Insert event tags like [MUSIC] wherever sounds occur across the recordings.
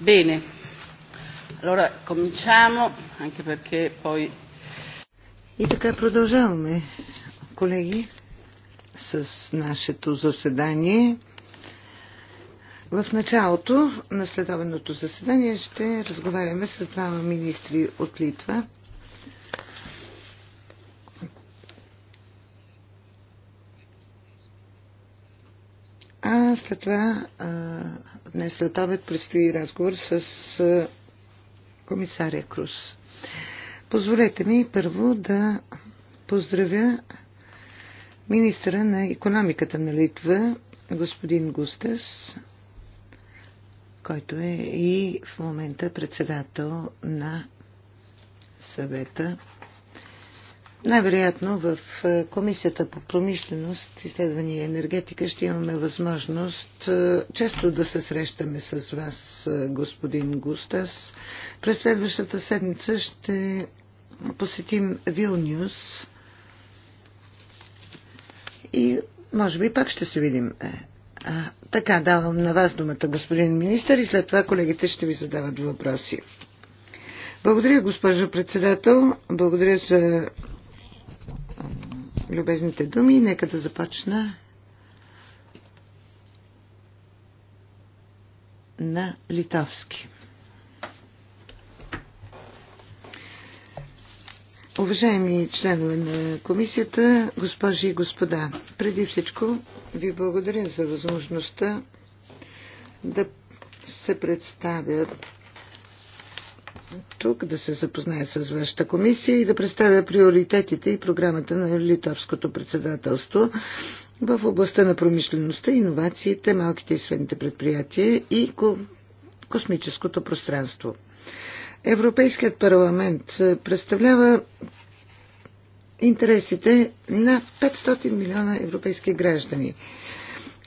Bene, allora cominciamo, anche perché poi... И така продължаваме, колеги, с нашето заседание. В началото на следобедното заседание ще разговаряме с двама министри от Литва. А след това Днес след обед предстои разговор с комисаря Крус. Позволете ми първо да поздравя министра на економиката на Литва, господин Густас, който е и в момента председател на съвета най-вероятно в е, Комисията по промишленост, изследвания и енергетика ще имаме възможност е, често да се срещаме с вас, е, господин Густас. През следващата седмица ще посетим Вилнюс и може би пак ще се видим. А, така, давам на вас думата, господин министър, и след това колегите ще ви задават въпроси. Благодаря, госпожо председател. Благодаря за любезните думи. Нека да започна на литовски. Уважаеми членове на комисията, госпожи и господа, преди всичко ви благодаря за възможността да се представят тук, да се запознае с вашата комисия и да представя приоритетите и програмата на литовското председателство в областта на промишлеността, иновациите, малките и средните предприятия и космическото пространство. Европейският парламент е, представлява интересите на 500 милиона европейски граждани.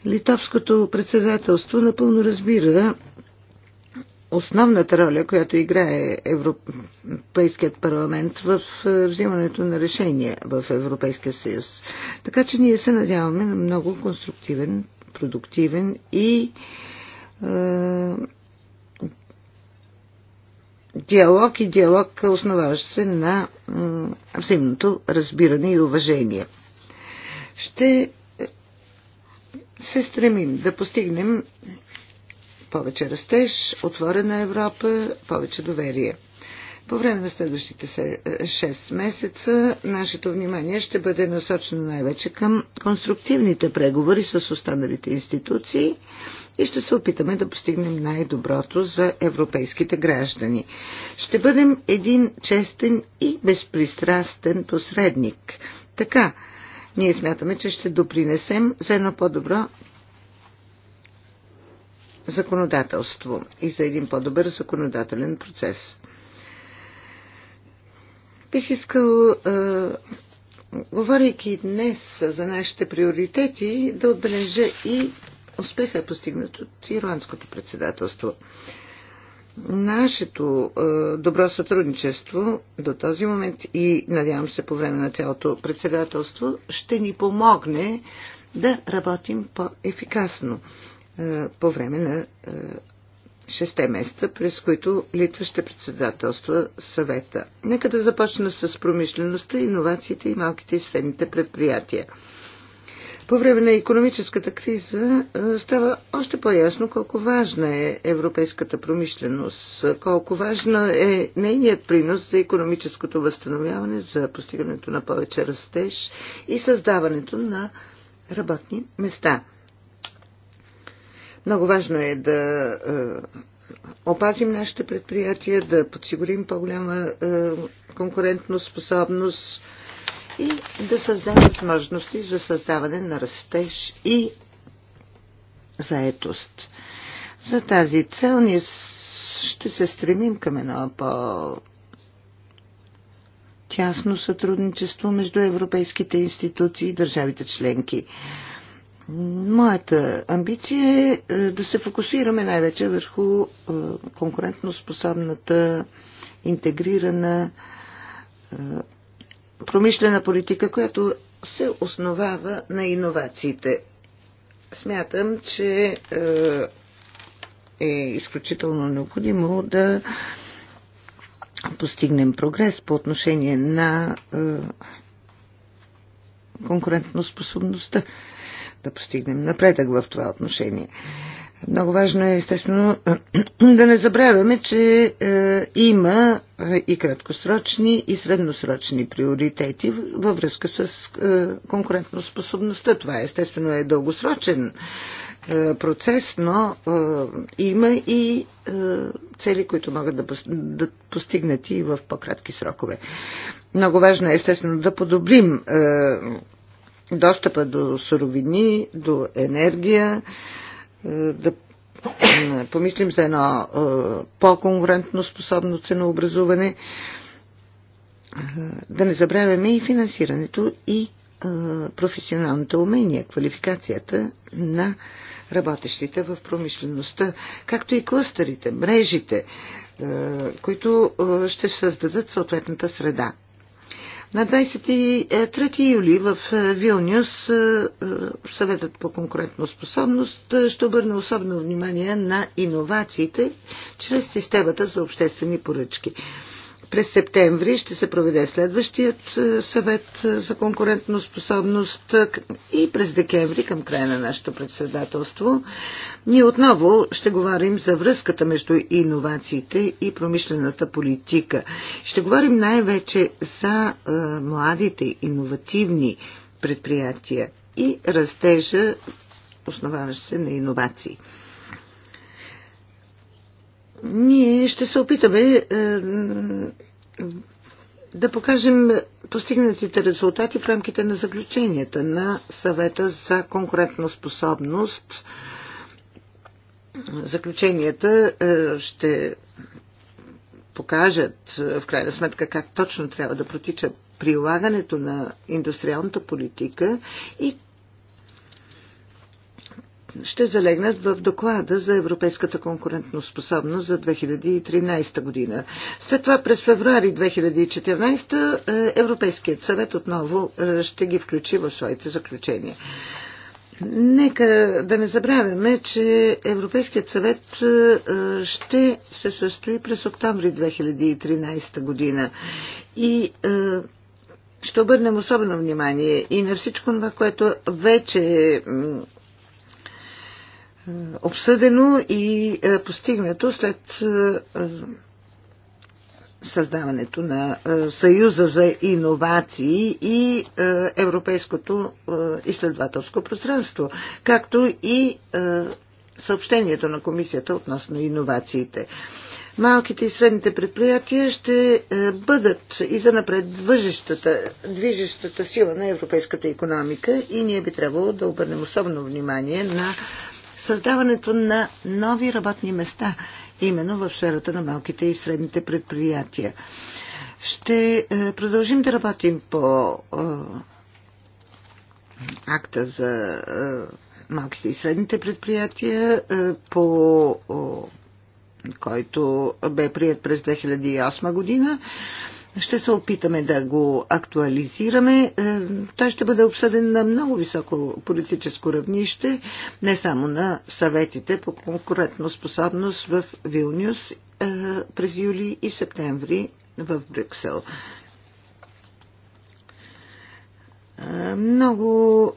Литовското председателство напълно разбира основната роля, която играе Европейският парламент в е, взимането на решения в Европейския съюз. Така че ние се надяваме на много конструктивен, продуктивен и е, диалог и диалог основаващ се на е, взаимното разбиране и уважение. Ще се стремим да постигнем повече растеж, отворена Европа, повече доверие. По време на следващите 6 е, месеца нашето внимание ще бъде насочено най-вече към конструктивните преговори с останалите институции и ще се опитаме да постигнем най-доброто за европейските граждани. Ще бъдем един честен и безпристрастен посредник. Така, ние смятаме, че ще допринесем за едно по-добро законодателство и за един по-добър законодателен процес. Бих искал, говорейки днес за нашите приоритети, да отбележа и успеха е постигнат от ирландското председателство. Нашето е, добро сътрудничество до този момент и надявам се по време на цялото председателство ще ни помогне да работим по-ефикасно е, по време на 6 е, месеца, през които Литва ще председателства съвета. Нека да започна с промишлеността, иновациите и малките и средните предприятия. По време на економическата криза е, става още по-ясно колко важна е европейската промишленост, колко важна е нейният принос за економическото възстановяване, за постигането на повече растеж и създаването на работни места – много важно е да е, опазим нашите предприятия, да подсигурим по-голяма е, конкурентно способност и да създадем възможности за създаване на растеж и заетост. За тази цел ние ще се стремим към едно по тясно сътрудничество между европейските институции и държавите членки. Моята амбиция е, е да се фокусираме най-вече върху е, конкурентноспособната, интегрирана е, промишлена политика, която се основава на иновациите. Смятам, че е изключително необходимо да постигнем прогрес по отношение на конкурентноспособността. способността да постигнем напредък в това отношение. Много важно е, естествено, [CLEARS THROAT] да не забравяме, че е, има е, и краткосрочни, и средносрочни приоритети във връзка с е, конкурентоспособността. Това естествено е дългосрочен е, процес, но е, има и е, цели, които могат да да постигнати и в по-кратки срокове. Много важно е, естествено, да подобрим. Е, достъпа до суровини, до енергия, е, да помислим за едно е, по-конкурентно способно ценообразуване, е, да не забравяме и финансирането и професионалните умения, квалификацията на работещите в промишлеността, както и клъстерите, мрежите, които ще създадат съответната среда на 23 юли в е, Вилнюс е, е, съветът по конкурентно способност ще обърне особено внимание на иновациите чрез системата за обществени поръчки. През септември ще се проведе следващият е, съвет е, за конкурентно способност е, и през декември, към края на нашето председателство, ние отново ще говорим за връзката между иновациите и промишлената политика. Ще говорим най-вече за младите иновативни предприятия и растежа, основаващ се на иновации. Ние ще се опитаме е, да покажем постигнатите резултати в рамките на заключенията на съвета за конкурентна способност. Заключенията е, ще покажат е, в крайна сметка как точно трябва да протича прилагането на индустриалната политика и ще залегнат в доклада за европейската конкурентноспособност за 2013 година. След това през февруари 2014 е, Европейският съвет отново е, ще ги включи в своите заключения. Нека да не забравяме, че Европейският съвет е, ще се състои през октомври 2013 година. И ще обърнем особено внимание и на всичко това, което вече е е, обсъдено и е, постигнато след е, създаването на Съюза за иновации и Европейското изследователско пространство, както и съобщението на комисията относно иновациите. Малките и средните предприятия ще бъдат и за напред движещата, движещата сила на европейската економика и ние би трябвало да обърнем особено внимание на създаването на нови работни места, именно в сферата на малките и средните предприятия. Ще е, продължим да работим по е, акта за е, малките и средните предприятия, по който бе прият през 2008 година. Ще се опитаме да го актуализираме. Е, той ще бъде обсъден на много високо политическо равнище, не само на съветите по конкурентно способност в Вилнюс е, през юли и септември в Брюксел. Много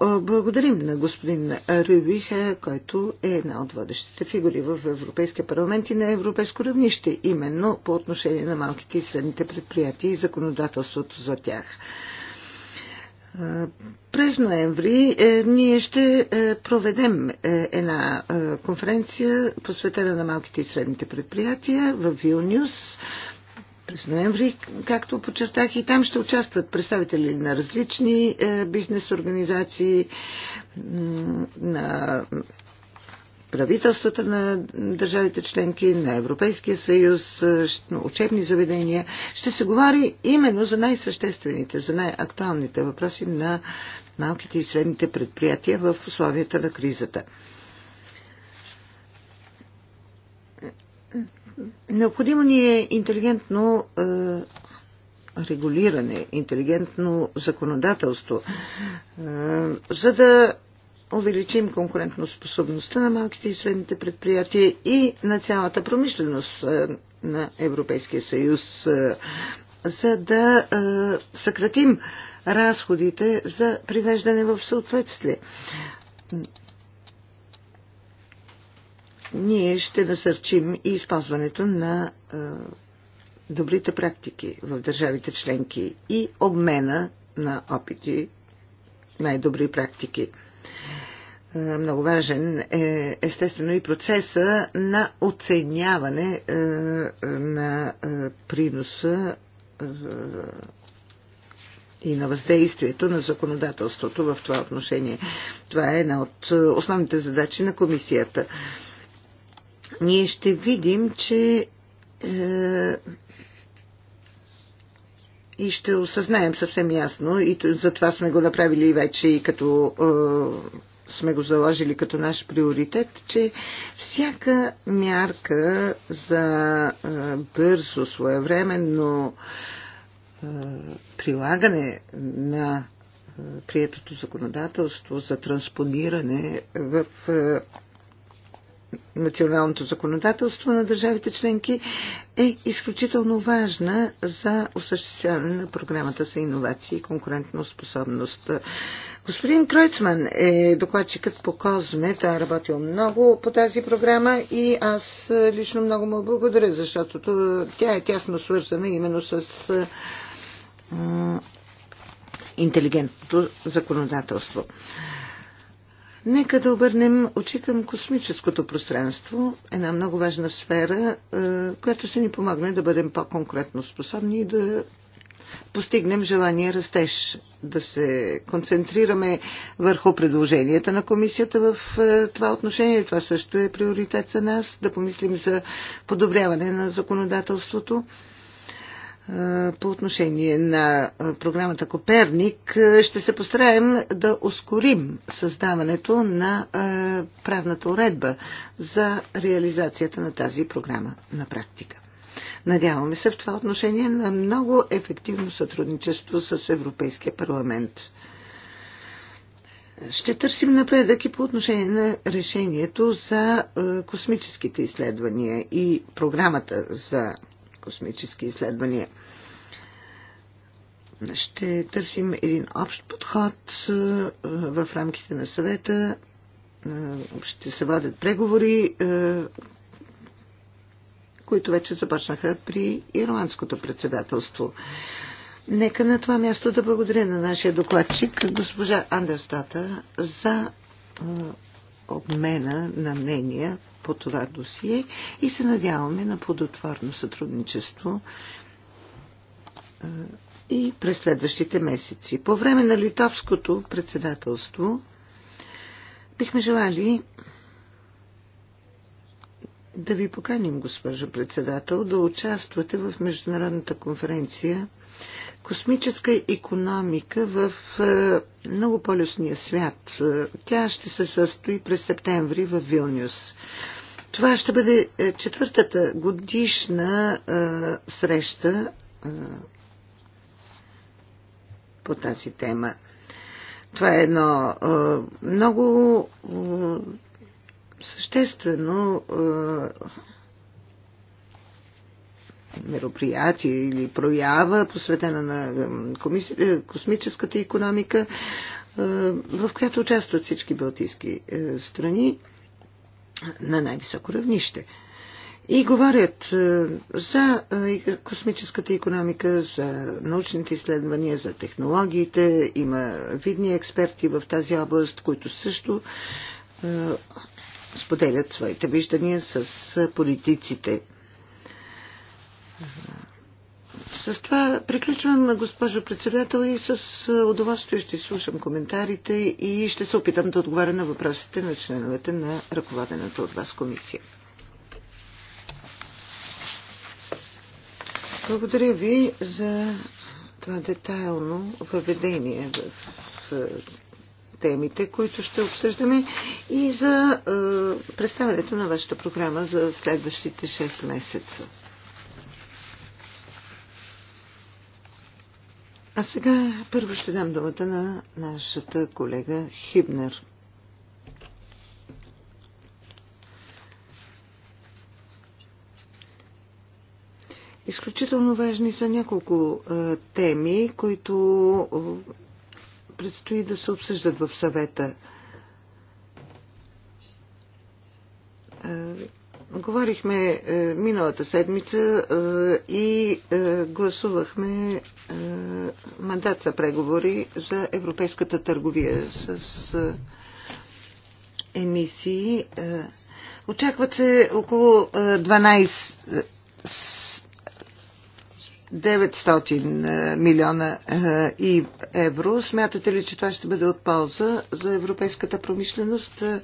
благодарим на господин Рюбих, който е една от водещите фигури в Европейския парламент и на европейско равнище, именно по отношение на малките и средните предприятия и законодателството за тях. През ноември е, ние ще е, проведем е, една конференция посветена на малките и средните предприятия в Вилнюс през ноември, както подчертах, и там ще участват представители на различни е, бизнес организации, на правителствата на държавите членки, на Европейския съюз, е, учебни заведения. Ще се говори именно за най-съществените, за най-актуалните въпроси на малките и средните предприятия в условията на кризата. Необходимо ни е интелигентно е, регулиране, интелигентно законодателство, е, за да увеличим конкурентоспособността на малките и средните предприятия и на цялата промишленост е, на Европейския съюз, е, за да е, съкратим разходите за привеждане в съответствие ние ще насърчим и използването на добрите практики в държавите членки и обмена на опити, най-добри практики. Много важен е естествено и процеса на оценяване на приноса и на въздействието на законодателството в това отношение. Това е една от основните задачи на комисията ние ще видим, че е, и ще осъзнаем съвсем ясно, и затова сме го направили вече и като е, сме го заложили като наш приоритет, че всяка мярка за е, бързо, своевременно е, прилагане на е, приетото законодателство за транспониране в е, националното законодателство на държавите членки е изключително важна за осъществяване на програмата за иновации и конкурентно способност. Господин Кройцман е докладчикът по Козме. Той е работил много по тази програма и аз лично много му благодаря, защото тя е тясно свързана именно с интелигентното законодателство. Нека да обърнем очи към космическото пространство, една много важна сфера, е, която ще ни помогне да бъдем по-конкретно способни и да постигнем желания растеж, да се концентрираме върху предложенията на комисията в е, това отношение. Това също е приоритет за нас, да помислим за подобряване на законодателството по отношение на програмата Коперник ще се постараем да ускорим създаването на правната уредба за реализацията на тази програма на практика. Надяваме се в това отношение на много ефективно сътрудничество с Европейския парламент. Ще търсим напредък и по отношение на решението за космическите изследвания и програмата за космически изследвания. Ще търсим един общ подход в рамките на съвета. Ще се вадят преговори, които вече започнаха при ирландското председателство. Нека на това място да благодаря на нашия докладчик, госпожа Андерстата, за обмена на мнения по това досие и се надяваме на плодотворно сътрудничество и през следващите месеци. По време на литовското председателство бихме желали да ви поканим, госпожо председател, да участвате в Международната конференция космическа економика в е, многополюсния свят. Е, тя ще се състои през септември в Вилнюс. Това ще бъде е, четвъртата годишна е, среща е, по тази тема. Това е едно е, много е, съществено е, мероприятие или проява, посветена на е, космическата економика, е, в която участват всички балтийски е, страни на най-високо равнище. И говорят за космическата економика, за научните изследвания, за технологиите. Има видни експерти в тази област, които също споделят своите виждания с политиците с това приключвам, госпожо председател, и с е, удоволствие ще слушам коментарите и ще се опитам да отговаря на въпросите на членовете на ръководената от вас комисия. Благодаря ви за това детайлно въведение в е, темите, които ще обсъждаме и за е, представянето на вашата програма за следващите 6 месеца. А сега първо ще дам думата на нашата колега Хибнер. Изключително важни са няколко е, теми, които е, предстои да се обсъждат в съвета. Е, Говорихме е, миналата седмица е, и е, гласувахме мандат за преговори за европейската търговия с емисии. Очакват се около 12 900 е, милиона е, и евро. Смятате ли, че това ще бъде от полза за европейската промишленост? Е,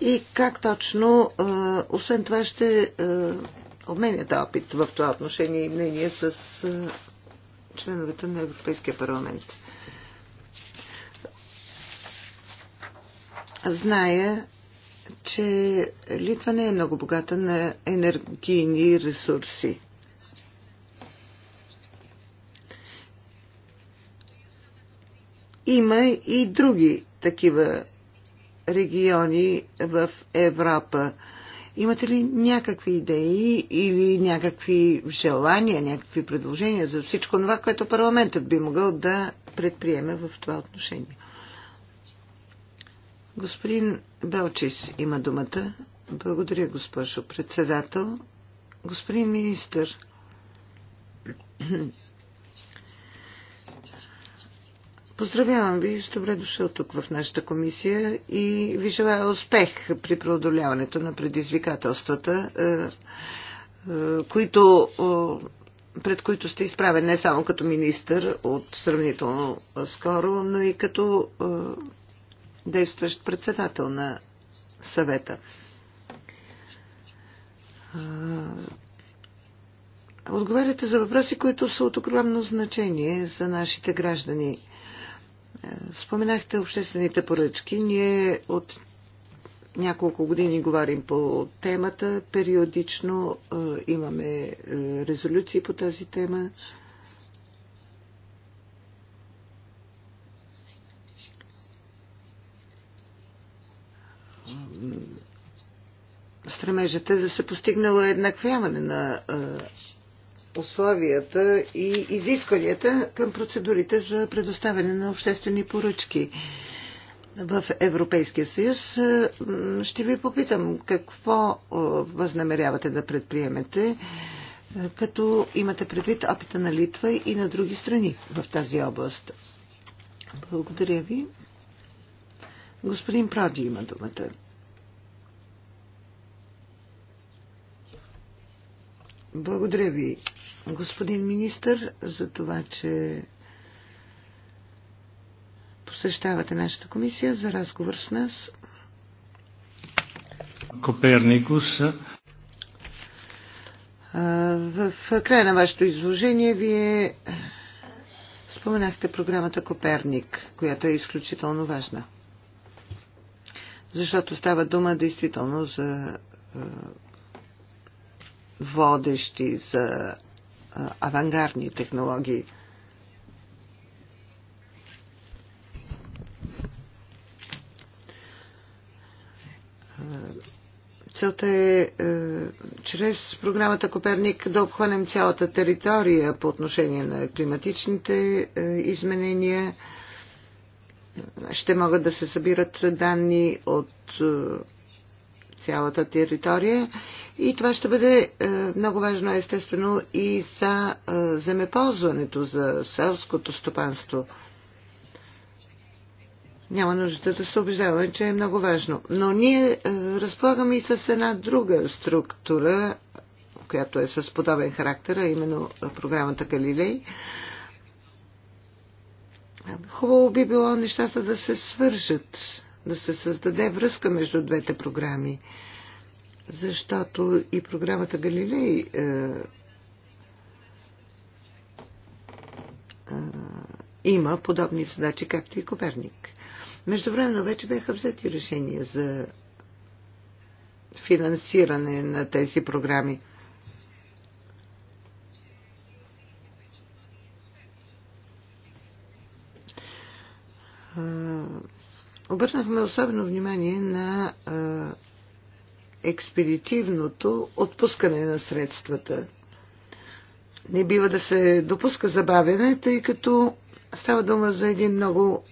и как точно, освен това, ще обменяте опит в това отношение и мнение с членовете на Европейския парламент? Зная, че Литва не е много богата на енергийни ресурси. Има и други такива региони в Европа. Имате ли някакви идеи или някакви желания, някакви предложения за всичко това, което парламентът би могъл да предприеме в това отношение? Господин Белчис има думата. Благодаря, госпожо председател. Господин министър, Поздравявам ви с добре дошъл тук в нашата комисия и ви желая успех при преодоляването на предизвикателствата, е, е, които, пред които сте изправен не само като министър от сравнително скоро, но и като действащ председател на съвета. Е, отговаряте за въпроси, които са от огромно значение за нашите граждани. Споменахте обществените поръчки. Ние от няколко години говорим по темата. Периодично е, имаме е, резолюции по тази тема. Стремежът е да се постигнало еднаквяване на е, условията и изискванията към процедурите за предоставяне на обществени поръчки в Европейския съюз. Е, ще ви попитам какво е, възнамерявате да предприемете, е, като имате предвид опита на Литва и на други страни в тази област. Благодаря ви. Господин Пради има думата. Благодаря ви, господин министър, за това, че посещавате нашата комисия за разговор с нас. Коперникус. В края на вашето изложение вие споменахте програмата Коперник, която е изключително важна. Защото става дума действително за водещи, за авангардни технологии. Целта е, е, чрез програмата Коперник да обхванем цялата територия по отношение на климатичните е, изменения. Ще могат да се събират данни от е, цялата територия. И това ще бъде е, много важно, естествено, и за е, земеползването, за селското стопанство. Няма нужда да се убеждаваме, че е много важно. Но ние е, разполагаме и с една друга структура, която е с подобен характер, а именно програмата Галилей. Хубаво би било нещата да се свържат да се създаде връзка между двете програми. Защото и програмата Галилей е, е, има подобни задачи, както и Коперник. Междувременно вече бяха взети решения за финансиране на тези програми. Обърнахме особено внимание на експедитивното отпускане на средствата. Не бива да се допуска забавяне, тъй като става дума за един много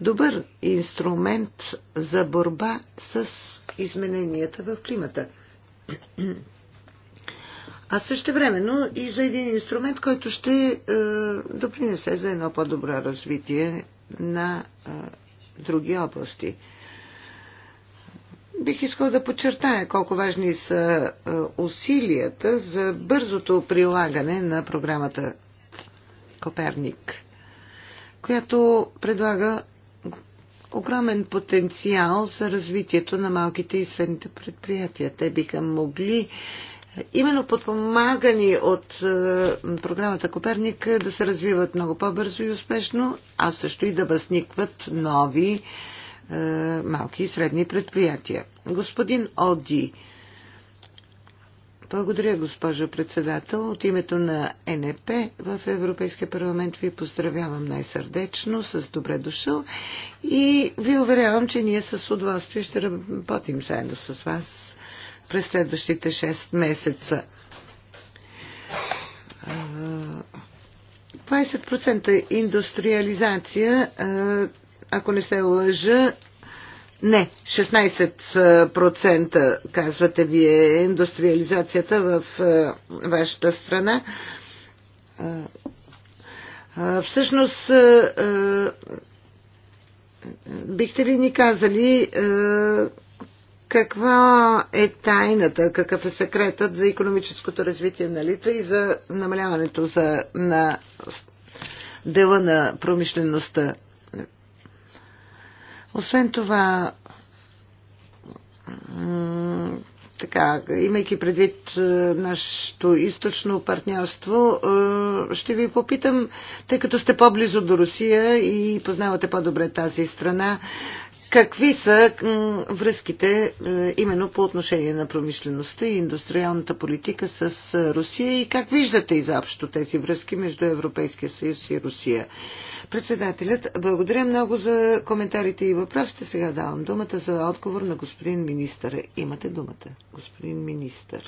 добър инструмент за борба с измененията в климата. А също времено и за един инструмент, който ще е, допринесе за едно по-добро развитие на е, други области. Бих искал да подчертая колко важни са е, усилията за бързото прилагане на програмата Коперник, която предлага огромен потенциал за развитието на малките и средните предприятия. Те биха могли именно подпомагани от е, програмата Коперник е, да се развиват много по-бързо и успешно, а също и да възникват нови е, малки и средни предприятия. Господин Оди, благодаря, госпожо председател. От името на НП в Европейския парламент ви поздравявам най-сърдечно, с добре дошъл и ви уверявам, че ние с удоволствие ще работим заедно с вас през следващите 6 месеца. 20% индустриализация, ако не се лъжа, не, 16% казвате вие е индустриализацията в вашата страна. Всъщност, бихте ли ни казали каква е тайната, какъв е секретът за економическото развитие на Литва и за намаляването за, на дела на промишлеността? Освен това, така, имайки предвид е, нашето източно партньорство, е, ще ви попитам, тъй като сте по-близо до Русия и познавате по-добре тази страна, какви са връзките е, именно по отношение на промишлеността и индустриалната политика с е, Русия и как виждате изобщо тези връзки между Европейския съюз и Русия? Председателят, благодаря много за коментарите и въпросите. Сега давам думата за отговор на господин министър. Имате думата, господин министър.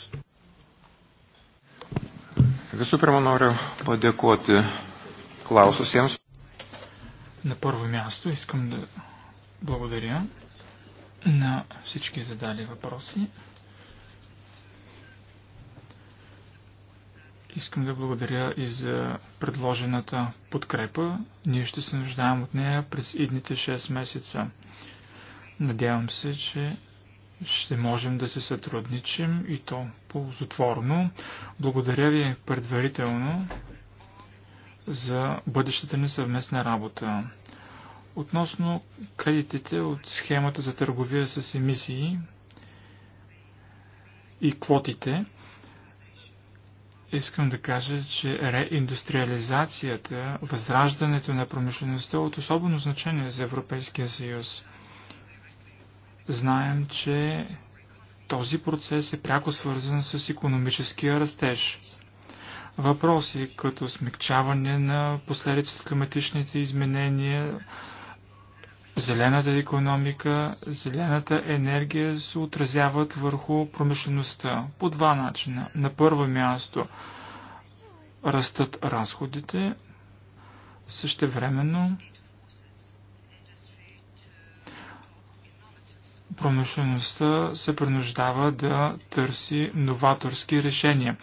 Visų pirma, noriu padėkoti klaususiems. На първо място искам да благодаря на всички задали въпроси. Искам да благодаря и за предложената подкрепа. Ние ще се нуждаем от нея през идните 6 месеца. Надявам се, че ще можем да се сътрудничим и то ползотворно. Благодаря ви предварително за бъдещата ни съвместна работа. Относно кредитите от схемата за търговия с емисии и квотите, искам да кажа, че реиндустриализацията, възраждането на промишлеността е от особено значение за Европейския съюз. Знаем, че този процес е пряко свързан с економическия растеж. Въпроси като смягчаване на последици от климатичните изменения, зелената економика, зелената енергия се отразяват върху промишлеността по два начина. На първо място растат разходите, същевременно времено промишлеността се принуждава да търси новаторски решения.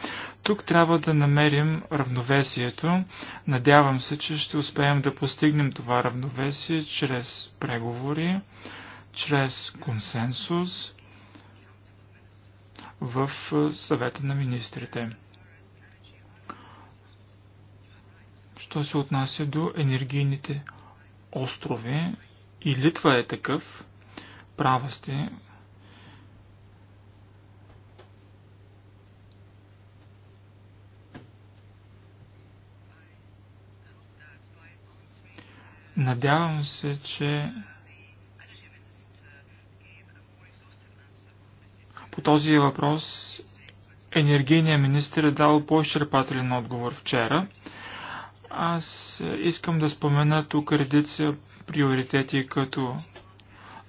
Тук трябва да намерим равновесието. Надявам се, че ще успеем да постигнем това равновесие чрез преговори, чрез консенсус в съвета на министрите. Що се отнася до енергийните острови, и Литва е такъв, Права сте. Надявам се, че по този въпрос енергийният министр е дал по-изчерпателен отговор вчера. Аз искам да спомена тук редица приоритети като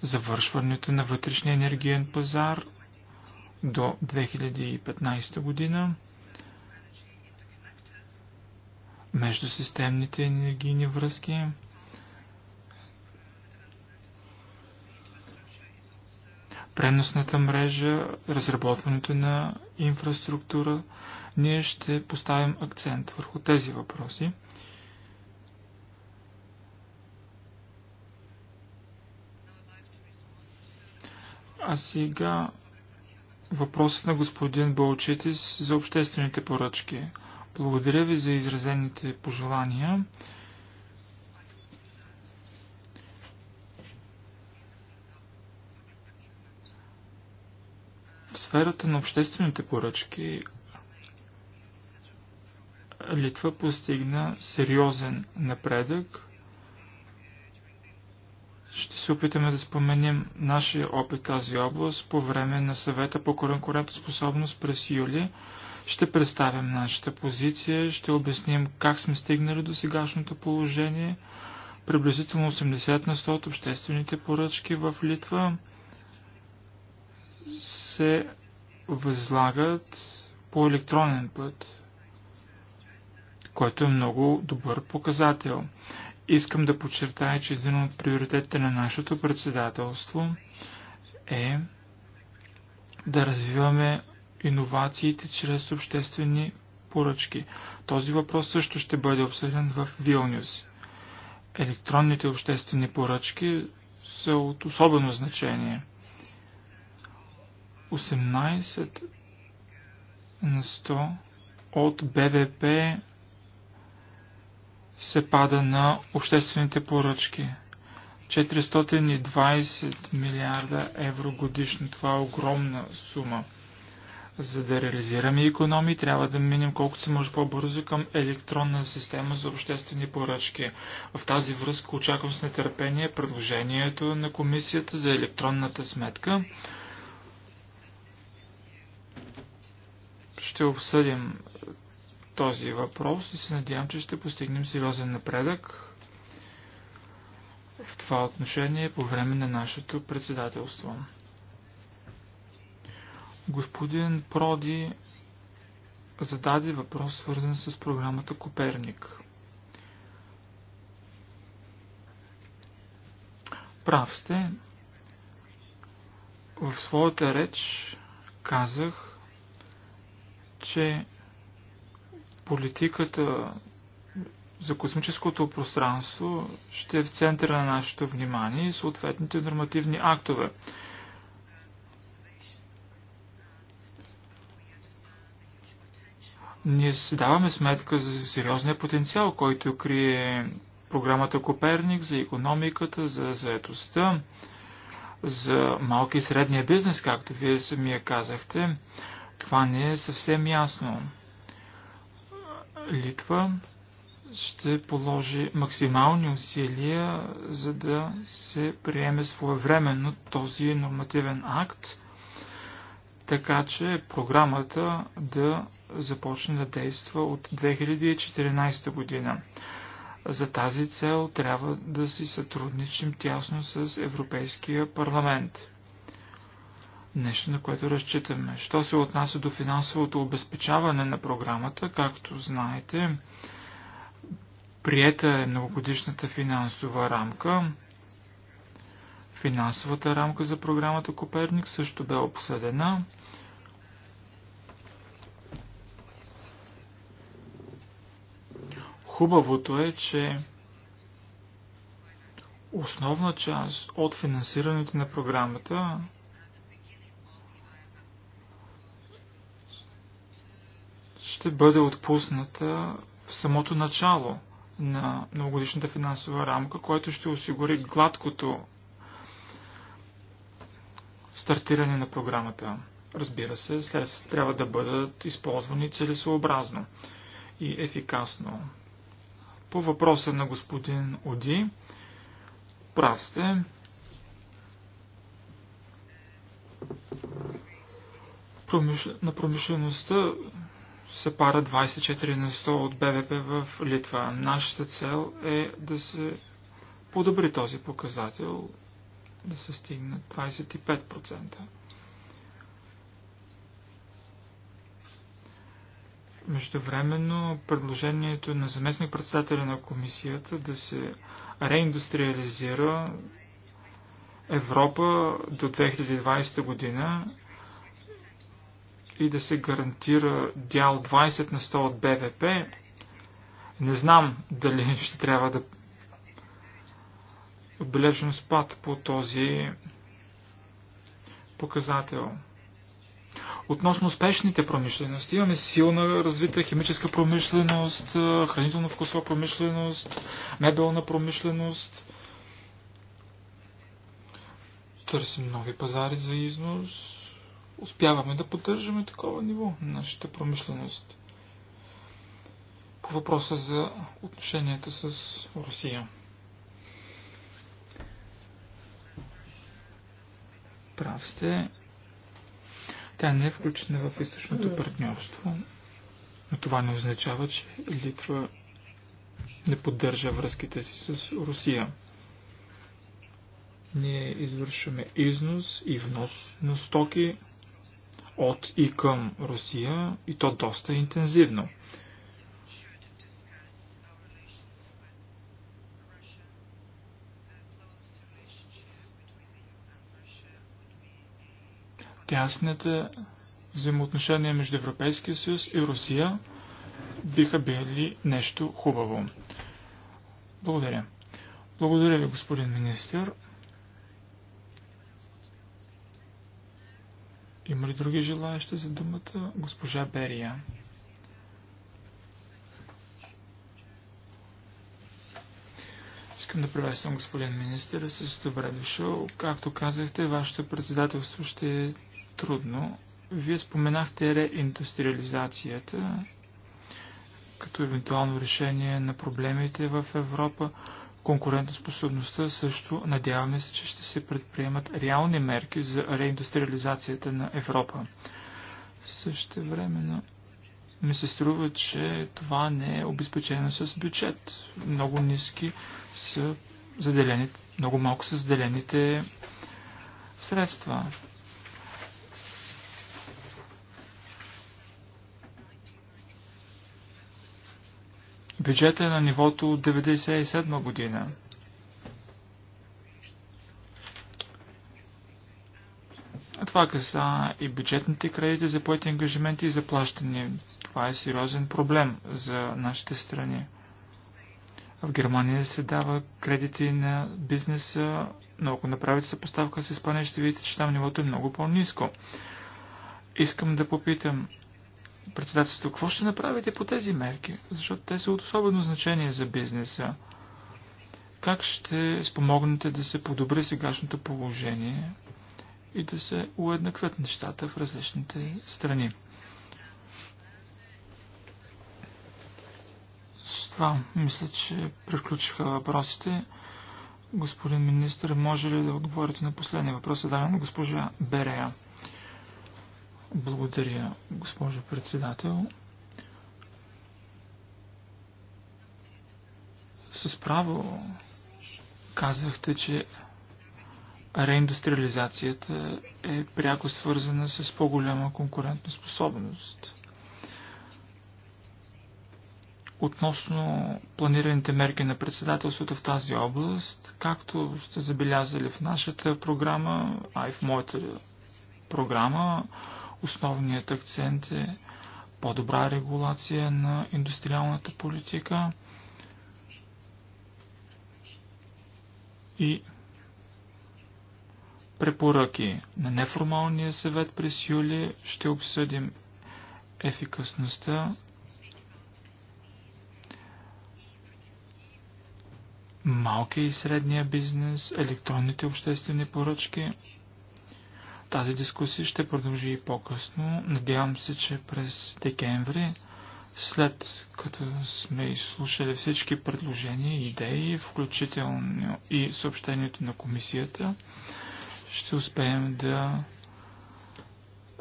завършването на вътрешния енергиен пазар до 2015 година, междусистемните енергийни връзки, преносната мрежа, разработването на инфраструктура, ние ще поставим акцент върху тези въпроси. А сега въпросът на господин Болчетис за обществените поръчки. Благодаря ви за изразените пожелания. В сферата на обществените поръчки Литва постигна сериозен напредък ще се опитаме да споменим нашия опит тази област по време на съвета по конкурентоспособност през юли. Ще представим нашата позиция, ще обясним как сме стигнали до сегашното положение, приблизително 80 на 100 от обществените поръчки в Литва се възлагат по електронен път, който е много добър показател. Искам да подчертая, че един от приоритетите на нашето председателство е да развиваме иновациите чрез обществени поръчки. Този въпрос също ще бъде обсъден в Вилнюс. Електронните обществени поръчки са от особено значение. 18 на 100 от БВП се пада на обществените поръчки. 420 милиарда евро годишно. Това е огромна сума. За да реализираме економии, трябва да минем колкото се може по-бързо към електронна система за обществени поръчки. В тази връзка очаквам с нетърпение предложението на Комисията за електронната сметка. Ще обсъдим този въпрос и се надявам, че ще постигнем сериозен напредък в това отношение по време на нашето председателство. Господин Проди зададе въпрос, свързан с програмата Коперник. Прав сте. В своята реч казах, че политиката за космическото пространство ще е в центъра на нашето внимание и съответните нормативни актове. Ние си даваме сметка за сериозния потенциал, който крие програмата Коперник за економиката, за заетостта, за малки и средния бизнес, както вие самия казахте. Това не е съвсем ясно. Литва ще положи максимални усилия, за да се приеме своевременно този нормативен акт, така че програмата да започне да действа от 2014 година. За тази цел трябва да си сътрудничим тясно с Европейския парламент нещо, на което разчитаме. Що се отнася до финансовото обезпечаване на програмата, както знаете, приета е многогодишната финансова рамка. Финансовата рамка за програмата Коперник също бе обсъдена. Хубавото е, че основна част от финансирането на програмата ще бъде отпусната в самото начало на многогодишната финансова рамка, което ще осигури гладкото стартиране на програмата. Разбира се, средствата трябва да бъдат използвани целесообразно и ефикасно. По въпроса на господин Оди, прав сте. На промишлеността са пара 24 на 100 от БВП в Литва. Нашата цел е да се подобри този показател, да се стигне 25%. Междувременно предложението на заместник председателя на комисията да се реиндустриализира Европа до 2020 година и да се гарантира дял 20 на 100 от БВП. Не знам дали [LAUGHS] ще трябва да отбележим спад по този показател. Относно успешните промишлености, имаме силна развита химическа промишленост, хранително-вкусова промишленост, мебелна промишленост. Търсим нови пазари за износ успяваме да поддържаме такова ниво на нашата промишленост. По въпроса за отношенията с Русия. Прав сте. Тя не е включена в източното партньорство, но това не означава, че Литва не поддържа връзките си с Русия. Ние извършваме износ и внос на стоки от и към Русия и то доста интензивно. Тясните взаимоотношения между Европейския съюз и Русия биха били нещо хубаво. Благодаря. Благодаря ви, господин министър. Има ли други желаящи за думата? Госпожа Берия. Искам да приветствам господин министър с добре дошъл. Както казахте, вашето председателство ще е трудно. Вие споменахте реиндустриализацията като евентуално решение на проблемите в Европа конкурентоспособността също надяваме се, че ще се предприемат реални мерки за реиндустриализацията на Европа. Също времено ми се струва, че това не е обезпечено с бюджет. Много ниски са заделените, много малко са заделените средства. Бюджетът е на нивото от 1997 година. А това каса и бюджетните кредити за поети ангажименти и заплащане. Това е сериозен проблем за нашите страни. В Германия се дава кредити на бизнеса, но ако направите съпоставка с Испания, ще видите, че там нивото е много по-низко. Искам да попитам, председателството, какво ще направите по тези мерки? Защото те са от особено значение за бизнеса. Как ще спомогнете да се подобри сегашното положение и да се уеднаквят нещата в различните страни? С това мисля, че приключиха въпросите. Господин министр, може ли да отговорите на последния въпрос, зададен на госпожа Берея? Благодаря, госпожо председател. С право казахте, че реиндустриализацията е пряко свързана с по-голяма конкурентоспособност. Относно планираните мерки на председателството в тази област, както сте забелязали в нашата програма, а и в моята програма, Основният акцент е по-добра регулация на индустриалната политика и препоръки. На неформалния съвет през юли ще обсъдим ефикасността малкия и средния бизнес, електронните обществени поръчки – тази дискусия ще продължи и по-късно. Надявам се, че през декември, след като сме изслушали всички предложения и идеи, включително и съобщението на комисията, ще успеем да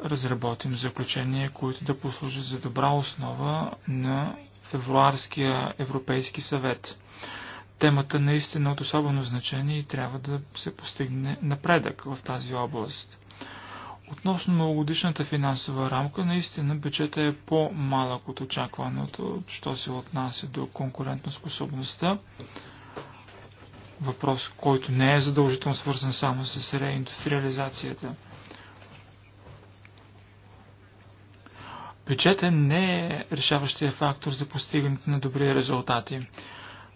разработим заключения, които да послужат за добра основа на февруарския Европейски съвет. Темата наистина е от особено значение и трябва да се постигне напредък в тази област. Относно многогодишната финансова рамка, наистина бюджета е по-малък от очакваното, що се отнася до конкурентоспособността. Въпрос, който не е задължително свързан само с реиндустриализацията. Бюджета не е решаващия фактор за постигането на добри резултати.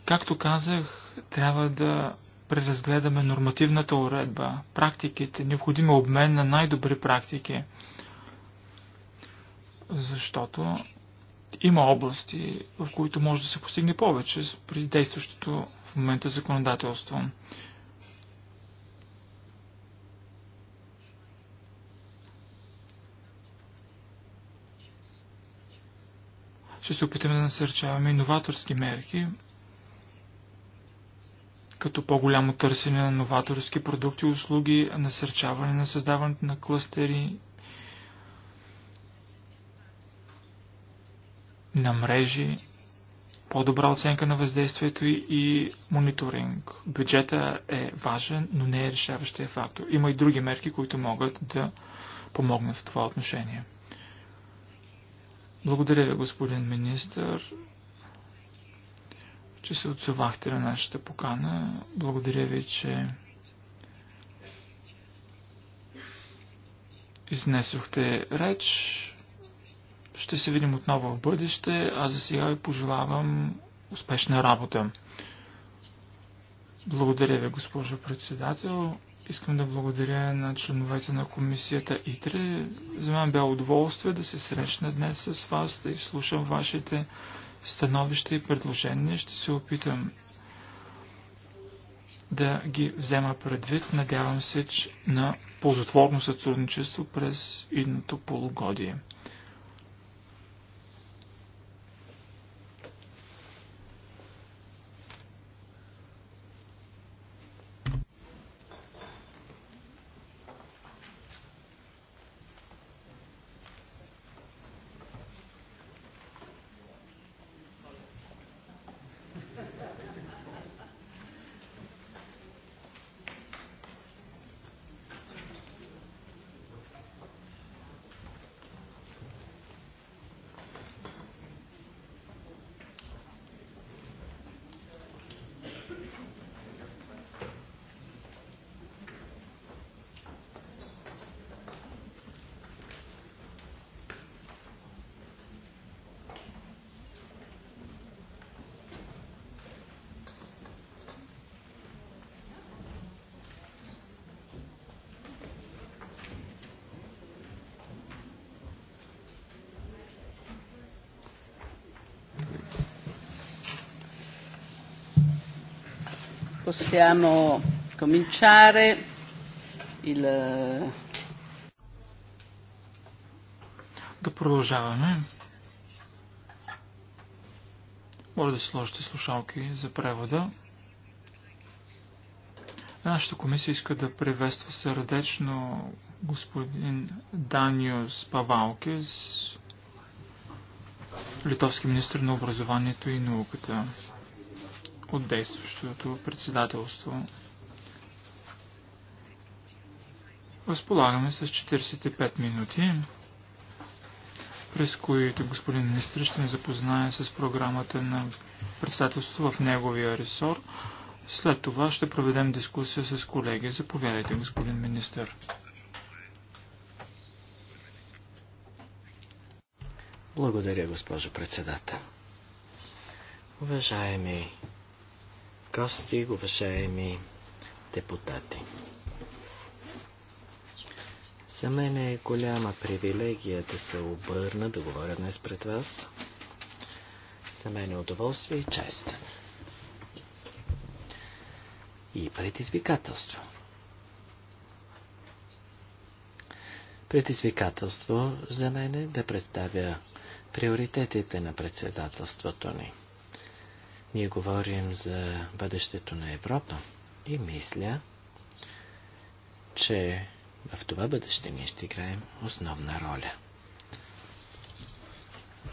Както казах, трябва да преразгледаме нормативната уредба, практиките, необходим е обмен на най-добри практики, защото има области, в които може да се постигне повече при действащото в момента законодателство. Ще се опитаме да насърчаваме иноваторски мерки, като по-голямо търсене на новаторски продукти и услуги, насърчаване на създаването на кластери, на мрежи, по-добра оценка на въздействието и мониторинг. Бюджета е важен, но не е решаващия фактор. Има и други мерки, които могат да помогнат в това отношение. Благодаря ви, господин министър че се отзовахте на нашата покана. Благодаря ви, че изнесохте реч. Ще се видим отново в бъдеще, а за сега ви пожелавам успешна работа. Благодаря ви, госпожо председател. Искам да благодаря на членовете на комисията ИТРЕ. За мен бе удоволствие да се срещна днес с вас, да изслушам вашите становища и предложения. Ще се опитам да ги взема предвид. Надявам се, че на ползотворно сътрудничество през идното полугодие. Possiamo cominciare il... Да продължаваме. Моля да си сложите слушалки за превода. Нашата комисия иска да приветства сърдечно господин Даниус Павалкес, литовски министр на образованието и науката от действащото председателство. Разполагаме с 45 минути, през които господин министр ще ни запознае с програмата на председателството в неговия ресор. След това ще проведем дискусия с колеги. Заповядайте, господин министър. Благодаря, госпожо председател. Уважаеми гости, уважаеми депутати. За мен е голяма привилегия да се обърна, да говоря днес пред вас. За мен е удоволствие и чест. И предизвикателство. Предизвикателство за мен е да представя приоритетите на председателството ни – ние говорим за бъдещето на Европа и мисля, че в това бъдеще ние ще играем основна роля.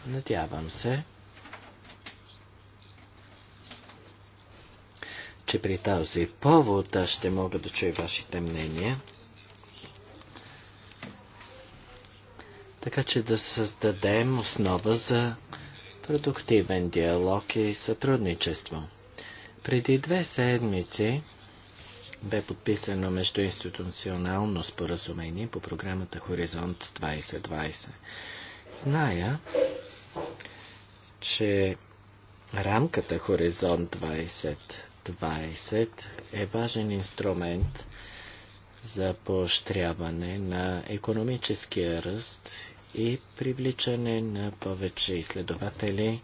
Надявам се, че при този повод аз ще мога да чуя вашите мнения. Така че да създадем основа за продуктивен диалог и сътрудничество. Преди две седмици бе подписано междуинституционално споразумение по програмата Хоризонт 2020. Зная, че рамката Хоризонт 2020 е важен инструмент за поощряване на економическия ръст и привличане на повече изследователи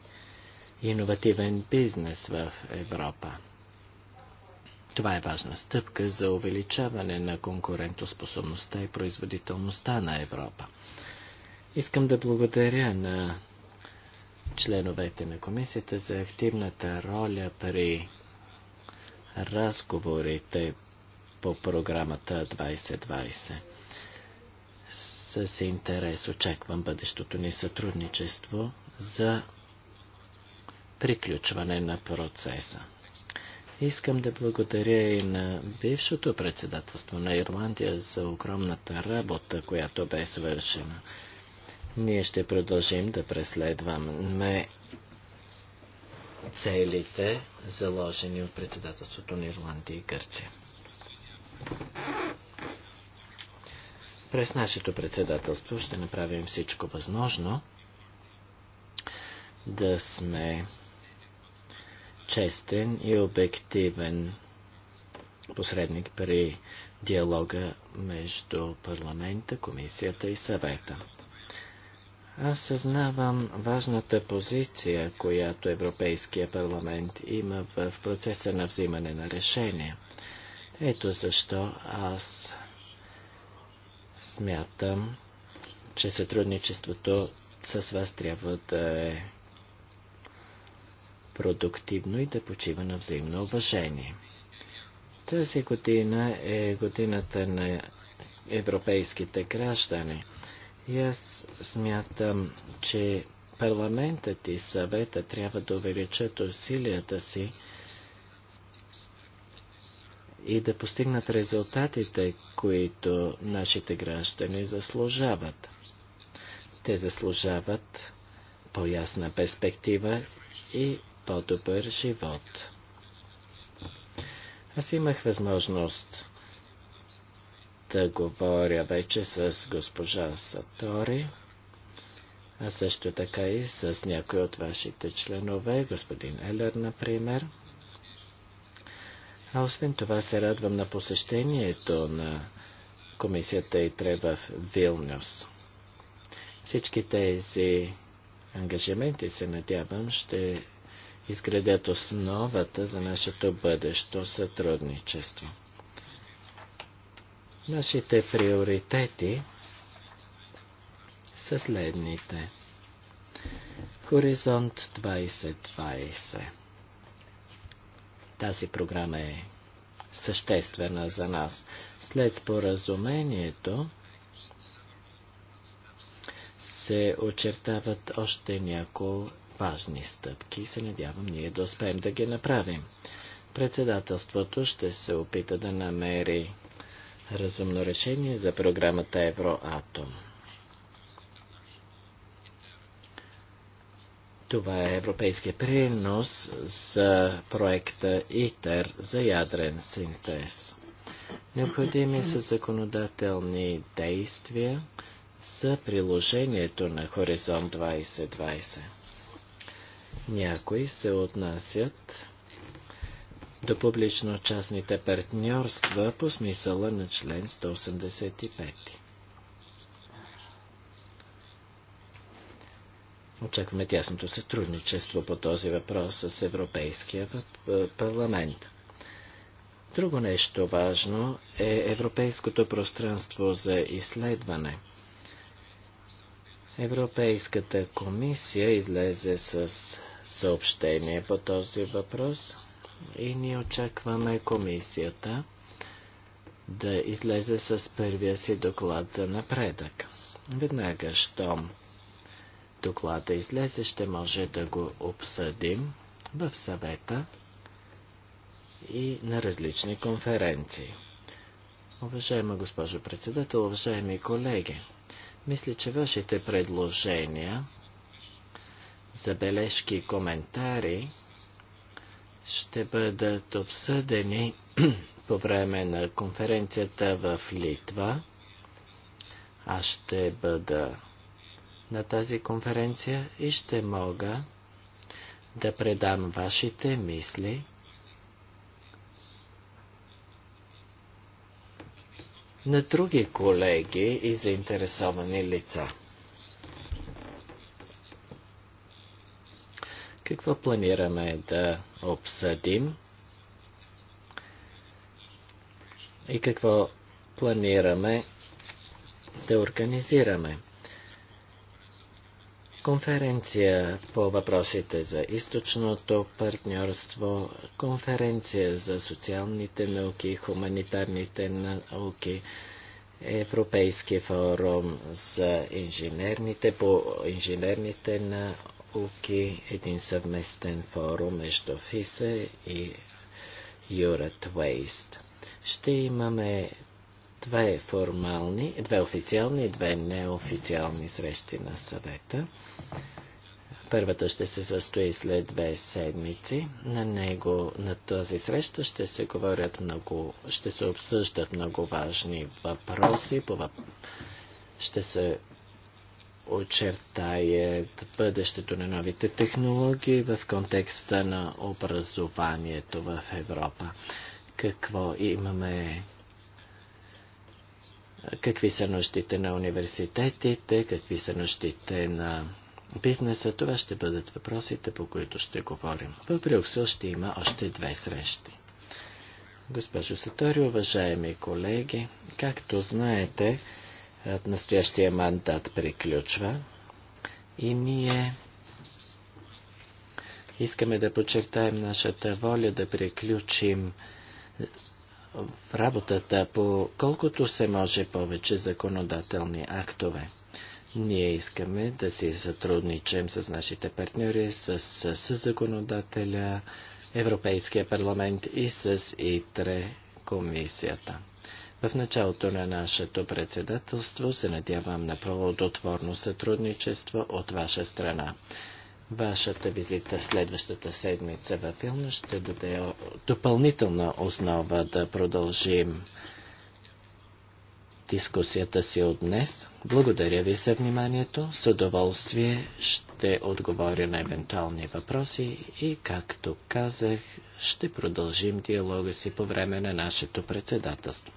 и иновативен бизнес в Европа. Това е важна стъпка за увеличаване на конкурентоспособността и производителността на Европа. Искам да благодаря на членовете на комисията за активната роля при разговорите по програмата 2020. С интерес очаквам бъдещото ни сътрудничество за приключване на процеса. Искам да благодаря и на бившото председателство на Ирландия за огромната работа, която бе свършена. Ние ще продължим да преследваме целите, заложени от председателството на Ирландия и Гърция. През нашето председателство ще направим всичко възможно да сме честен и обективен посредник при диалога между парламента, комисията и съвета. Аз съзнавам важната позиция, която Европейския парламент има в процеса на взимане на решения. Ето защо аз Смятам, че сътрудничеството с вас трябва да е продуктивно и да почива на взаимно уважение. Тази година е годината на европейските граждани. И аз смятам, че парламентът и съвета трябва да увеличат усилията си и да постигнат резултатите, които нашите граждани заслужават. Те заслужават по-ясна перспектива и по-добър живот. Аз имах възможност да говоря вече с госпожа Сатори, а също така и с някои от вашите членове, господин Елер, например. А освен това се радвам на посещението на комисията треба в Вилнюс. Всички тези ангажименти се надявам ще изградят основата за нашето бъдещо сътрудничество. Нашите приоритети са следните. Хоризонт 2020 тази програма е съществена за нас. След споразумението се очертават още няколко важни стъпки и се надявам ние да успеем да ги направим. Председателството ще се опита да намери разумно решение за програмата Евроатом. Това е европейския принос за проекта ИТЕР за ядрен синтез. Необходими са законодателни действия за приложението на Хоризонт 2020. Някои се отнасят до публично-частните партньорства по смисъла на член 185. Очакваме тясното сътрудничество по този въпрос с Европейския парламент. Друго нещо важно е Европейското пространство за изследване. Европейската комисия излезе с съобщение по този въпрос и ние очакваме комисията да излезе с първия си доклад за напредък. Веднага, щом доклада излезе, ще може да го обсъдим в съвета и на различни конференции. Уважаема госпожо председател, уважаеми колеги, мисля, че вашите предложения, забележки и коментари ще бъдат обсъдени [CLEARS THROAT] по време на конференцията в Литва. Аз ще бъда на тази конференция и ще мога да предам вашите мисли на други колеги и заинтересовани лица. Какво планираме да обсъдим и какво планираме да организираме? конференция по въпросите за източното партньорство, конференция за социалните науки, хуманитарните науки, Европейски форум за инженерните, по инженерните науки, един съвместен форум между ФИСА и Юрат Waste. Ще имаме две формални, две официални и две неофициални срещи на съвета. Първата ще се състои след две седмици. На него, на тази среща ще се говорят много, ще се обсъждат много важни въпроси, ще се очертаят бъдещето на новите технологии в контекста на образованието в Европа. Какво имаме какви са нуждите на университетите, какви са нуждите на бизнеса. Това ще бъдат въпросите, по които ще говорим. В Брюксел ще има още две срещи. Госпожо Сатори, уважаеми колеги, както знаете, е, настоящия мандат приключва и ние искаме да подчертаем нашата воля да приключим в работата по колкото се може повече законодателни актове. Ние искаме да си сътрудничим с нашите партньори, с, с, с законодателя, Европейския парламент и с ИТРЕ комисията. В началото на нашето председателство се надявам на плодотворно сътрудничество от ваша страна. Вашата визита следващата седмица във филма ще даде допълнителна основа да продължим дискусията си от днес. Благодаря ви за вниманието. С удоволствие ще отговоря на евентуални въпроси и, както казах, ще продължим диалога си по време на нашето председателство.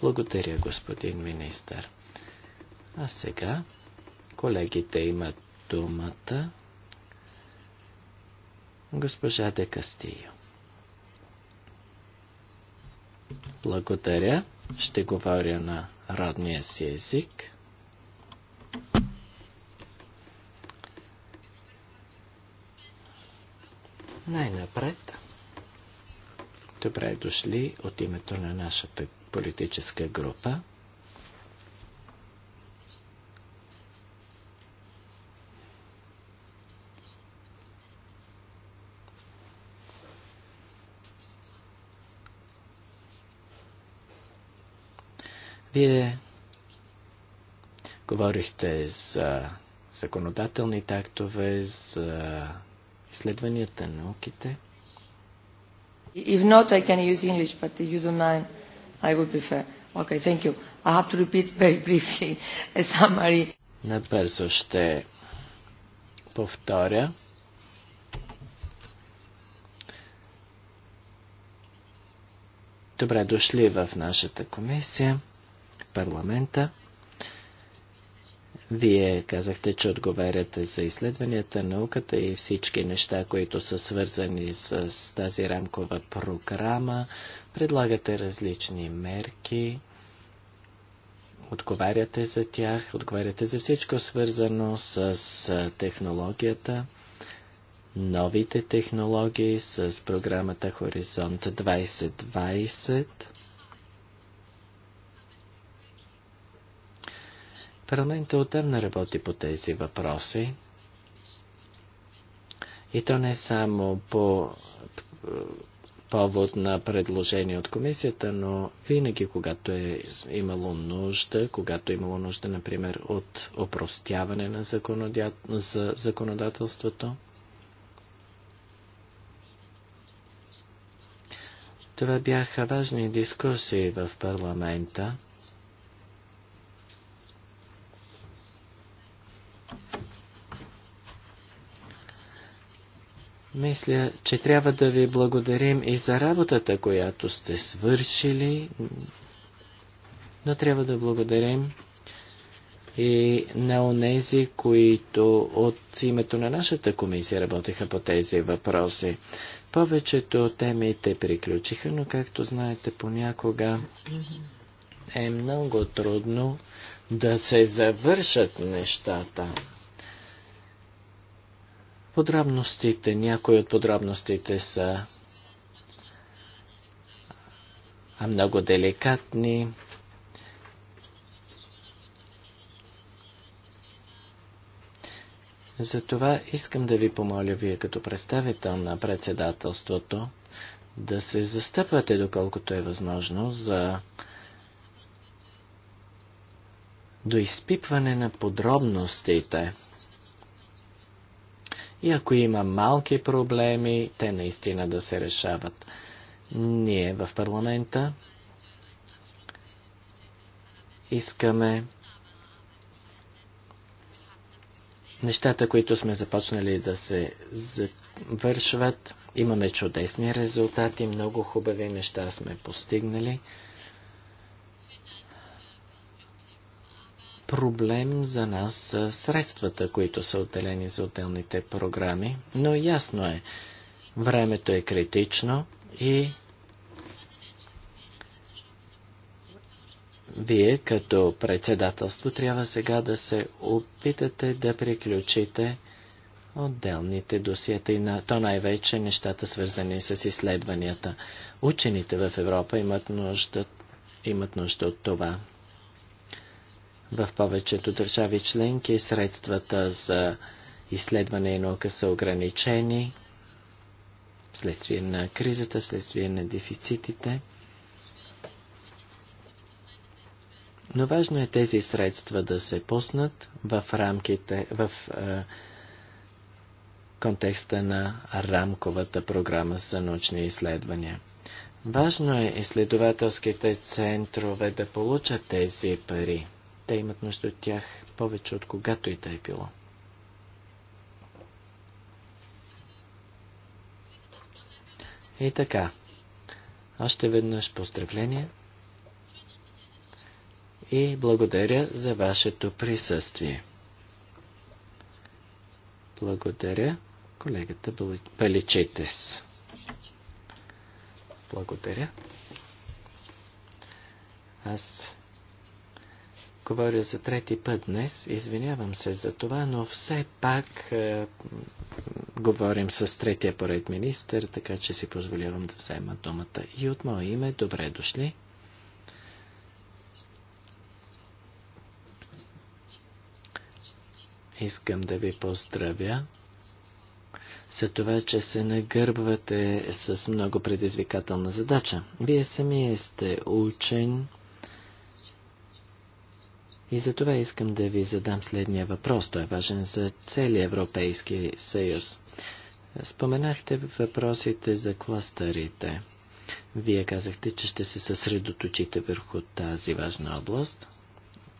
Благодаря, господин министър. А сега колегите имат думата. Госпожа Де Кастио. Благодаря. Ще говоря на родния си език. Най-напред. Добре дошли от името на нашата политическа група. Вие говорихте за законодателните актове, за изследванията на науките. If not, I can use English, but if you don't mind, I would prefer. Okay, thank you. I have to repeat very [LAUGHS] briefly a summary. Набързо ще повторя. Добре дошли в нашата комисия парламента. Вие казахте, че отговаряте за изследванията, науката и всички неща, които са свързани с тази рамкова програма. Предлагате различни мерки, отговаряте за тях, отговаряте за всичко свързано с технологията, новите технологии, с програмата Хоризонт 2020. Парламентът отдавна работи по тези въпроси. И то не само по повод на предложение от комисията, но винаги, когато е имало нужда, когато е имало нужда, например, от опростяване на за законодателството, това бяха важни дискусии в парламента. Мисля, че трябва да ви благодарим и за работата, която сте свършили, но трябва да благодарим и на онези, които от името на нашата комисия работеха по тези въпроси. Повечето темите приключиха, но както знаете, понякога е много трудно да се завършат нещата. Подробностите, някои от подробностите са много деликатни. Затова искам да ви помоля вие като представител на председателството да се застъпвате доколкото е възможно за доизпипване на подробностите и ако има малки проблеми, те наистина да се решават. Ние в парламента искаме нещата, които сме започнали да се завършват. Имаме чудесни резултати, много хубави неща сме постигнали. проблем за нас са средствата, които са отделени за отделните програми, но ясно е, времето е критично и Вие като председателство трябва сега да се опитате да приключите отделните досиета и на, то най-вече нещата свързани с изследванията. Учените в Европа имат нужда, имат нужда от това. В повечето държави членки средствата за изследване и наука са ограничени вследствие на кризата, вследствие на дефицитите. Но важно е тези средства да се пуснат в рамките, в е, контекста на рамковата програма за научни изследвания. Важно е изследователските центрове да получат тези пари те имат нужда от тях повече от когато и да е било. И така, още веднъж поздравления. и благодаря за вашето присъствие. Благодаря колегата Паличетес. Благодаря. Аз говоря за трети път днес, извинявам се за това, но все пак е, говорим с третия поред министър, така че си позволявам да взема думата. И от мое име, добре дошли. Искам да ви поздравя за това, че се нагърбвате с много предизвикателна задача. Вие самия сте учен, и за това искам да ви задам следния въпрос. Той е важен за целия Европейски съюз. Споменахте въпросите за кластерите. Вие казахте, че ще се съсредоточите върху тази важна област.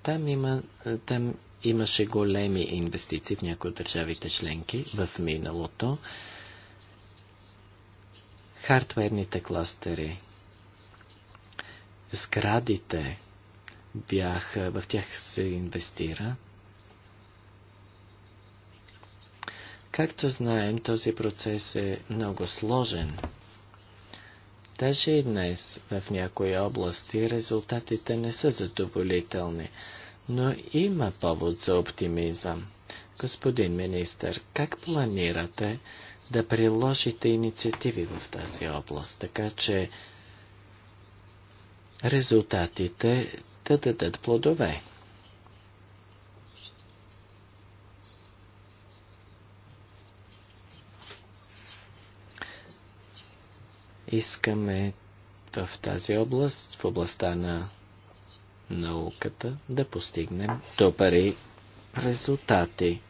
Там, има, там имаше големи инвестиции в някои от държавите членки в миналото. Хардверните кластери, сградите, бях, в тях се инвестира. Както знаем, този процес е много сложен. Даже и днес в някои области резултатите не са задоволителни, но има повод за оптимизъм. Господин министър, как планирате да приложите инициативи в тази област, така че резултатите да дадат плодове. Искаме в тази област, в областта на науката, да постигнем добри резултати.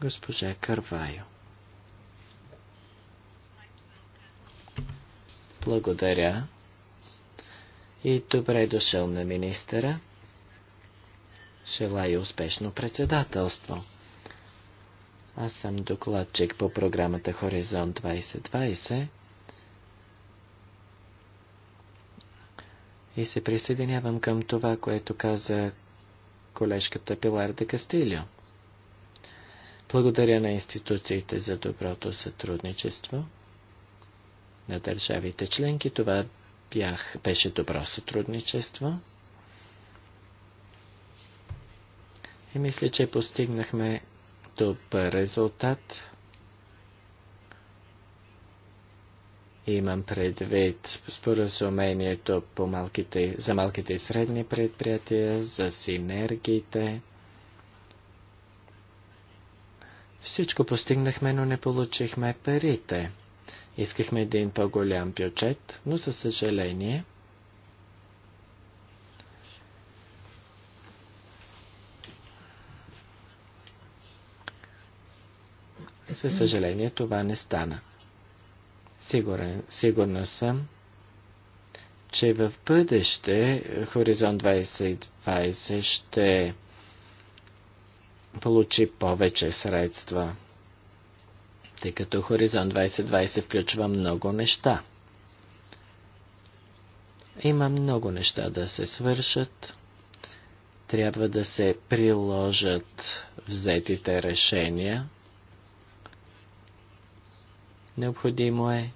Госпожа Карвайо. Благодаря и добре дошъл на министъра. Желая успешно председателство. Аз съм докладчик по програмата Хоризонт 2020 и се присъединявам към това, което каза колежката Пилар де Кастилио. Благодаря на институциите за доброто сътрудничество на държавите членки. Това бях, беше добро сътрудничество. И мисля, че постигнахме добър резултат. Имам предвид споразумението по малките, за малките и средни предприятия, за синергиите. Всичко постигнахме, но не получихме парите. Искахме един по-голям бюджет, но със съжаление със съжаление това не стана. Сигурен, сигурна съм, че в бъдеще Хоризонт 2020 ще получи повече средства тъй като Хоризонт 2020 включва много неща. Има много неща да се свършат. Трябва да се приложат взетите решения. Необходимо е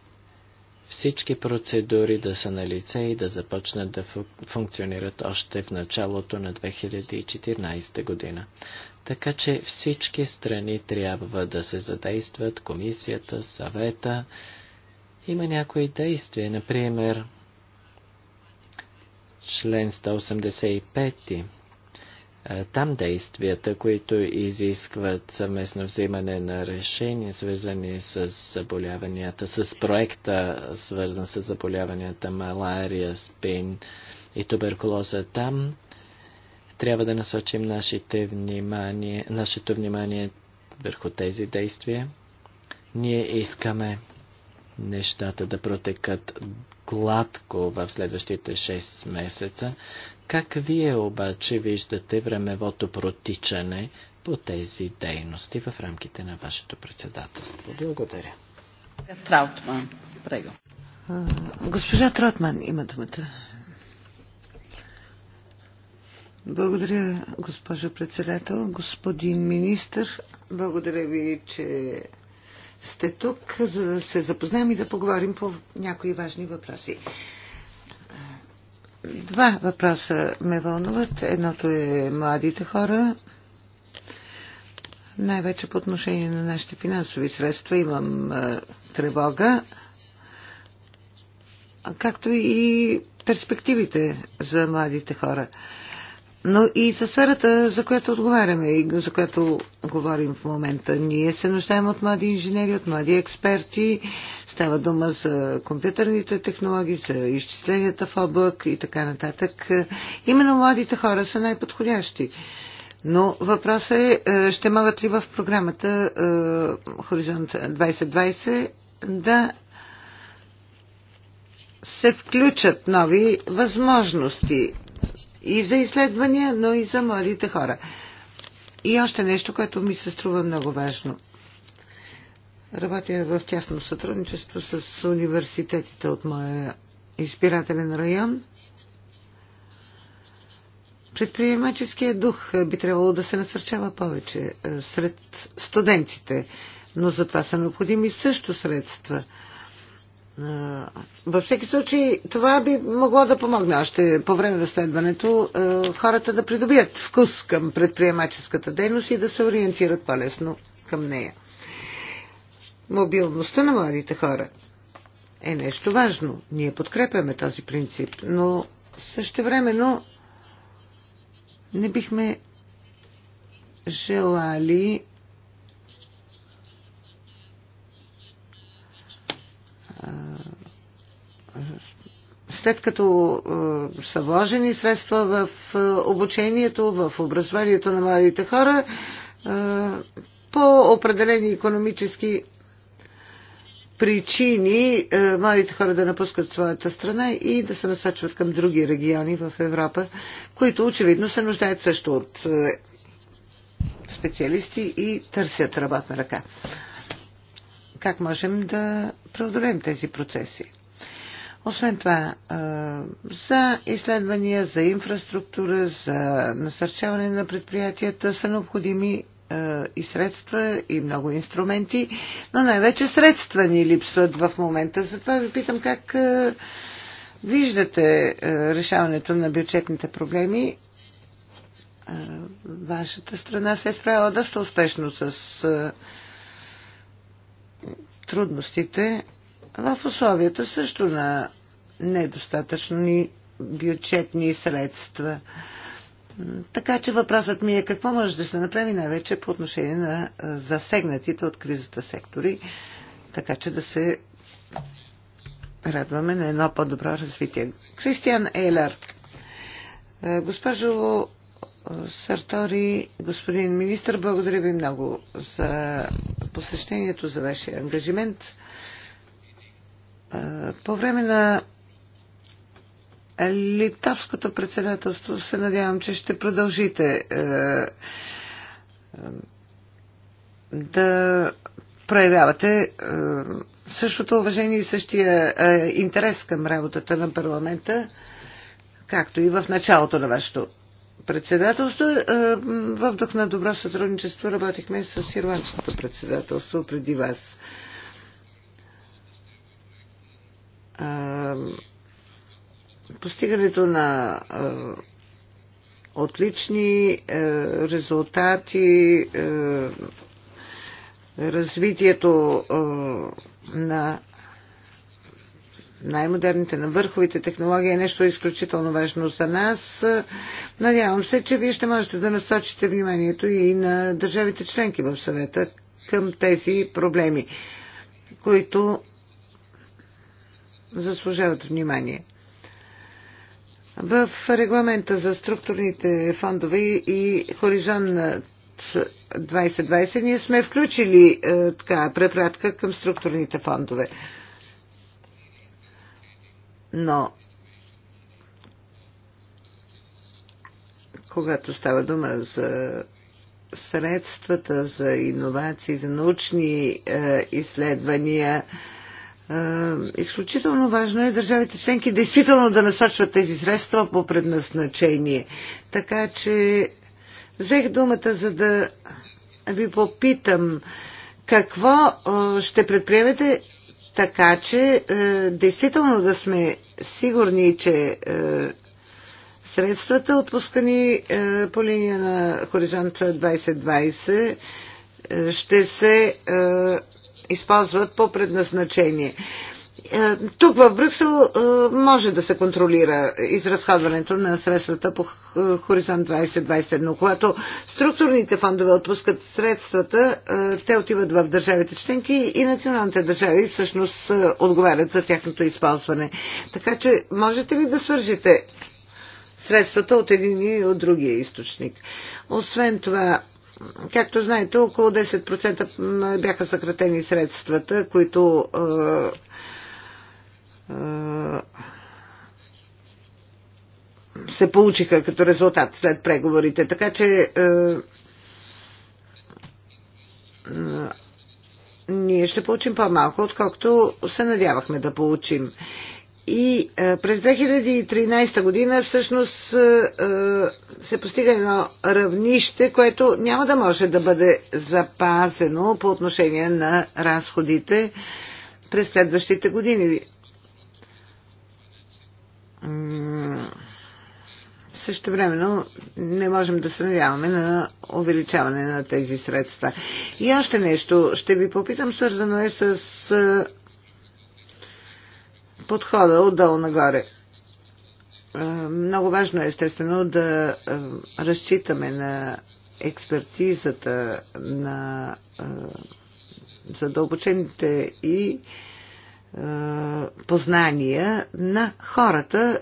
всички процедури да са на лице и да започнат да функционират още в началото на 2014 година. Така че всички страни трябва да се задействат, комисията, съвета. Има някои действия, например член 185. Е, там действията, които изискват съвместно взимане на решения, свързани с заболяванията, с проекта, свързан с заболяванията малария, спин и туберкулоза, там трябва да насочим нашите внимание, нашето внимание върху тези действия. Ние искаме нещата да протекат гладко в следващите 6 месеца. Как вие обаче виждате времевото протичане по тези дейности в рамките на вашето председателство? Благодаря. Траутман, прего. Госпожа Тротман има думата. Благодаря, госпожо председател. Господин министр, благодаря ви, че сте тук, за да се запознаем и да поговорим по някои важни въпроси. Два въпроса ме вълнуват. Едното е младите хора. Най-вече по отношение на нашите финансови средства имам е, тревога, както и перспективите за младите хора но и за сферата, за която отговаряме и за която говорим в момента. Ние се нуждаем от млади инженери, от млади експерти. Става дума за компютърните технологии, за изчисленията в облак и така нататък. Именно младите хора са най-подходящи. Но въпросът е, е ще могат ли в програмата е, Хоризонт 2020 да се включат нови възможности и за изследвания, но и за младите хора. И още нещо, което ми се струва много важно. Работя в тясно сътрудничество с университетите от моя избирателен район. Предприемаческият дух би трябвало да се насърчава повече е, сред студентите, но за това са необходими също средства – във всеки случай, това би могло да помогне още по време на следването хората да придобият вкус към предприемаческата дейност и да се ориентират по-лесно към нея. Мобилността на младите хора е нещо важно. Ние подкрепяме този принцип, но същевременно не бихме желали след като е, са вложени средства в е, обучението, в образованието на младите хора, е, по определени економически причини е, младите хора да напускат своята страна и да се насочват към други региони в Европа, които очевидно се нуждаят също от е, специалисти и търсят работна ръка. Как можем да преодолеем тези процеси? Освен това, за изследвания, за инфраструктура, за насърчаване на предприятията са необходими и средства, и много инструменти, но най-вече средства ни липсват в момента. Затова ви питам как виждате решаването на бюджетните проблеми. Вашата страна се е справила доста успешно с трудностите в условията също на недостатъчни бюджетни средства. Така че въпросът ми е какво може да се направи най-вече по отношение на засегнатите от кризата сектори, така че да се радваме на едно по-добро развитие. Кристиан Ейлер. Госпожо Сартори, господин министр, благодаря ви много за посещението, за вашия ангажимент. По време на литовското председателство се надявам, че ще продължите е, е, да проявявате е, същото уважение и същия интерес към работата на парламента, както и в началото на вашето председателство. В дух на добро сътрудничество работихме с ирландското председателство преди вас постигането на отлични резултати, развитието на най-модерните, на върховите технологии е нещо изключително важно за нас. Надявам се, че вие ще можете да насочите вниманието и на държавите членки в съвета към тези проблеми, които заслужават внимание. В регламента за структурните фондове и хоризонт 2020 ние сме включили е, така, препратка към структурните фондове. Но когато става дума за средствата за иновации, за научни е, изследвания, е, изключително важно е държавите членки действително да насочват тези средства по предназначение. Така че взех думата, за да ви попитам какво е, ще предприемете така, че е, действително да сме сигурни, че средствата отпускани по линия на Хоризонт 2020 ще се използват по предназначение. Е, тук в Брюксел е, може да се контролира изразходването на средствата по е, Хоризонт 2020, но когато структурните фондове отпускат средствата, те отиват в държавите членки и националните държави всъщност отговарят за тяхното използване. Така че можете ли да свържите средствата от един и от другия източник? Освен това, Както знаете, около 10% бяха съкратени средствата, които се получиха като резултат след преговорите. Така че ние ще получим по-малко, отколкото се надявахме да получим. И е, през 2013 година всъщност е, е, се постига едно равнище, което няма да може да бъде запазено по отношение на разходите през следващите години. Също времено не можем да се надяваме на увеличаване на тези средства. И още нещо ще ви попитам, свързано е с подхода отдолу нагоре. Е, много важно е, естествено, да е, разчитаме на експертизата на е, задълбочените и познания на хората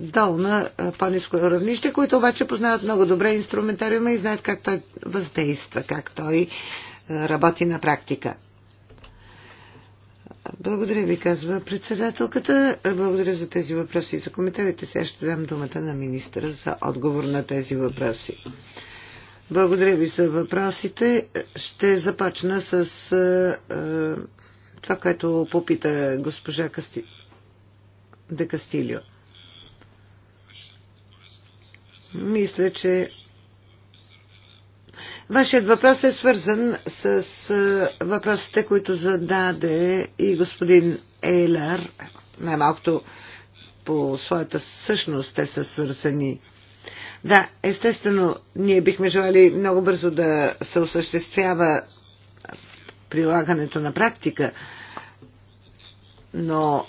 долу на по-низко равнище, които обаче познават много добре инструментариума и знаят как той въздейства, как той работи на практика. Благодаря ви, казва председателката. Благодаря за тези въпроси и за коментарите. Сега ще дам думата на министра за отговор на тези въпроси. Благодаря ви за въпросите. Ще започна с а, е, е, това, което попита госпожа Касти... Де Кастилио. Мисля, че Вашият въпрос е свързан с въпросите, които зададе и господин Ейлер. Най-малкото по своята същност те са свързани. Да, естествено, ние бихме желали много бързо да се осъществява прилагането на практика, но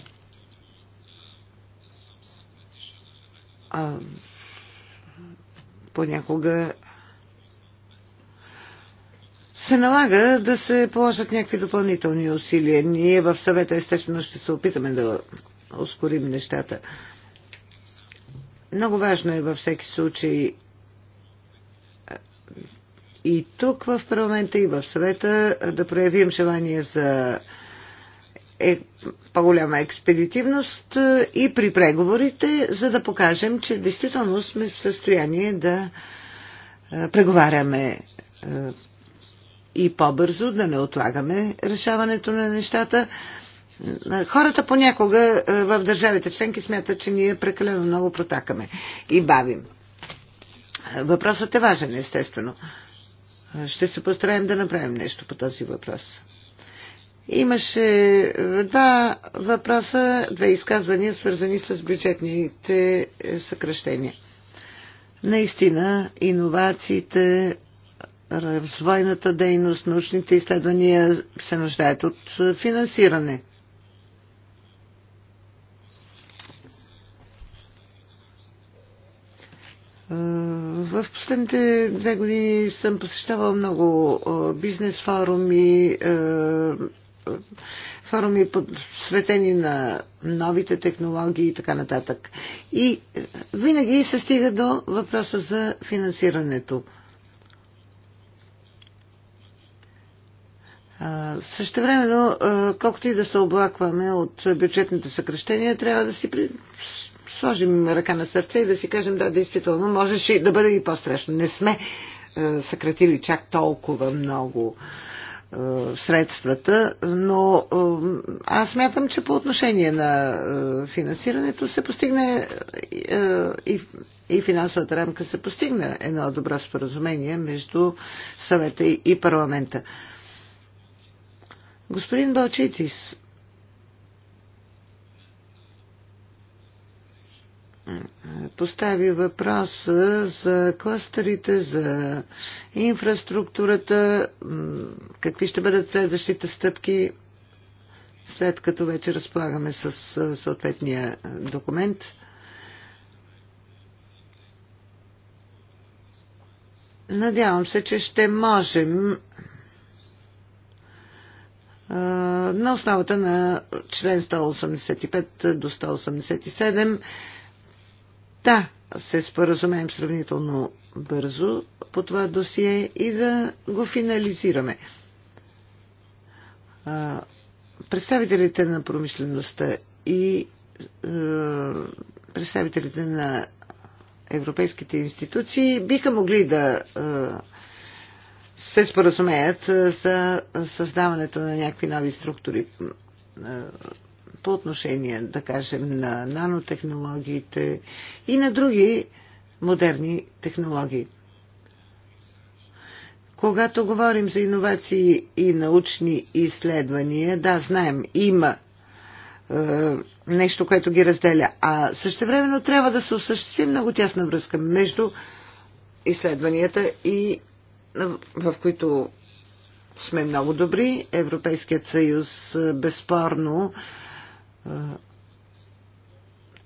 а, понякога се налага да се положат някакви допълнителни усилия. Ние в съвета естествено ще се опитаме да ускорим нещата. Много важно е във всеки случай и тук в парламента, и в съвета да проявим желание за е, по-голяма експедитивност и при преговорите, за да покажем, че действително сме в състояние да преговаряме и по-бързо, да не отлагаме решаването на нещата. Хората понякога е, в държавите членки смятат, че ние прекалено много протакаме и бавим. Въпросът е важен, естествено. Ще се постараем да направим нещо по този въпрос. Имаше два въпроса, две изказвания, свързани с бюджетните е, съкръщения. Наистина, иновациите, развойната дейност, научните изследвания се нуждаят от финансиране. В последните две години съм посещавал много бизнес форуми, форуми посветени на новите технологии и така нататък. И винаги се стига до въпроса за финансирането. Също времено, колкото и да се облакваме от бюджетните съкрещения, трябва да си при... сложим ръка на сърце и да си кажем, да, действително, можеше да бъде и по-страшно. Не сме съкратили чак толкова много средствата, но аз смятам, че по отношение на финансирането се постигне и, и финансовата рамка се постигна едно добро споразумение между съвета и парламента. Господин Балчитис, постави въпроса за кластерите, за инфраструктурата, какви ще бъдат следващите стъпки, след като вече разполагаме с съответния документ. Надявам се, че ще можем на основата на член 185 до 187. Да, се споразумеем сравнително бързо по това досие и да го финализираме. Представителите на промишлеността и представителите на европейските институции биха могли да се споразумеят за създаването на някакви нови структури по отношение, да кажем, на нанотехнологиите и на други модерни технологии. Когато говорим за иновации и научни изследвания, да, знаем, има е, нещо, което ги разделя. А същевременно трябва да се осъществи много тясна връзка между изследванията и в които сме много добри. Европейският съюз безспорно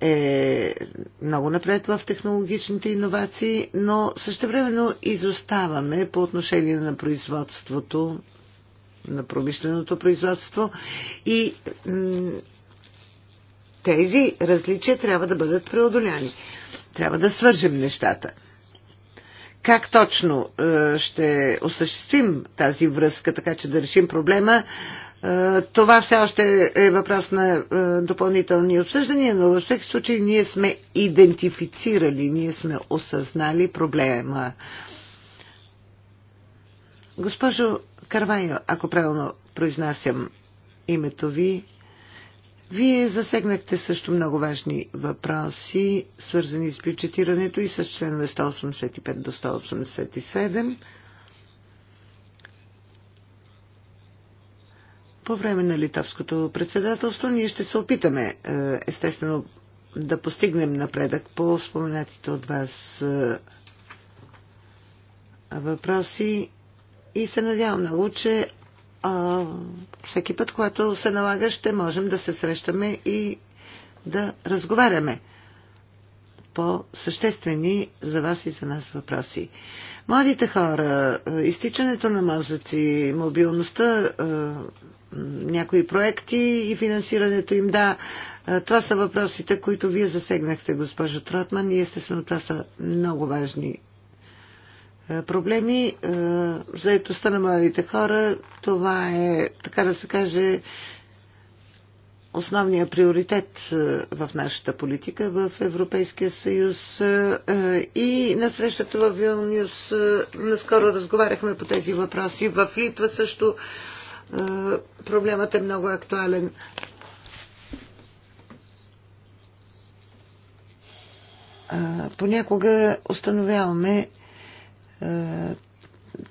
е много напред в технологичните иновации, но същевременно изоставаме по отношение на производството, на промишленото производство и тези различия трябва да бъдат преодоляни. Трябва да свържем нещата – как точно е, ще осъществим тази връзка, така че да решим проблема. Е, това все още е въпрос на е, допълнителни обсъждания, но във всеки случай ние сме идентифицирали, ние сме осъзнали проблема. Госпожо Карвайо, ако правилно произнасям името ви, вие засегнахте също много важни въпроси, свързани с бюджетирането и с членове 185 до 187. По време на литовското председателство ние ще се опитаме, е, естествено, да постигнем напредък по споменатите от вас е, въпроси и се надявам много, че а, всеки път, когато се налага, ще можем да се срещаме и да разговаряме по съществени за вас и за нас въпроси. Младите хора, изтичането на мозъци, мобилността, някои проекти и финансирането им, да, това са въпросите, които вие засегнахте, госпожо Тротман и естествено това са много важни е, проблеми. Е, Заедостта на младите хора, това е, така да се каже, основният приоритет е, в нашата политика в Европейския съюз и на срещата в Вилнюс наскоро разговаряхме по тези въпроси. В Литва също проблемът е много актуален. Понякога установяваме, е,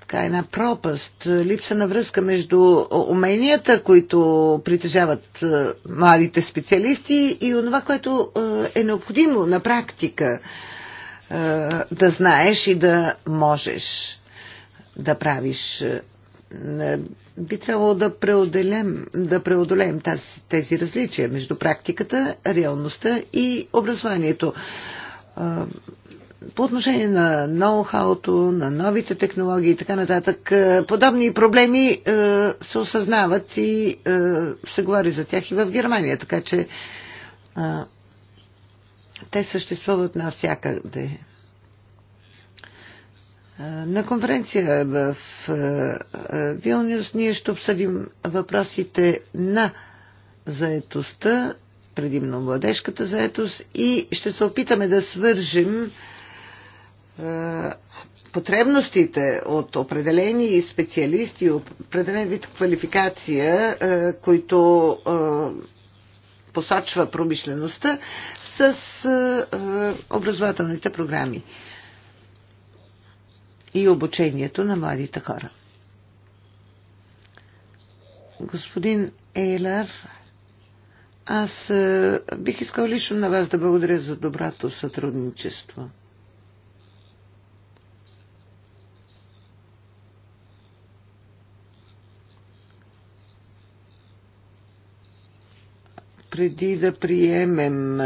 така една пропаст, липса на връзка между уменията, които притежават е, младите специалисти и онова, което е, е необходимо на практика да знаеш и да можеш да правиш. Би трябвало да преодолем, да преодолеем тази, тези различия между практиката, реалността и образованието по отношение на ноу-хауто, на новите технологии и така нататък, е, подобни проблеми е, се осъзнават и е, се говори за тях и в Германия, така че те съществуват навсякъде. На конференция в Вилнюс ние ще обсъдим въпросите на заетостта, предимно младежката заетост и ще се опитаме да свържим е, потребностите от определени специалисти, определен вид квалификация, е, които е, посочва промишлеността с образователните програми и обучението на младите хора. Господин Ейлер, аз бих искал лично на вас да благодаря за доброто сътрудничество. преди да приемем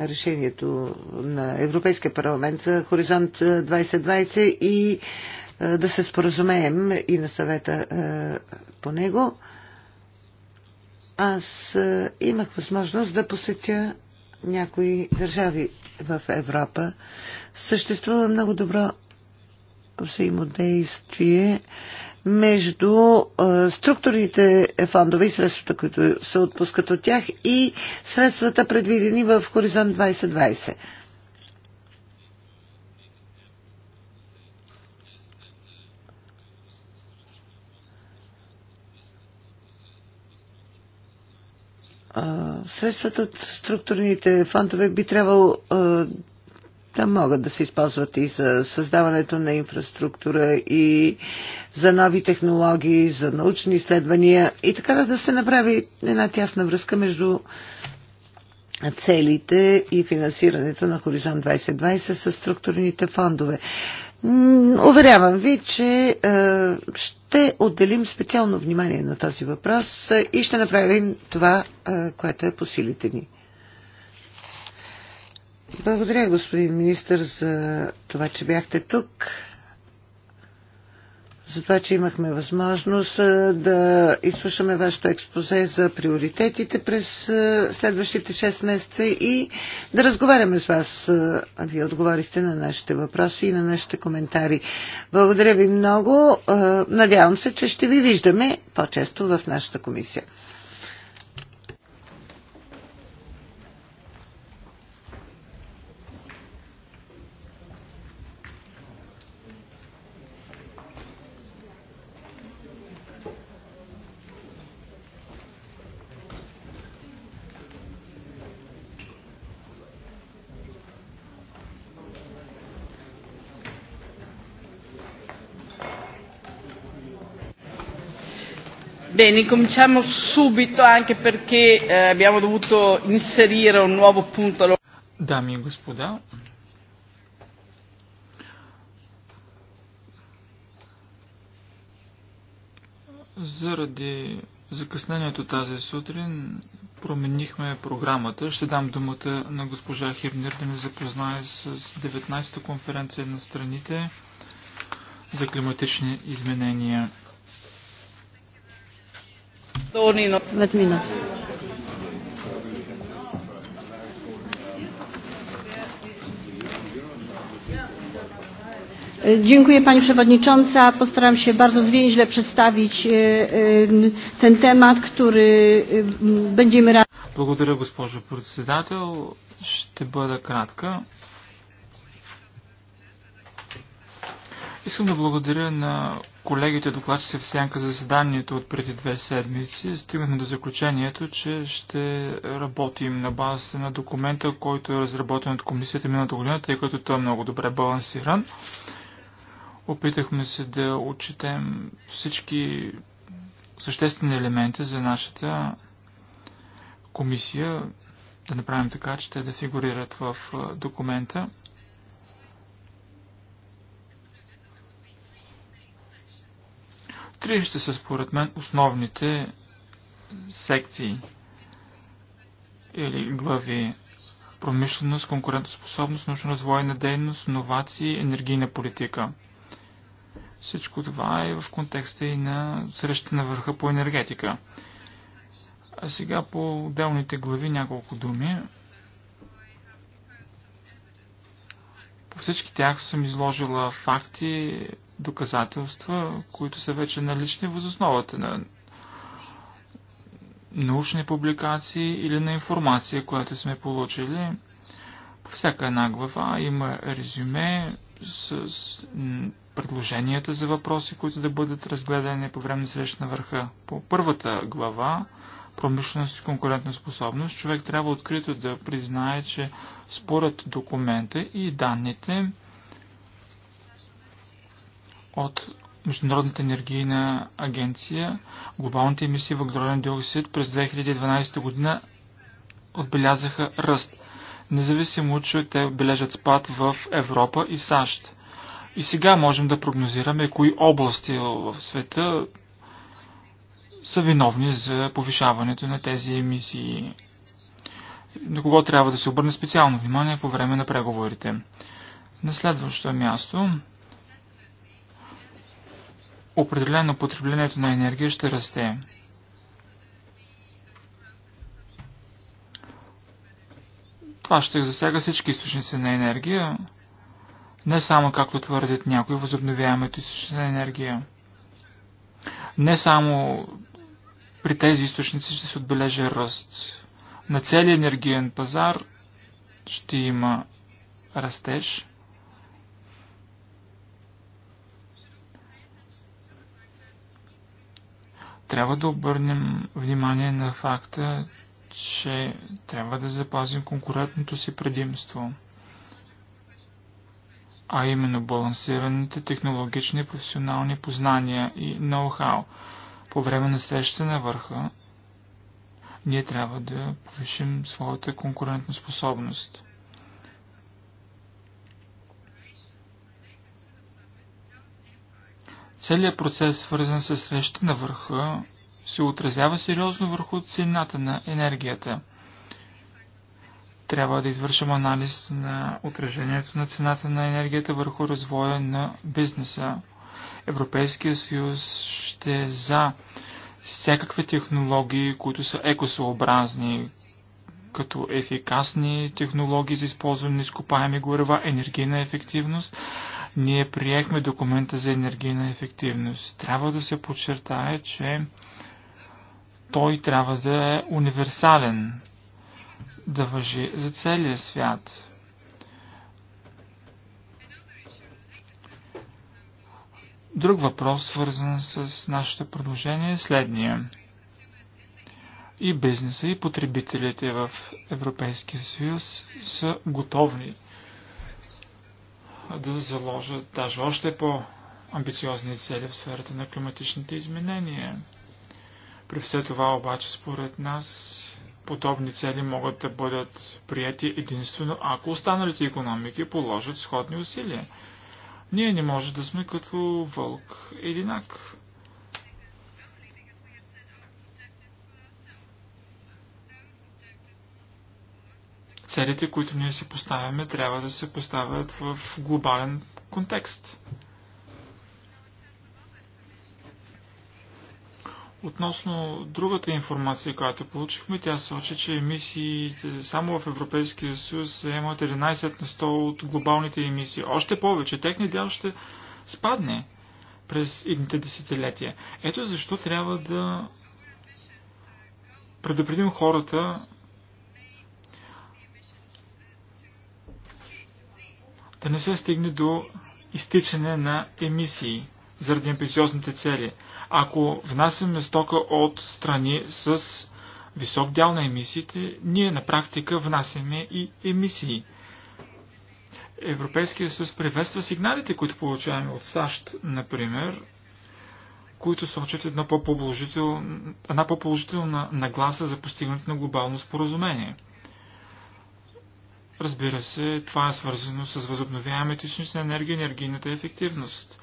решението на Европейския парламент за Хоризонт 2020 и да се споразумеем и на съвета по него. Аз имах възможност да посетя някои държави в Европа. Съществува много добро взаимодействие между структурните фондове и средствата, които се отпускат от тях и средствата предвидени в Хоризонт 2020. Средствата от структурните фондове би трябвало Та могат да се използват и за създаването на инфраструктура, и за нови технологии, за научни изследвания и така да се направи една тясна връзка между целите и финансирането на Хоризонт 2020 с структурните фондове. Уверявам ви, че е, ще отделим специално внимание на този въпрос е, и ще направим това, е, което е по силите ни. Благодаря, господин министр, за това, че бяхте тук за това, че имахме възможност да изслушаме вашето експозе за приоритетите през следващите 6 месеца и да разговаряме с вас. Вие отговорихте на нашите въпроси и на нашите коментари. Благодаря ви много. Надявам се, че ще ви виждаме по-често в нашата комисия. Bene, cominciamo subito anche perché eh, abbiamo dovuto inserire un nuovo punto. Дами и господа, заради закъснението тази сутрин променихме програмата. Ще дам думата на госпожа Хирнир да ни запознае с 19-та конференция на страните за климатични изменения. Dziękuję Pani Przewodnicząca. Postaram się bardzo zwięźle przedstawić ten temat, który będziemy... Благодаря, госпожо председател. Ще бъда кратка. Искам да благодаря на колегите докладчици в сянка за заседанието от преди две седмици. Стигнахме до заключението, че ще работим на базата на документа, който е разработен от комисията миналата година, тъй като той е много добре балансиран. Опитахме се да отчетем всички съществени елементи за нашата комисия, да направим така, че те да фигурират в документа. Три ще са според мен основните секции или глави. Промишленост, конкурентоспособност, научно-развойна дейност, новации, енергийна политика. Всичко това е в контекста и на среща на върха по енергетика. А сега по отделните глави няколко думи. По всички тях съм изложила факти, доказателства, които са вече налични основата на научни публикации или на информация, която сме получили. По всяка една глава има резюме с предложенията за въпроси, които да бъдат разгледани по време на среща на върха. По първата глава промишленост и конкурентна способност, човек трябва открито да признае, че според документа и данните, от Международната енергийна агенция, глобалните емисии въглероден диоксид през 2012 година отбелязаха ръст, независимо, че те отбележат спад в Европа и САЩ. И сега можем да прогнозираме кои области в света са виновни за повишаването на тези емисии. На кого трябва да се обърне специално внимание по време на преговорите. На следващо място определено потреблението на енергия ще расте. Това ще засяга всички източници на енергия, не само, както твърдят някои, възобновяемите източници на енергия. Не само при тези източници ще се отбележи ръст. На целия енергиен пазар ще има растеж. Трябва да обърнем внимание на факта, че трябва да запазим конкурентното си предимство, а именно балансираните технологични и професионални познания и ноу-хау. По време на срещата на върха, ние трябва да повишим своята конкурентна способност. Целият процес, свързан с среща на върха, се отразява сериозно върху цената на енергията. Трябва да извършим анализ на отражението на цената на енергията върху развоя на бизнеса. Европейския съюз ще е за всякакви технологии, които са екосъобразни, като ефикасни технологии за използване на изкопаеми горева, енергийна ефективност, ние приехме документа за енергийна ефективност. Трябва да се подчертае, че той трябва да е универсален, да въжи за целия свят. Друг въпрос, свързан с нашето предложение, е следния. И бизнеса, и потребителите в Европейския съюз са готовни да заложат даже още по-амбициозни цели в сферата на климатичните изменения. При все това обаче, според нас, подобни цели могат да бъдат прияти единствено, ако останалите економики положат сходни усилия. Ние не може да сме като вълк единак. целите, които ние си поставяме, трябва да се поставят в глобален контекст. Относно другата информация, която получихме, тя сочи, че емисиите само в Европейския съюз заемат 11 на 100 от глобалните емисии. Още повече, техният дял ще спадне през едните десетилетия. Ето защо трябва да предупредим хората да не се стигне до изтичане на емисии заради амбициозните цели. Ако внасяме стока от страни с висок дял на емисиите, ние на практика внасяме и емисии. Европейския съюз приветства сигналите, които получаваме от САЩ, например, които сочат една по-положителна, по-положителна нагласа за постигането на глобално споразумение – Разбира се, това е свързано с възобновяемите източници на енергия и енергийната ефективност.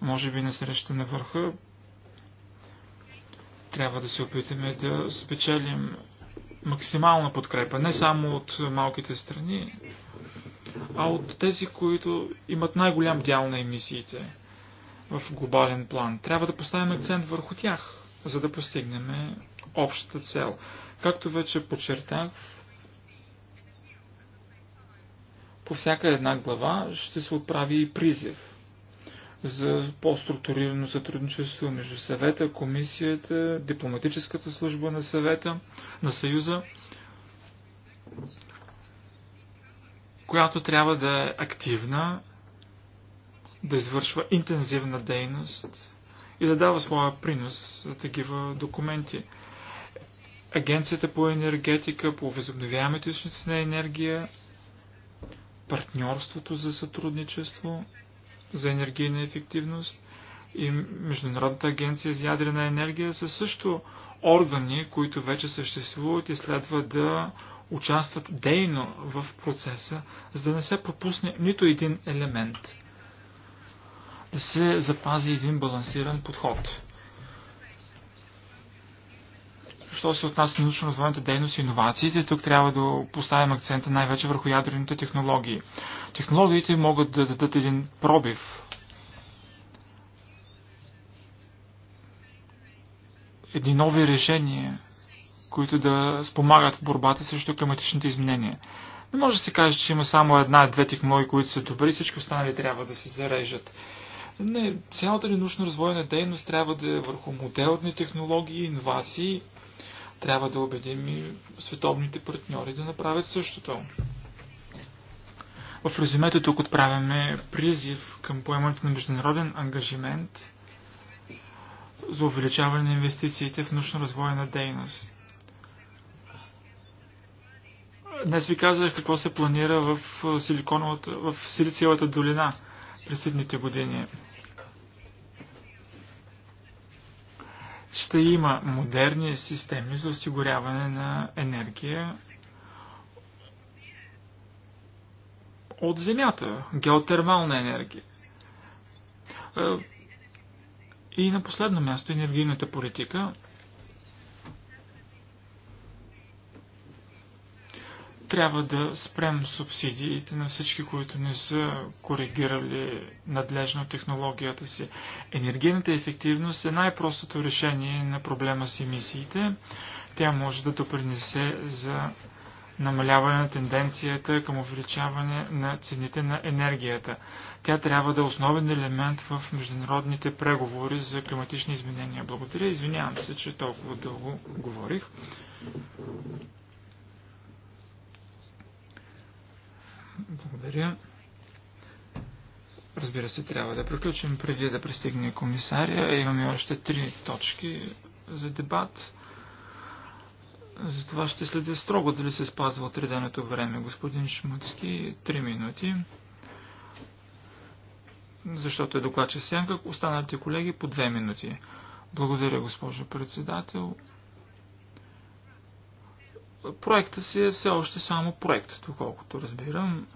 Може би на среща на върха трябва да се опитаме да спечелим максимална подкрепа, не само от малките страни, а от тези, които имат най-голям дял на емисиите в глобален план. Трябва да поставим акцент върху тях, за да постигнем общата цел. Както вече подчертах, По всяка една глава ще се отправи и призив за по-структурирано сътрудничество между съвета, комисията, дипломатическата служба на съвета, на съюза, която трябва да е активна, да извършва интензивна дейност и да дава своя принос за такива документи. Агенцията по енергетика, по възобновяемите източници на енергия партньорството за сътрудничество, за енергийна ефективност и Международната агенция за ядрена енергия са също органи, които вече съществуват и следва да участват дейно в процеса, за да не се пропусне нито един елемент. Да се запази един балансиран подход. Що се отнася до научно-развойната дейност и иновациите, тук трябва да поставим акцента най-вече върху ядрените технологии. Технологиите могат да дадат един пробив едни нови решения, които да спомагат в борбата срещу климатичните изменения. Не може да се каже, че има само една-две технологии, които са добри, всички останали трябва да се зарежат. Не, цялата ни научно-развойна дейност трябва да е върху моделни технологии, иновации трябва да убедим и световните партньори да направят същото. В резюмето тук отправяме призив към поемането на международен ангажимент за увеличаване на инвестициите в научно-развойна дейност. Днес ви казах какво се планира в, в Силициевата долина през следните години. ще има модерни системи за осигуряване на енергия от земята, геотермална енергия. Е, и на последно място енергийната политика – трябва да спрем субсидиите на всички, които не са коригирали надлежно технологията си. Енергийната ефективност е най-простото решение на проблема с емисиите. Тя може да допринесе за намаляване на тенденцията към увеличаване на цените на енергията. Тя трябва да е основен елемент в международните преговори за климатични изменения. Благодаря. Извинявам се, че толкова дълго говорих. Благодаря. Разбира се, трябва да приключим преди да пристигне комисария. Имаме още три точки за дебат. Затова ще следя строго дали се спазва отреденото време. Господин Шмуцки, 3 минути. Защото е докладче сянка, останалите колеги по две минути. Благодаря, госпожо председател проекта си е все още само проект, доколкото разбирам.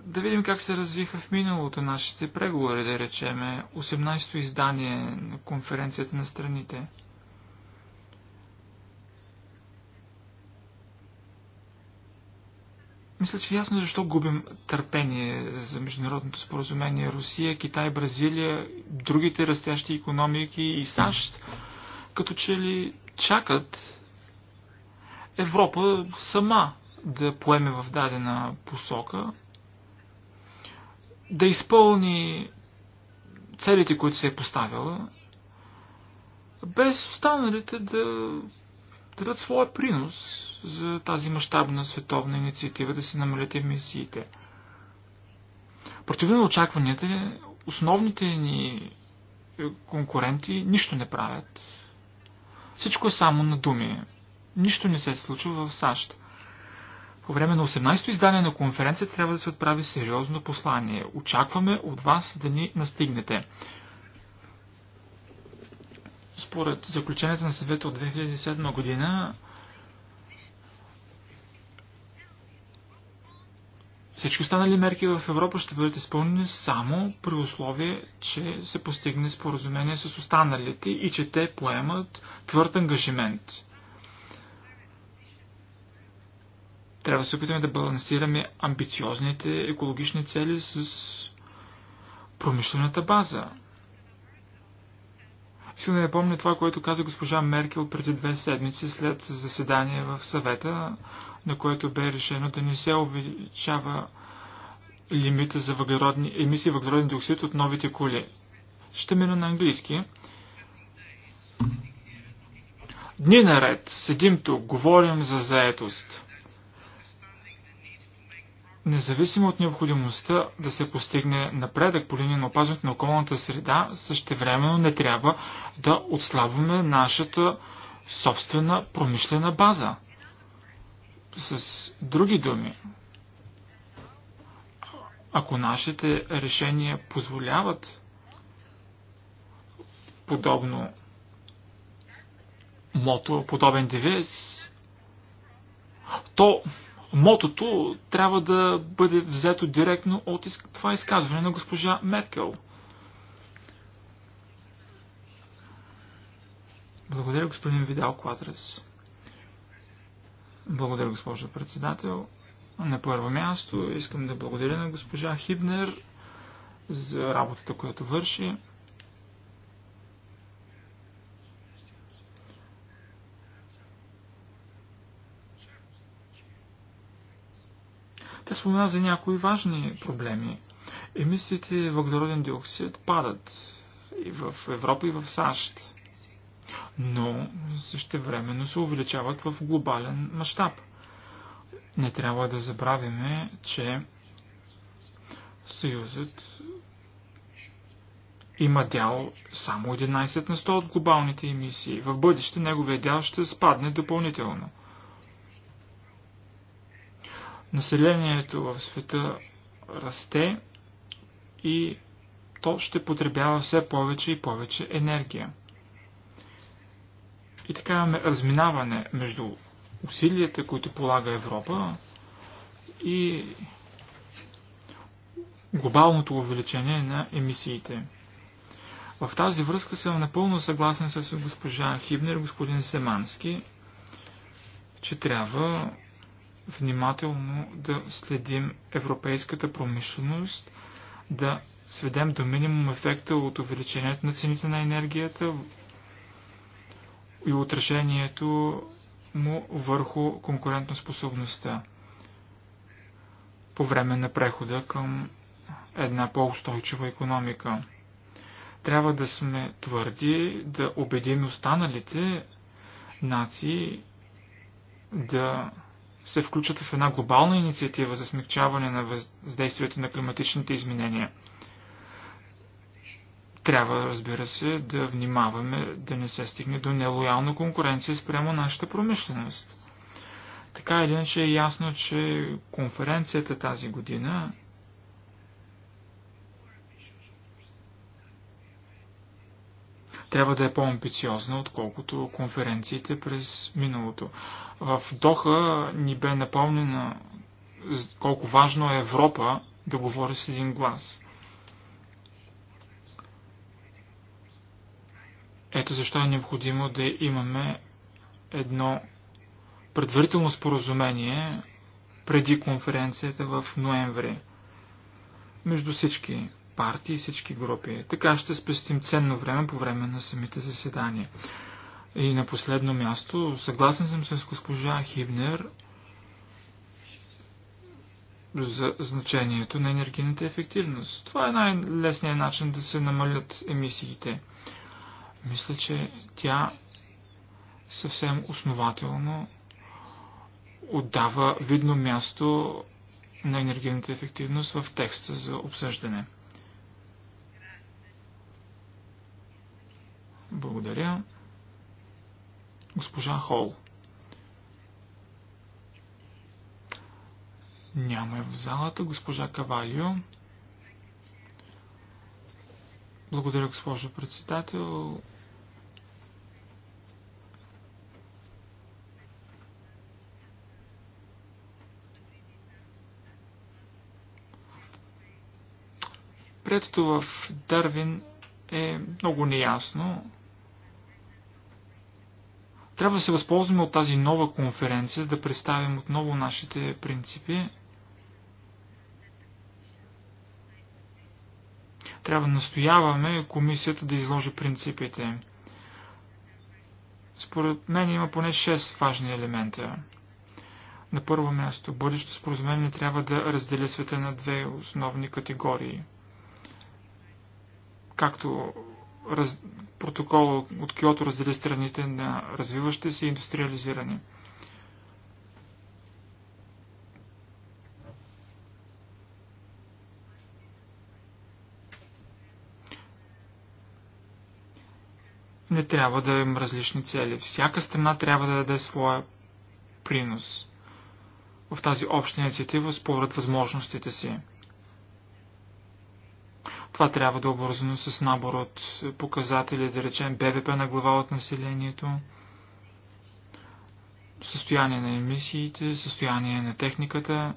Да видим как се развиха в миналото нашите преговори, да речеме, 18-то издание на конференцията на страните. Мисля, че е ясно защо губим търпение за международното споразумение Русия, Китай, Бразилия, другите растящи економики и САЩ като че ли чакат Европа сама да поеме в дадена посока, да изпълни целите, които се е поставила, без останалите да дадат своя принос за тази мащабна световна инициатива да се намалят емисиите. Противно на очакванията, основните ни конкуренти нищо не правят всичко е само на думи. Нищо не се случва в САЩ. По време на 18-то издание на конференция трябва да се отправи сериозно послание. Очакваме от вас да ни настигнете. Според заключението на съвета от 2007 година, Всички останали мерки в Европа ще бъдат изпълнени само при условие, че се постигне споразумение с останалите и че те поемат твърд ангажимент. Трябва да се опитаме да балансираме амбициозните екологични цели с промишлената база. Искам да напомня това, което каза госпожа Меркел преди две седмици след заседание в съвета на което бе решено да не се увеличава лимита за въглеродни, емисии въглероден диоксид от новите коли. Ще мина на английски. Дни наред седим тук, говорим за заетост. Независимо от необходимостта да се постигне напредък по линия на опазването на околната среда, същевременно не трябва да отслабваме нашата собствена промишлена база. С други думи, ако нашите решения позволяват подобно мото, подобен девиз, то мотото трябва да бъде взето директно от това изказване на госпожа Меркел. Благодаря, господин Видал Квадрес. Благодаря, госпожо председател. На първо място искам да благодаря на госпожа Хибнер за работата, която върши. Те спомена за някои важни проблеми. Емисиите въглероден диоксид падат и в Европа, и в САЩ но същевременно се увеличават в глобален мащаб. Не трябва да забравяме, че Съюзът има дял само 11 на 100 от глобалните емисии. В бъдеще неговия дял ще спадне допълнително. Населението в света расте и то ще потребява все повече и повече енергия. И така имаме разминаване между усилията, които полага Европа и глобалното увеличение на емисиите. В тази връзка съм напълно съгласен с госпожа Хибнер и господин Семански, че трябва внимателно да следим европейската промишленост, да сведем до минимум ефекта от увеличението на цените на енергията и отражението му върху конкурентоспособността по време на прехода към една по-устойчива економика. Трябва да сме твърди, да убедим останалите нации да се включат в една глобална инициатива за смягчаване на въздействието на климатичните изменения – трябва, разбира се, да внимаваме да не се стигне до нелоялна конкуренция спрямо нашата промишленост. Така или иначе е ясно, че конференцията тази година трябва да е по-амбициозна, отколкото конференциите през миналото. В Доха ни бе напомнена колко важно е Европа да говори с един глас. Ето защо е необходимо да имаме едно предварително споразумение преди конференцията в ноември между всички партии и всички групи. Така ще спестим ценно време по време на самите заседания. И на последно място, съгласен съм с госпожа Хибнер за значението на енергийната ефективност. Това е най-лесният начин да се намалят емисиите. Мисля, че тя съвсем основателно отдава видно място на енергийната ефективност в текста за обсъждане. Благодаря. Госпожа Хол. Няма е в залата. Госпожа Кавалио. Благодаря, госпожо председател. Приетото в Дарвин е много неясно. Трябва да се възползваме от тази нова конференция, да представим отново нашите принципи. Трябва да настояваме комисията да изложи принципите. Според мен има поне 6 важни елемента. На първо място, бъдещето споразумение трябва да разделя света на две основни категории – както раз... протокола от Киото раздели страните на развиващи се и индустриализирани. не трябва да имам различни цели. Всяка страна трябва да даде своя принос в тази обща инициатива според възможностите си. Това трябва да е обвързано с набор от показатели, да речем БВП на глава от населението, състояние на емисиите, състояние на техниката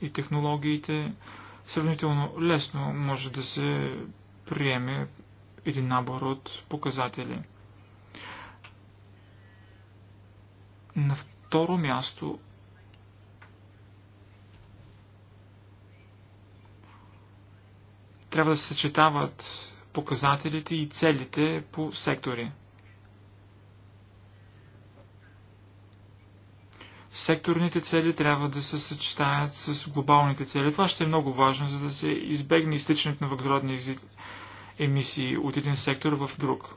и технологиите. Сравнително лесно може да се приеме един набор от показатели. На второ място Трябва да се съчетават показателите и целите по сектори. Секторните цели трябва да се съчетаят с глобалните цели. Това ще е много важно, за да се избегне изтичането на въглеродни емисии от един сектор в друг.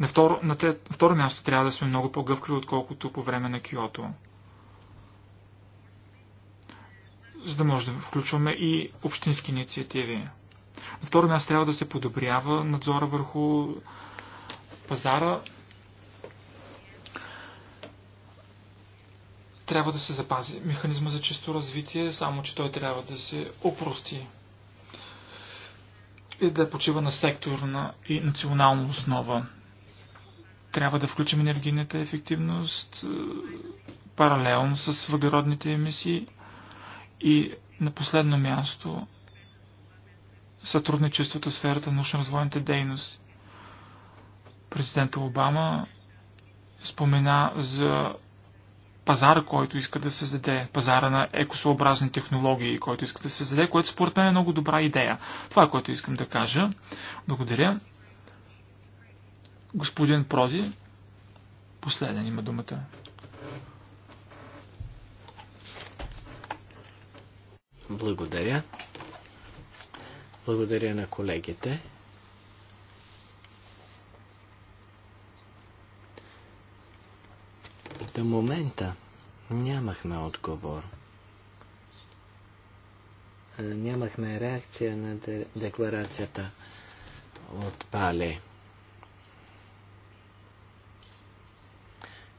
На второ, на те, второ място трябва да сме много по-гъвкави, отколкото по време на Киото. За да може да включваме и общински инициативи. На второ място трябва да се подобрява надзора върху пазара. Трябва да се запази механизма за чисто развитие, само че той трябва да се опрости и да почива на секторна и национална основа. Трябва да включим енергийната ефективност е, паралелно с въглеродните емисии и на последно място сътрудничеството в сферата на научно развойните дейност. Президент Обама спомена за пазара, който иска да създаде, пазара на екосъобразни технологии, който иска да създаде, което според мен е много добра идея. Това е което искам да кажа. Благодаря. Господин Проди, последен има думата. Благодаря. Благодаря на колегите. До момента нямахме отговор. Нямахме реакция на декларацията от Пале.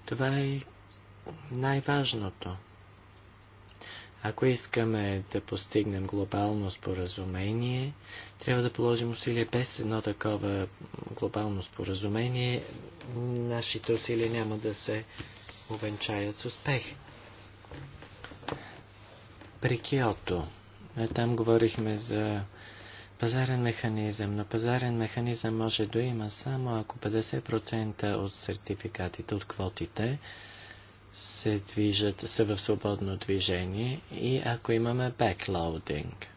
Това е най-важното. Ако искаме да постигнем глобално споразумение, трябва да положим усилия без едно такова глобално споразумение. Нашите усилия няма да се увенчаят с успех. При Киото, там говорихме за пазарен механизъм, но пазарен механизъм може да има само ако 50% от сертификатите, от квотите, се движат, са в свободно движение и ако имаме беклоудинг.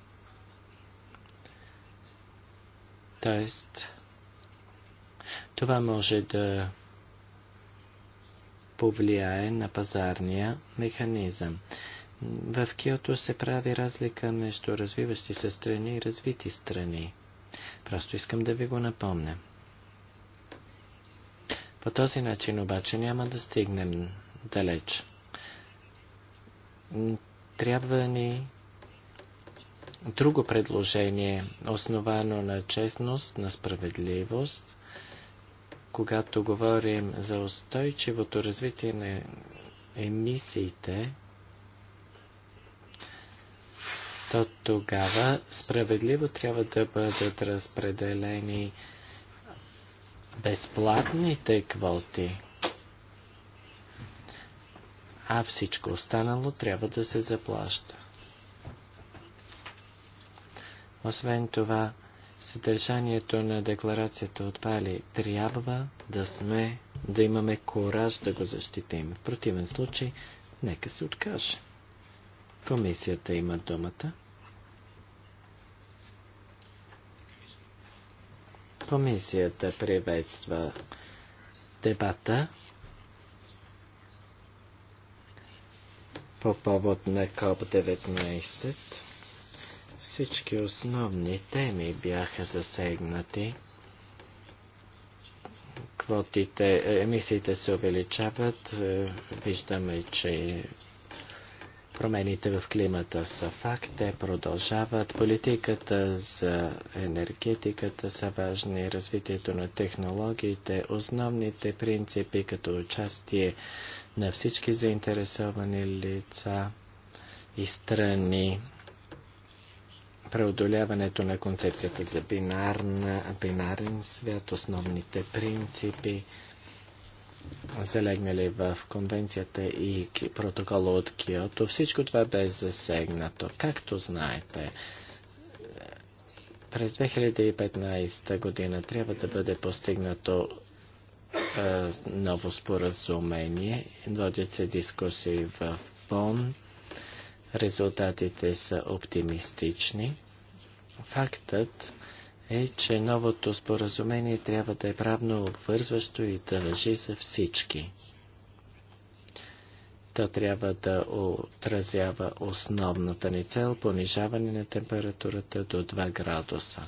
Тоест, това може да повлияе на пазарния механизъм. В Киото се прави разлика между развиващи се страни и развити страни. Просто искам да ви го напомня. По този начин обаче няма да стигнем далеч. Трябва ни друго предложение, основано на честност, на справедливост, когато говорим за устойчивото развитие на емисиите, то тогава справедливо трябва да бъдат разпределени безплатните квоти а всичко останало трябва да се заплаща. Освен това, съдържанието на декларацията от Пали трябва да сме, да имаме кораж да го защитим. В противен случай, нека се откаже. Комисията има думата. Комисията приветства дебата. по повод на КОП-19. Всички основни теми бяха засегнати. Квотите, емисиите се увеличават. Виждаме, че Промените в климата са факт, те продължават. Политиката за енергетиката са важни, развитието на технологиите, основните принципи като участие на всички заинтересовани лица и страни, преодоляването на концепцията за бинарна, бинарен свят, основните принципи, залегнали в конвенцията и протокола от Киото, всичко това бе засегнато. Както знаете, е, през 2015 година трябва да бъде постигнато е, ново споразумение. Водят се дискусии в Бон. Резултатите са оптимистични. Фактът, е, че новото споразумение трябва да е правно обвързващо и да въжи за всички. То трябва да отразява основната ни цел понижаване на температурата до 2 градуса.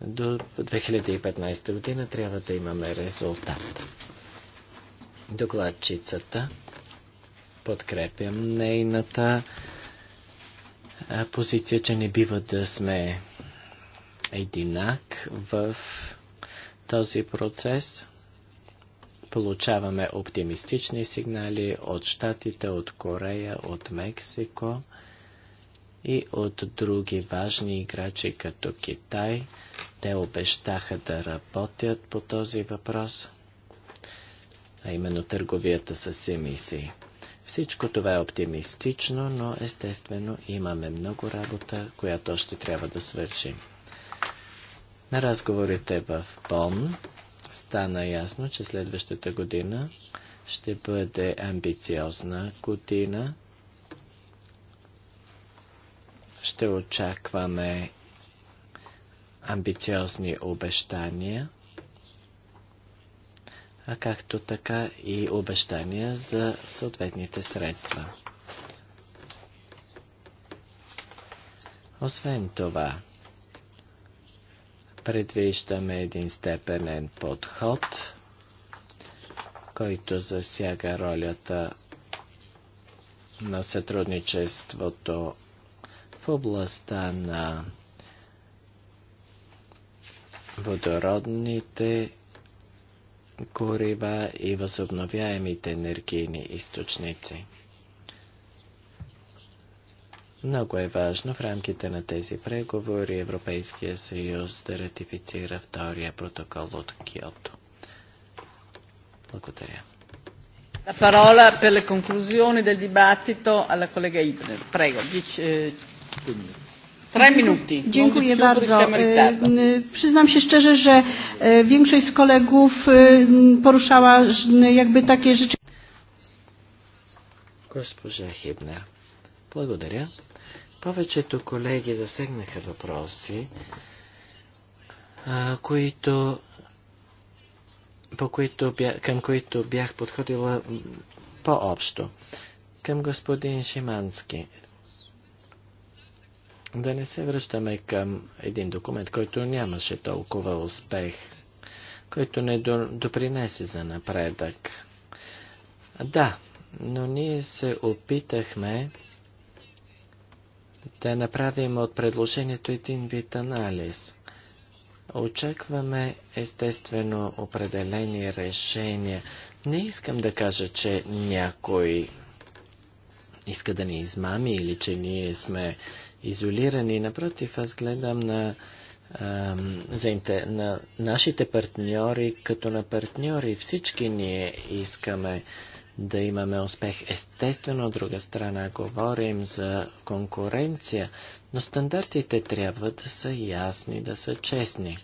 До 2015 година трябва да имаме резултат. Докладчицата подкрепям нейната позиция, че не бива да сме единак в този процес. Получаваме оптимистични сигнали от Штатите, от Корея, от Мексико и от други важни играчи като Китай. Те обещаха да работят по този въпрос, а именно търговията с емисии. Всичко това е оптимистично, но естествено имаме много работа, която още трябва да свършим. На разговорите в Бон стана ясно, че следващата година ще бъде амбициозна година. Ще очакваме амбициозни обещания, а както така и обещания за съответните средства. Освен това, Предвиждаме един степенен подход, който засяга ролята на сътрудничеството в областта на водородните горива и възобновяемите енергийни източници. Много е важно в рамките на тези преговори Европейския съюз да ратифицира втория протокол от Киото. Благодаря. La parola per le conclusioni del dibattito alla collega Ibner. Prego, dieci, tre minuti. Dziękuję bardzo. Przyznam się szczerze, że większość z kolegów poruszała jakby takie rzeczy. Госпожа Хибнер. Благодаря. Повечето колеги засегнаха въпроси, а, които, по които бях, към които бях подходила по-общо. Към господин Шимански. Да не се връщаме към един документ, който нямаше толкова успех, който не допринесе за напредък. Да, но ние се опитахме да направим от предложението един вид анализ. Очакваме естествено определени решения. Не искам да кажа, че някой иска да ни измами или че ние сме изолирани. Напротив, аз гледам на, ам, заинте, на нашите партньори като на партньори. Всички ние искаме да имаме успех. Естествено, от друга страна, говорим за конкуренция, но стандартите трябва да са ясни, да са честни.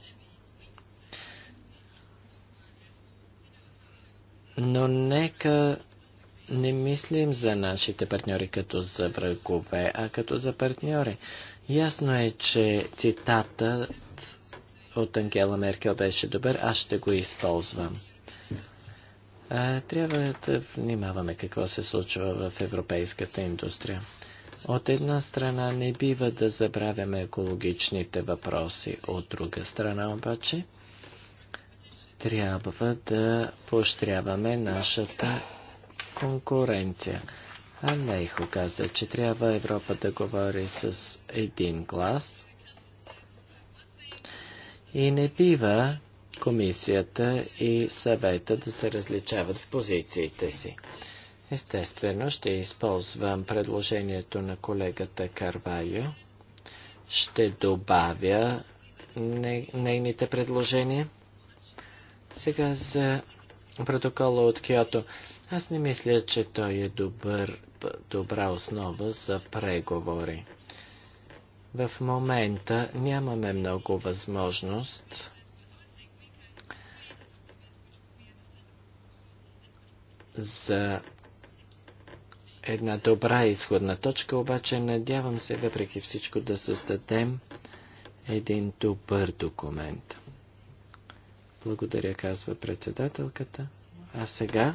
Но нека не мислим за нашите партньори като за врагове, а като за партньори. Ясно е, че цитатът от Ангела Меркел беше добър, аз ще го използвам трябва да внимаваме какво се случва в европейската индустрия. От една страна не бива да забравяме екологичните въпроси, от друга страна обаче трябва да поощряваме нашата конкуренция. А Лейхо каза, че трябва Европа да говори с един глас и не бива комисията и съвета да се различават в позициите си. Естествено, ще използвам предложението на колегата Карвайо. Ще добавя нейните предложения. Сега за протокола от Киото. Аз не мисля, че той е добър, добра основа за преговори. В момента нямаме много възможност за една добра изходна точка, обаче надявам се въпреки всичко да създадем един добър документ. Благодаря, казва председателката. А сега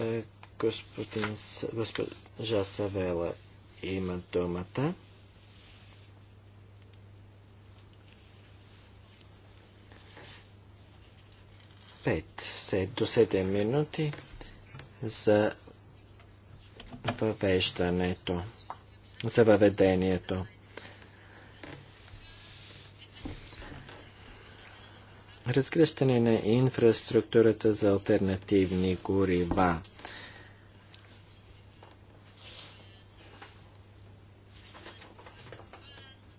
е, господин, госпожа Савела има думата. 5 до 7 минути за въвеждането, за въведението. Разгръщане на инфраструктурата за альтернативни горива.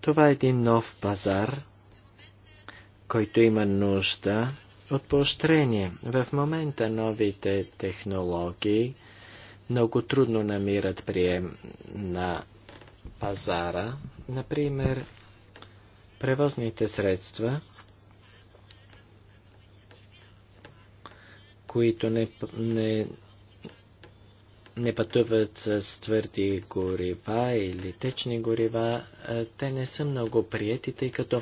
Това е един нов пазар, който има нужда от поощрение. В момента новите технологии много трудно намират прием на пазара. Например, превозните средства, които не, не, не пътуват с твърди горива или течни горива, те не са много приети, тъй като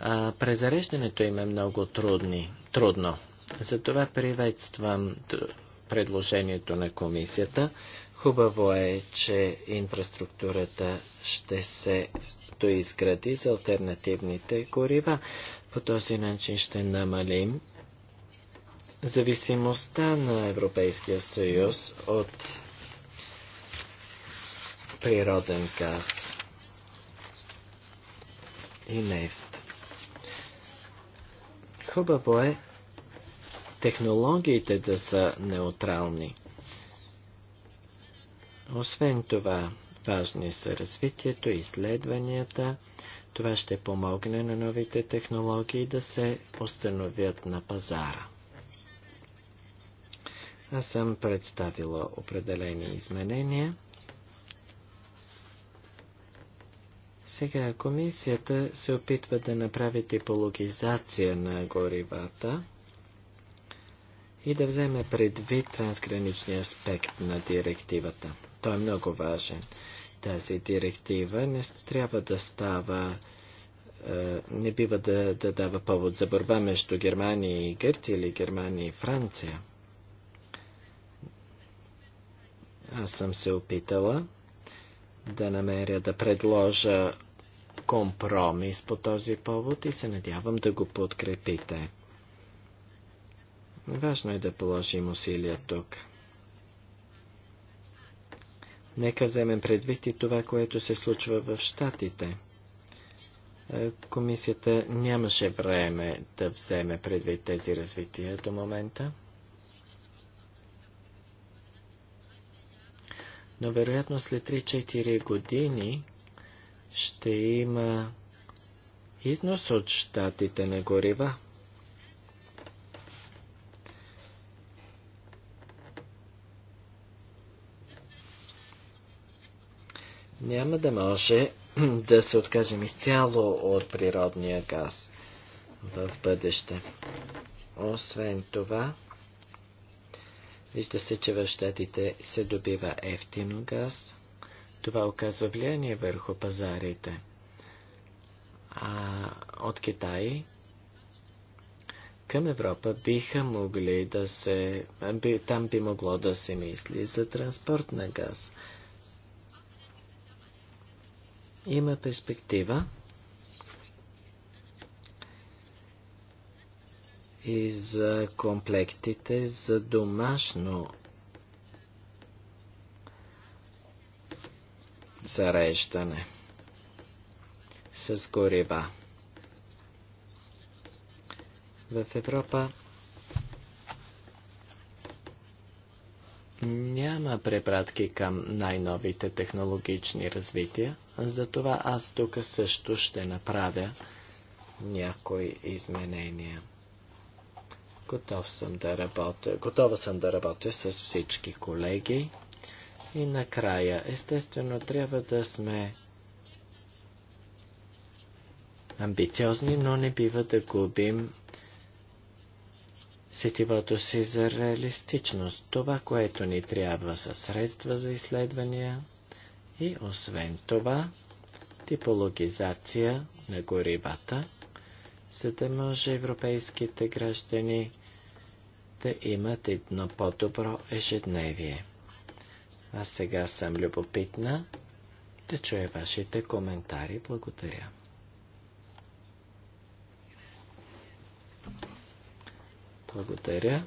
а, презареждането им е много трудни, трудно. Затова приветствам предложението на комисията. Хубаво е, че инфраструктурата ще се доизгради за альтернативните горива. По този начин ще намалим зависимостта на Европейския съюз от природен газ и нефт. Хубаво е технологиите да са неутрални. Освен това, важни са развитието, изследванията. Това ще помогне на новите технологии да се установят на пазара. Аз съм представила определени изменения. Сега комисията се опитва да направи типологизация на горивата и да вземе предвид трансграничния аспект на директивата. Той е много важен. Тази директива не трябва да става е, не бива да, да дава повод за борба между Германия и Гърция или Германия и Франция. Аз съм се опитала да намеря да предложа компромис по този повод и се надявам да го подкрепите. Важно е да положим усилия тук. Нека вземем предвид и това, което се случва в Штатите. Е, комисията нямаше време да вземе предвид тези развития до момента. Но вероятно след 3-4 години ще има износ от щатите на горива. Няма да може [CLEARS THROAT] да се откажем изцяло от природния газ в бъдеще. Освен това, вижда се, че в щатите се добива ефтино газ – това оказва влияние върху пазарите. А от Китай към Европа биха могли да се... там би могло да се мисли за транспорт на газ. Има перспектива и за комплектите за домашно зареждане с горива. В Европа няма препратки към най-новите технологични развития, затова аз тук също ще направя някои изменения. Готов съм да работя, готова съм да работя с всички колеги. И накрая, естествено, трябва да сме амбициозни, но не бива да губим сетивото си за реалистичност. Това, което ни трябва са средства за изследвания и освен това типологизация на горивата, за да може европейските граждани да имат едно по-добро ежедневие. А сега съм любопитна да чуя вашите коментари. Благодаря. Благодаря.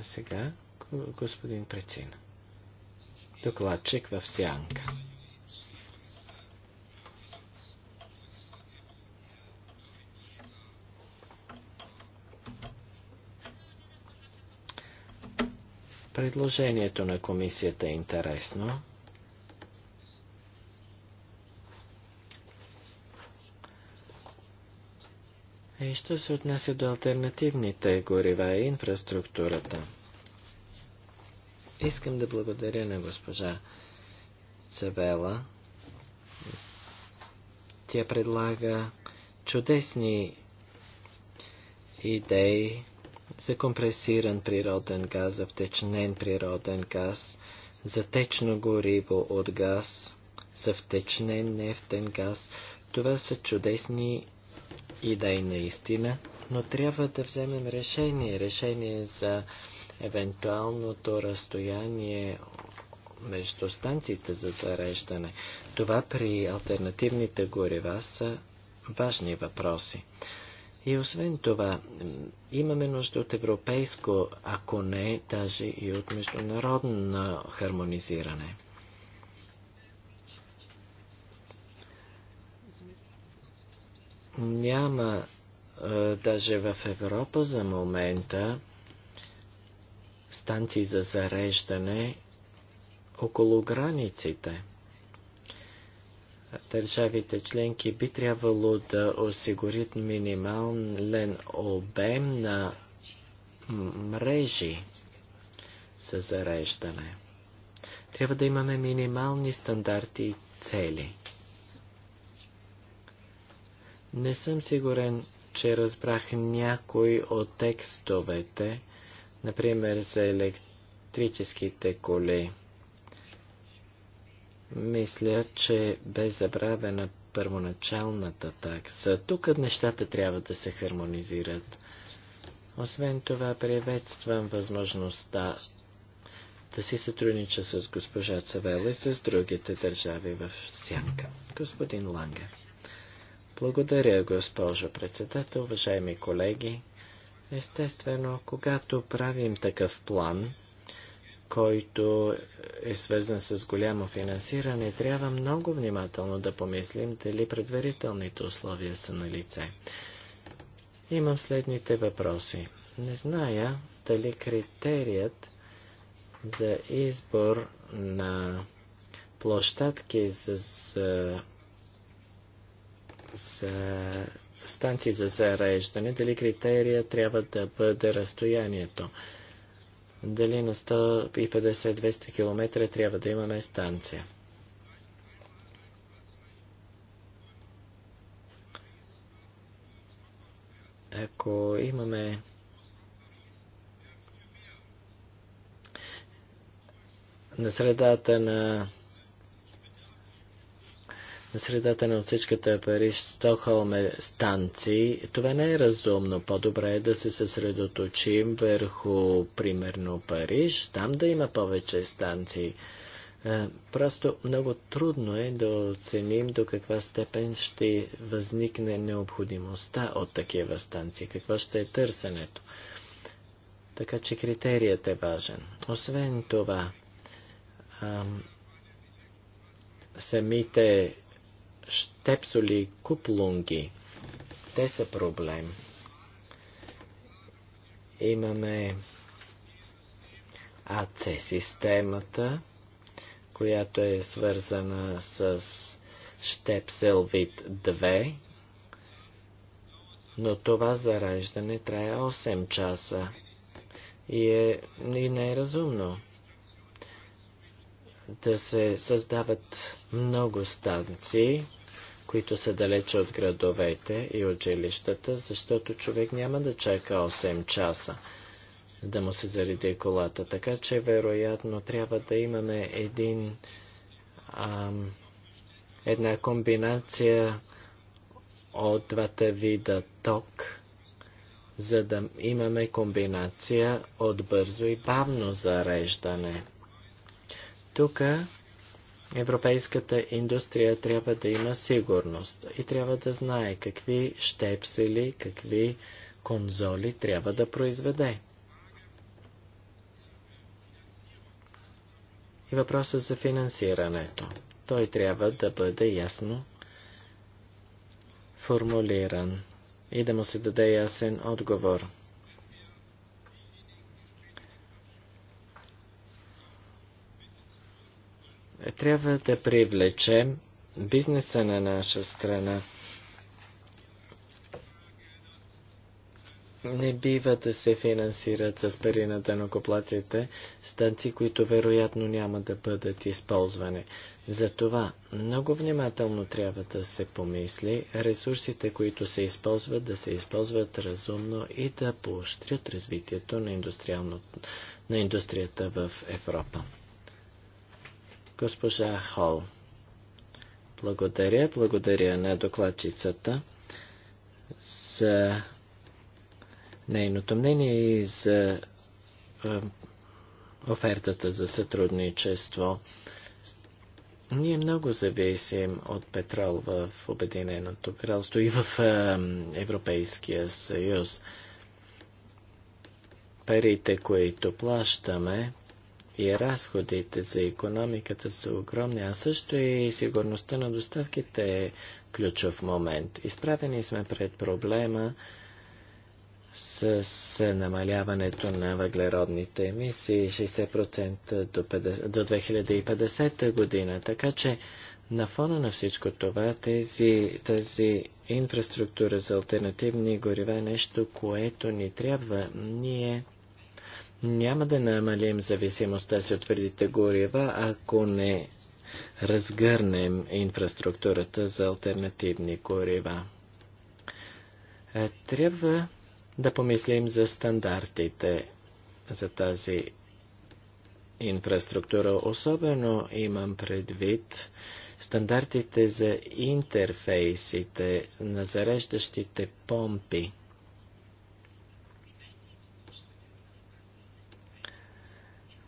А сега господин Прецин. Докладчик в сянка. Предложението на комисията е интересно. И е, що се отнася до альтернативните горива и инфраструктурата? Искам да благодаря на госпожа Цавела. Тя предлага чудесни идеи за компресиран природен газ, за втечнен природен газ, за течно гориво от газ, за втечнен нефтен газ. Това са чудесни идеи наистина, но трябва да вземем решение. Решение за евентуалното разстояние между станциите за зареждане. Това при альтернативните горива са важни въпроси. И освен това, имаме нужда от европейско, ако не, даже и от международно хармонизиране. Няма е, даже в Европа за момента станции за зареждане около границите – държавите членки би трябвало да осигурят минимален обем на мрежи за зареждане. Трябва да имаме минимални стандарти и цели. Не съм сигурен, че разбрах някой от текстовете, например за електрическите коли. Мисля, че бе забравена първоначалната такса. Тук нещата трябва да се хармонизират. Освен това, приветствам възможността да си сътруднича с госпожа Цавела и с другите държави в Сянка. Господин Ланге. Благодаря, госпожо председател, уважаеми колеги. Естествено, когато правим такъв план, който е свързан с голямо финансиране, трябва много внимателно да помислим дали предварителните условия са на лице. Имам следните въпроси. Не зная дали критерият за избор на площадки за, за, за станции за зареждане, дали критерия трябва да бъде разстоянието дали на 150-200 км трябва да имаме станция. Ако имаме на средата на на средата на отсечката Париж-Стокхолм е станции. Това не е разумно. По-добре е да се съсредоточим върху, примерно, Париж. Там да има повече станции. Е, просто много трудно е да оценим до каква степен ще възникне необходимостта от такива станции, какво ще е търсенето. Така че критерият е важен. Освен това, самите щепсоли, куплунги. Те са проблем. Имаме АЦ-системата, която е свързана с щепсел вид 2, но това зараждане трае 8 часа и, е, и не е разумно да се създават много станции, които са далече от градовете и от жилищата, защото човек няма да чака 8 часа да му се зареди колата. Така че, вероятно, трябва да имаме един, ам, една комбинация от двата вида ток, за да имаме комбинация от бързо и бавно зареждане. Тук Европейската индустрия трябва да има сигурност и трябва да знае какви щепсели, какви конзоли трябва да произведе. И въпросът за финансирането. Той трябва да бъде ясно формулиран и да му се даде ясен отговор. Трябва да привлечем бизнеса на наша страна. Не бива да се финансират с пари на данокоплаците станции, които вероятно няма да бъдат използвани. Затова много внимателно трябва да се помисли ресурсите, които се използват, да се използват разумно и да поощрят развитието на, на индустрията в Европа. Госпожа Хол. Благодаря, благодаря на докладчицата за нейното мнение и за е, офертата за сътрудничество. Ние много зависим от петрол в Обединеното кралство и в е, Европейския съюз. Парите, които плащаме, и разходите за економиката са огромни, а също и сигурността на доставките е ключов момент. Изправени сме пред проблема с намаляването на въглеродните емисии 60% до, 50, до 2050 година. Така че на фона на всичко това тези, тази инфраструктура за альтернативни горива е нещо, което ни трябва. Ние няма да намалим зависимостта си от твърдите горива, ако не разгърнем инфраструктурата за альтернативни горива. Е, трябва да помислим за стандартите за тази инфраструктура. Особено имам предвид стандартите за интерфейсите на зареждащите помпи.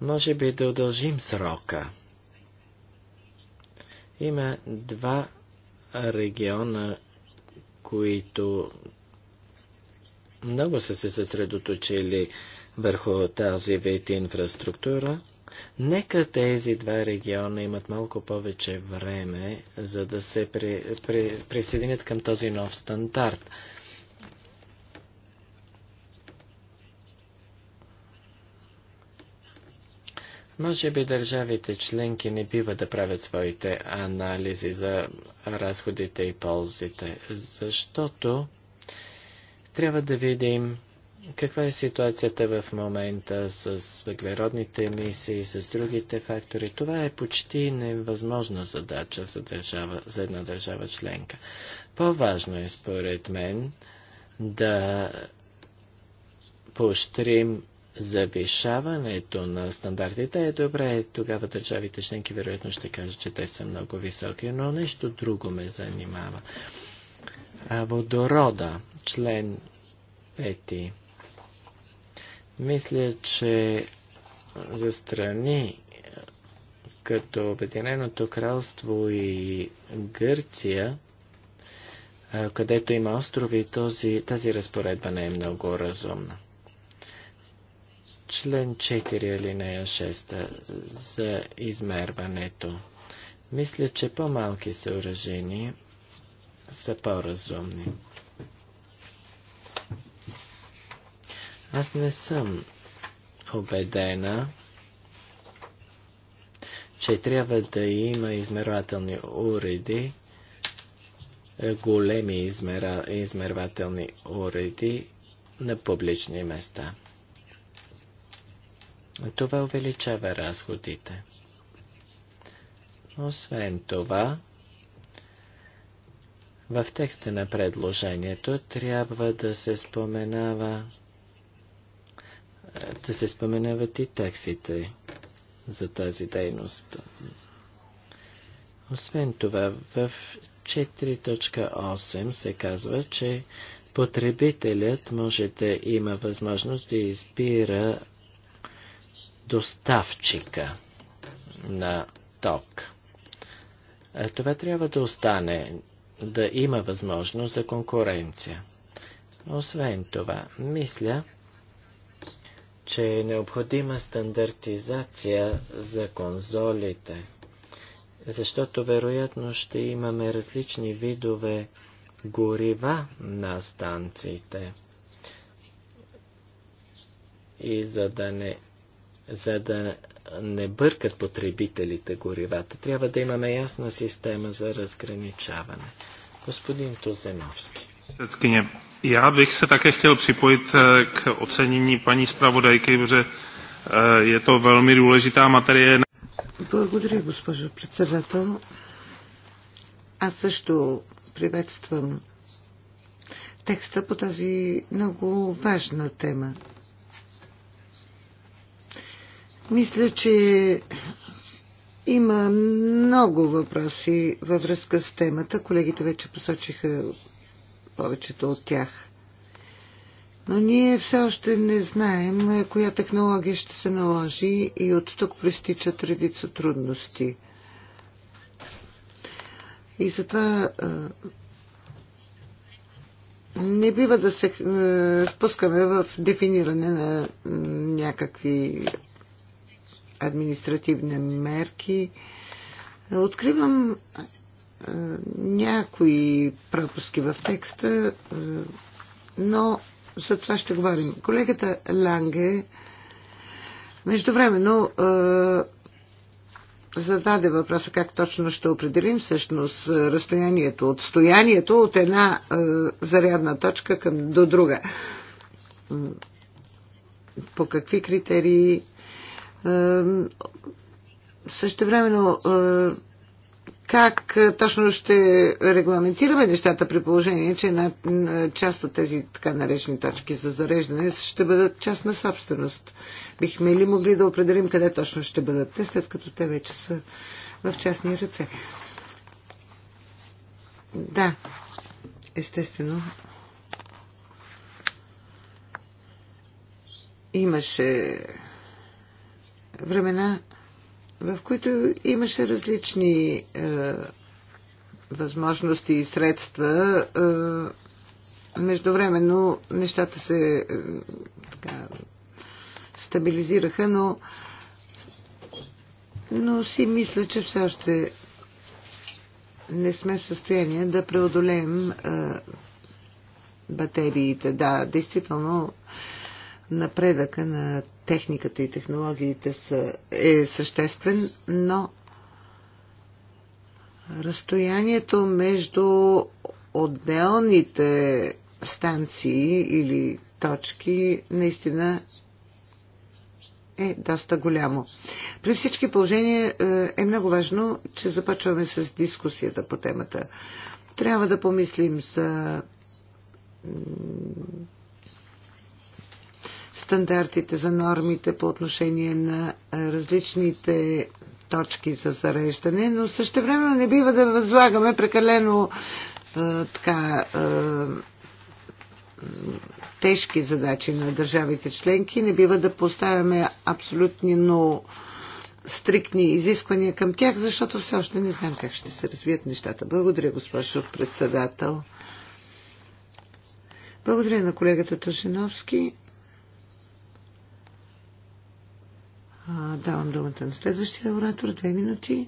Може би да удължим срока. Има два региона, които много са се съсредоточили върху тази вид инфраструктура. Нека тези два региона имат малко повече време, за да се при, при, присъединят към този нов стандарт. Може би държавите членки не бива да правят своите анализи за разходите и ползите, защото трябва да видим каква е ситуацията в момента с въглеродните емисии, с другите фактори? Това е почти невъзможна задача за, държава, за една държава членка. По-важно е, според мен, да поощрим завишаването на стандартите е добре. Тогава държавите членки вероятно ще кажат, че те са много високи, но нещо друго ме занимава. А водорода, член 5. Мисля, че за страни като Обединеното кралство и Гърция, където има острови, този, тази разпоредба не е много разумна. Член 4 алинея 6 за измерването. Мисля, че по-малки съоръжения са по-разумни. Аз не съм убедена, че трябва да има измервателни уреди, е, големи измера, измервателни уреди на публични места. Това увеличава разходите. Освен това, в текста на предложението трябва да се споменава да се споменават и таксите за тази дейност. Освен това, в 4.8 се казва, че потребителят може да има възможност да избира доставчика на ток. Е, това трябва да остане, да има възможност за конкуренция. Освен това, мисля, че е необходима стандартизация за конзолите, защото вероятно ще имаме различни видове горива на станциите. И за да не за да не бъркат потребителите горивата, трябва да имаме ясна система за разграничаване. Господин Тузеновски. Я bych se také chtěl připojit е, k ocenění paní zpravodajky, protože е, je to velmi důležitá materie. Благодаря, госпожо председател. Аз също приветствам текста по тази много важна тема. Мисля, че има много въпроси във връзка с темата. Колегите вече посочиха повечето от тях. Но ние все още не знаем е, коя технология ще се наложи и от тук престичат редица трудности. И затова е, не бива да се е, спускаме в дефиниране на някакви административни мерки. Откривам е, някои пропуски в текста, е, но за това ще говорим. Колегата Ланге междувременно е, зададе въпроса как точно ще определим всъщност разстоянието, отстоянието от една е, зарядна точка към, до друга. По какви критерии също времено е, как е, точно ще регламентираме нещата при положение, че на е, част от тези така наречени точки за зареждане ще бъдат част на собственост? Бихме ли могли да определим къде точно ще бъдат те, след като те вече са в частни ръце? Да, естествено. Имаше времена, в които имаше различни е, възможности и средства. Е, междувременно нещата се е, така, стабилизираха, но, но си мисля, че все още не сме в състояние да преодолеем е, батериите. Да, действително напредъка на техниката и технологиите са, е съществен, но разстоянието между отделните станции или точки наистина е доста голямо. При всички положения е, е много важно, че започваме с дискусията по темата. Трябва да помислим за стандартите за нормите по отношение на различните точки за зареждане, но също време не бива да възлагаме прекалено е, така е, тежки задачи на държавите членки, не бива да поставяме абсолютно стриктни изисквания към тях, защото все още не знам как ще се развият нещата. Благодаря, госпожо председател. Благодаря на колегата Тошиновски. А, давам думата на следващия оратор. Две минути.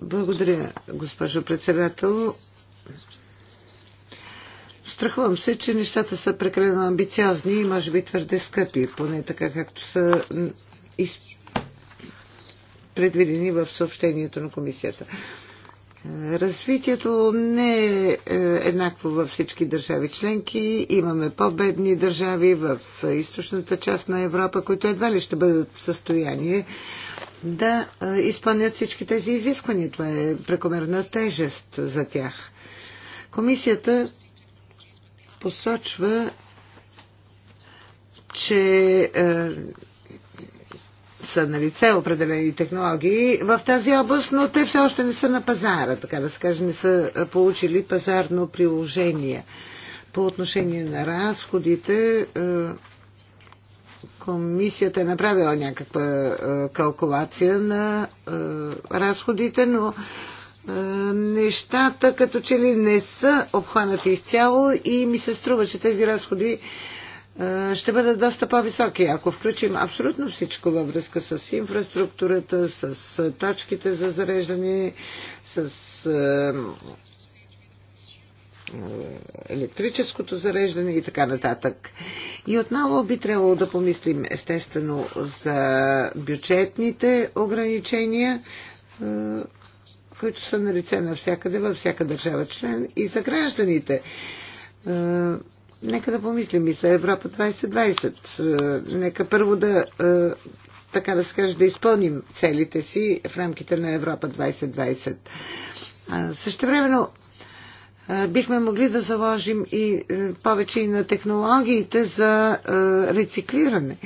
Благодаря, госпожо председател. Страхувам се, че нещата са прекалено амбициозни и може би твърде скъпи, поне така както са предвидени в съобщението на комисията. Развитието не е, е еднакво във всички държави членки. Имаме по-бедни държави в източната част на Европа, които едва ли ще бъдат в състояние да е, изпълнят всички тези изисквания. Това е прекомерна тежест за тях. Комисията посочва, че е, са на лице определени технологии в тази област, но те все още не са на пазара, така да се каже, не са получили пазарно приложение. По отношение на разходите, е, комисията е направила някаква е, калкулация на е, разходите, но нещата като че ли не са обхванати изцяло и ми се струва, че тези разходи е, ще бъдат доста по-високи, ако включим абсолютно всичко във връзка с инфраструктурата, с е, точките за зареждане, с е, електрическото зареждане и така нататък. И отново би трябвало да помислим естествено за бюджетните ограничения, които са на лице навсякъде, във всяка държава член и за гражданите нека да помислим и за Европа 2020. Е, нека първо да, е, така да се каже, да изпълним целите си в рамките на Европа 2020. Е, времено бихме могли да заложим и повече и на технологиите за рециклиране.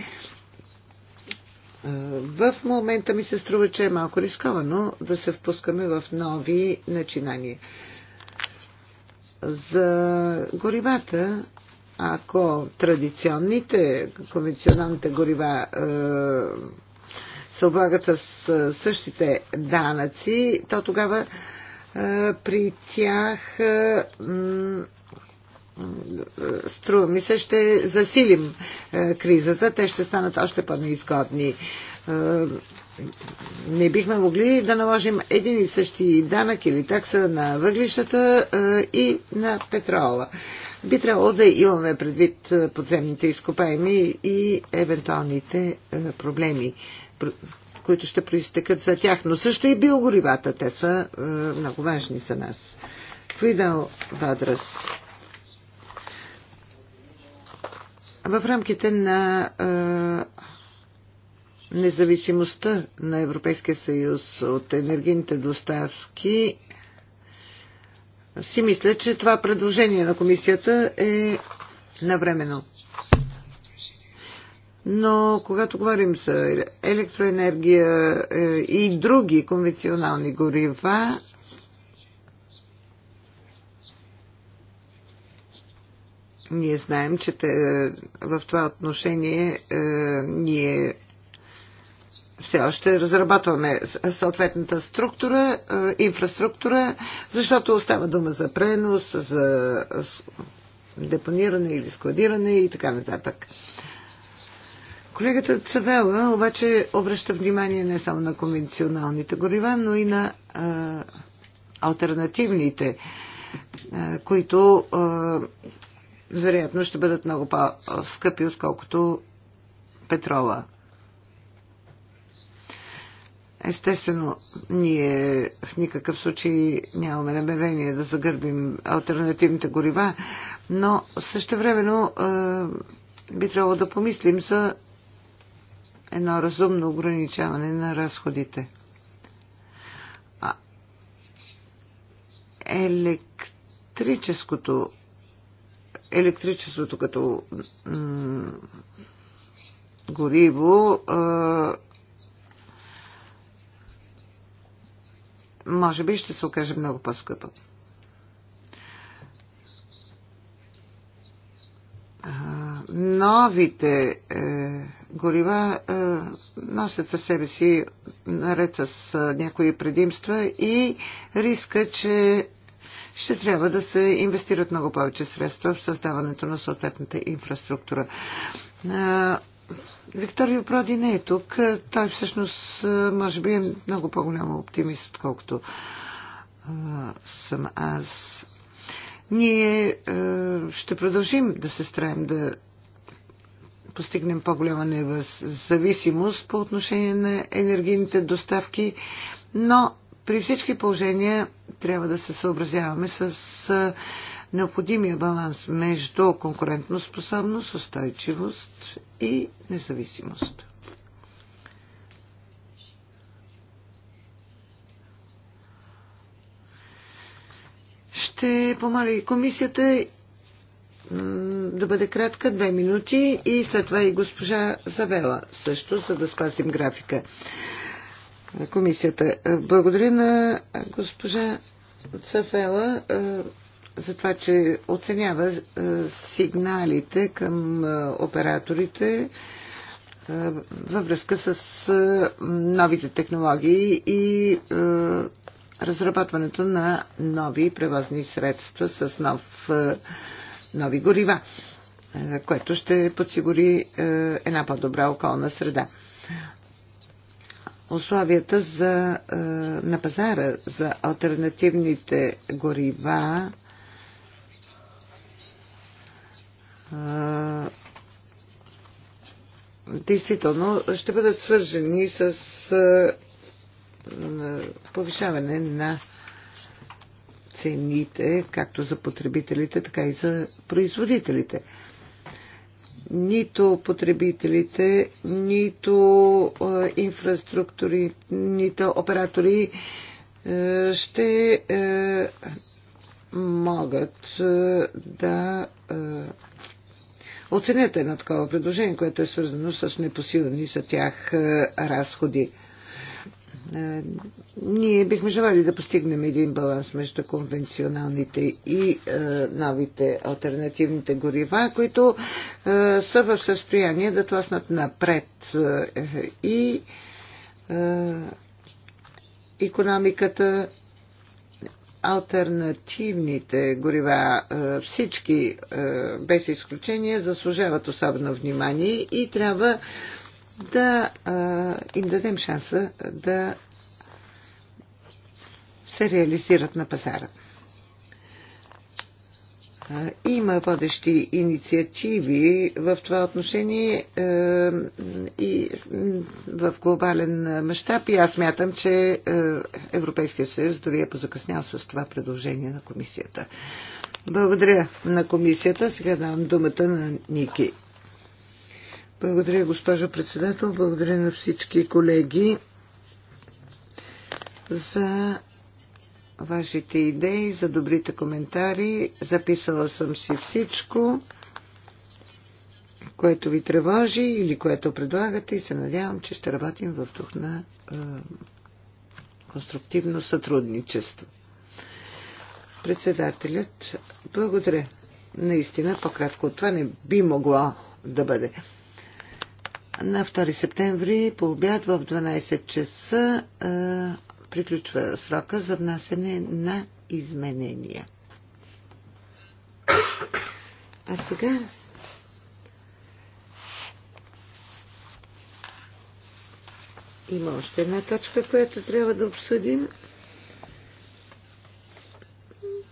В момента ми се струва, че е малко рисковано да се впускаме в нови начинания. За горивата ако традиционните, конвенционалните горива е, се облагат с е, същите данъци, то тогава е, при тях струва ми се, ще засилим кризата, те ще станат още по-неизгодни. Не бихме могли да наложим един и същи данък или такса на въглищата и на петрола би трябвало да имаме предвид е, подземните изкопаеми и евентуалните е, проблеми, които ще проистекат за тях. Но също и биогоривата, те са е, много важни за нас. Фидал Вадрас. В рамките на независимостта на Европейския съюз от енергийните доставки си мисля, че това предложение на комисията е навременно. Но когато говорим за електроенергия е, и други конвенционални горива, ние знаем, че те, в това отношение е, ние все още разработваме съответната структура, е, инфраструктура, защото остава дума за пренос, за депониране или складиране и така нататък. Колегата Цавела обаче обръща внимание не само на конвенционалните горива, но и на а, е, альтернативните, а, е, които а, вероятно ще бъдат много по-скъпи, отколкото петрола. Естествено, ние в никакъв случай нямаме намерение да загърбим альтернативните горива, но също времено би трябвало да помислим за едно разумно ограничаване на разходите. електрическото електричеството като гориво е, може би ще се окаже много по-скъпо. Новите е, горива е, носят със себе си, наред с е, някои предимства и риска, че ще трябва да се инвестират много повече средства в създаването на съответната инфраструктура. Викторио Проди не е тук. Той всъщност може би е много по-голям оптимист, отколкото съм аз. Ние ще продължим да се страем да постигнем по-голяма независимост по отношение на енергийните доставки, но при всички положения трябва да се съобразяваме с необходимия баланс между конкурентоспособност, устойчивост и независимост. Ще помоля и комисията да бъде кратка, две минути и след това и госпожа Завела също, за да спасим графика. Комисията. Благодаря на госпожа Цафела за това, че оценява е, сигналите към е, операторите е, във връзка с новите технологии и разработването на нови превозни средства с нов, нови горива, което ще подсигури една по-добра околна среда. Условията за, на пазара за альтернативните горива действително ще бъдат свържени с повишаване на цените, както за потребителите, така и за производителите. Нито потребителите, нито инфраструктури, нито оператори ще могат да оценете едно такова предложение, което е свързано с непосилни за тях е, разходи. Е, ние бихме желали да постигнем един баланс между конвенционалните и е, новите альтернативните горива, които е, са в състояние да тласнат напред е, е и е, економиката альтернативните горива, е, всички е, без изключение, заслужават особено внимание и трябва да е, им дадем шанса да се реализират на пазара. Има водещи инициативи в това отношение е, и в глобален мащаб и аз мятам, че е, Европейския съюз дори е позакъснял с това предложение на комисията. Благодаря на комисията. Сега давам думата на Ники. Благодаря, госпожо председател. Благодаря на всички колеги за вашите идеи, за добрите коментари. Записала съм си всичко, което ви тревожи или което предлагате и се надявам, че ще работим в дух на е, конструктивно сътрудничество. Председателят, благодаря. Наистина, по-кратко от това не би могло да бъде. На 2 септември по обяд в 12 часа е, приключва срока за внасене на изменения. А сега има още една точка, която трябва да обсъдим.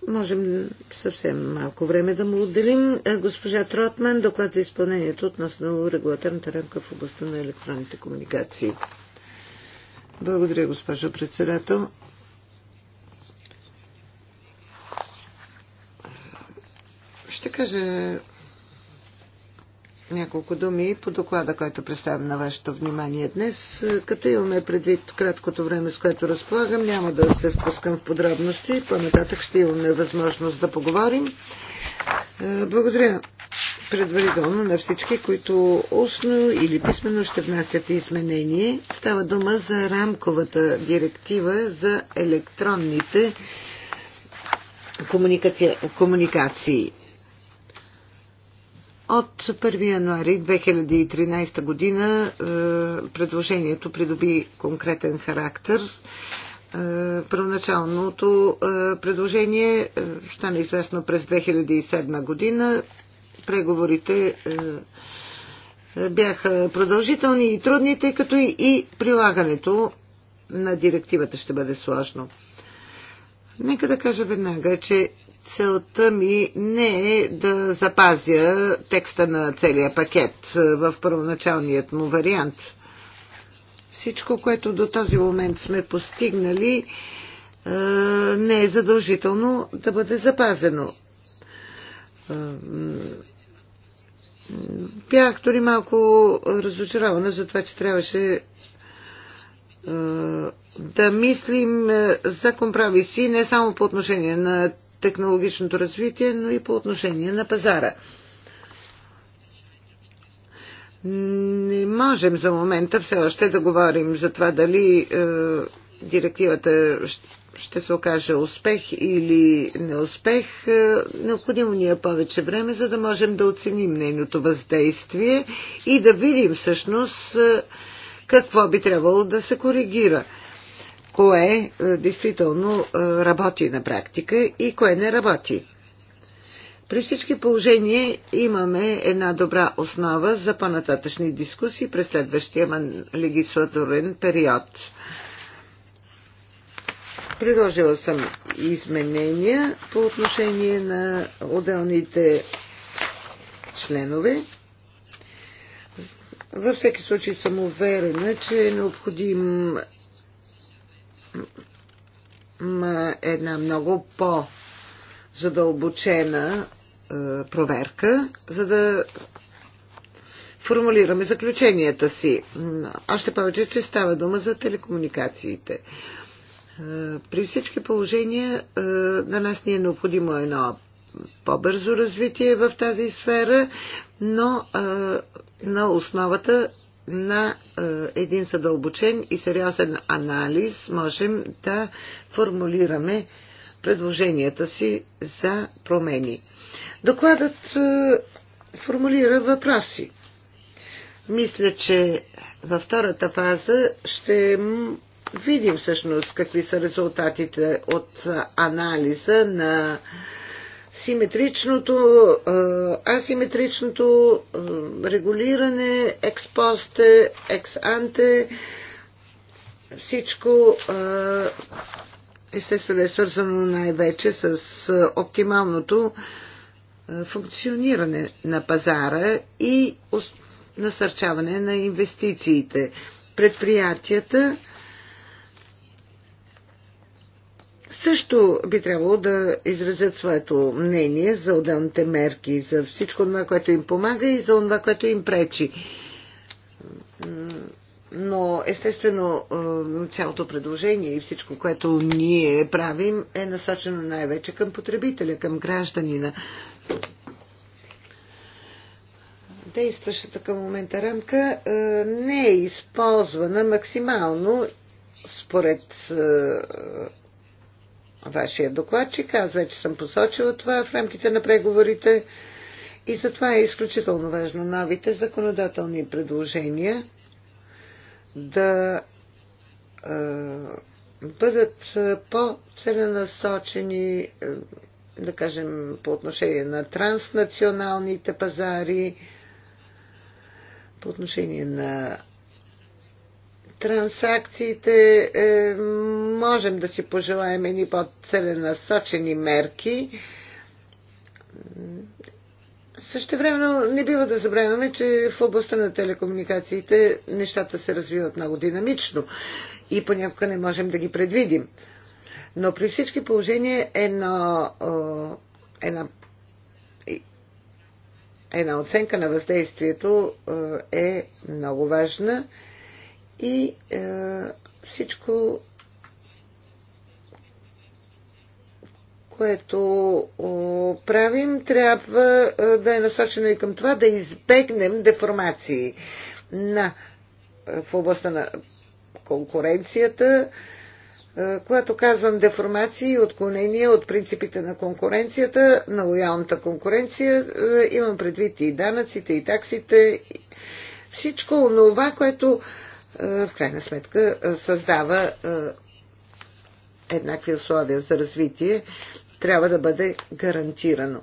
Можем съвсем малко време да му отделим. Госпожа Тротман, доклад за изпълнението относно регулаторната рамка в областта на електронните комуникации. Благодаря, госпожо председател. Ще кажа няколко думи по доклада, който представям на вашето внимание днес. Като имаме предвид краткото време, с което разполагам, няма да се впускам в подробности. По-нататък ще имаме възможност да поговорим. Благодаря предварително на всички, които устно или писменно ще внасят изменение. Става дума за рамковата директива за електронните комуника... комуникации. От 1 януари 2013 година е, предложението придоби конкретен характер е, първоначалното е, предложение стана известно през 2007 година преговорите е, е, бяха продължителни и трудни, тъй като и прилагането на директивата ще бъде сложно. Нека да кажа веднага, че целта ми не е да запазя текста на целия пакет е, в първоначалният му вариант. Всичко, което до този момент сме постигнали, не е задължително да бъде запазено бях дори малко разочарована за това, че трябваше да мислим за компромиси не само по отношение на технологичното развитие, но и по отношение на пазара. Не можем за момента все още да говорим за това дали е, директивата ще се окаже успех или неуспех, е, необходимо ни е повече време, за да можем да оценим нейното въздействие и да видим всъщност е, какво би трябвало да се коригира. Кое е, действително работи на практика и кое не работи. При всички положения имаме една добра основа за по-нататъчни дискусии през следващия легислатурен период. Предложила съм изменения по отношение на отделните членове. Във всеки случай съм уверена, че е необходим една много по-задълбочена е, проверка, за да формулираме заключенията си. Още повече, че става дума за телекомуникациите. Е, при всички положения е, на нас ни е необходимо едно по-бързо развитие в тази сфера, но е, на основата на един съдълбочен и сериозен анализ можем да формулираме предложенията си за промени. Докладът формулира въпроси. Мисля, че във втората фаза ще видим всъщност какви са резултатите от анализа на симетричното, асиметричното регулиране, експосте, ексанте, всичко естествено е свързано най-вече с оптималното функциониране на пазара и насърчаване на инвестициите. Предприятията също би трябвало да изразят своето мнение за отделните мерки, за всичко това, което им помага и за това, което им пречи. Но естествено цялото предложение и всичко, което ние правим, е насочено най-вече към потребителя, към гражданина. Действащата към момента рамка е, не е използвана максимално според е, вашия докладчик. Аз вече съм посочила това в рамките на преговорите и затова е изключително важно новите законодателни предложения да е, бъдат по-целенасочени, е, да кажем, по отношение на транснационалните пазари, по отношение на трансакциите е, можем да си пожелаем едни по-целенасочени мерки. Също време не бива да забравяме, че в областта на телекомуникациите нещата се развиват много динамично и понякога не можем да ги предвидим. Но при всички положения една, една, една оценка на въздействието е много важна и е, всичко, което правим, трябва е, да е насочено и към това да избегнем деформации на, е, в областта на конкуренцията, когато казвам деформации и отклонения от принципите на конкуренцията, на лоялната конкуренция, имам предвид и данъците, и таксите, всичко това, което е, в крайна сметка е, създава е, еднакви условия за развитие, трябва да бъде гарантирано.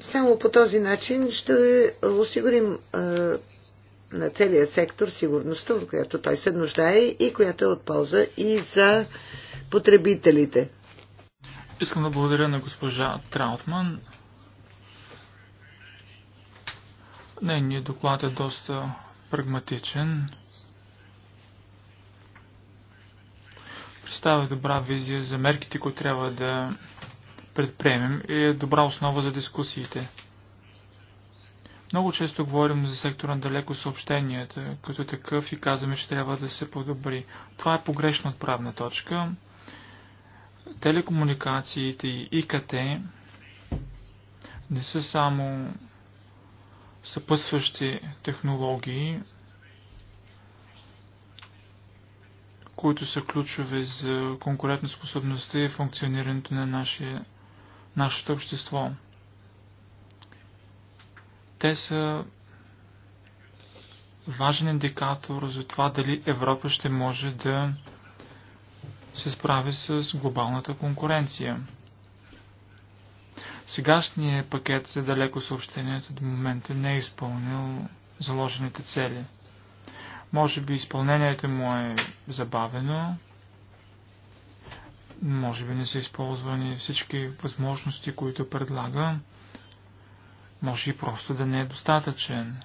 Само по този начин ще осигурим на целия сектор сигурността, от която той се нуждае и която е от полза и за потребителите. Искам да благодаря на госпожа Траутман Нейният доклад е доста прагматичен. Представя добра визия за мерките, които трябва да предприемем и е добра основа за дискусиите. Много често говорим за сектора на далеко съобщенията, като такъв и казваме, че трябва да се подобри. Това е погрешна отправна точка. Телекомуникациите и ИКТ не са само съпъсващи технологии, които са ключови за конкурентоспособността и функционирането на нашия, нашето общество. Те са важен индикатор за това дали Европа ще може да се справи с глобалната конкуренция. Сегашният пакет за далеко съобщението до момента не е изпълнил заложените цели. Може би изпълнението му е забавено, може би не са използвани всички възможности, които предлага, може и просто да не е достатъчен.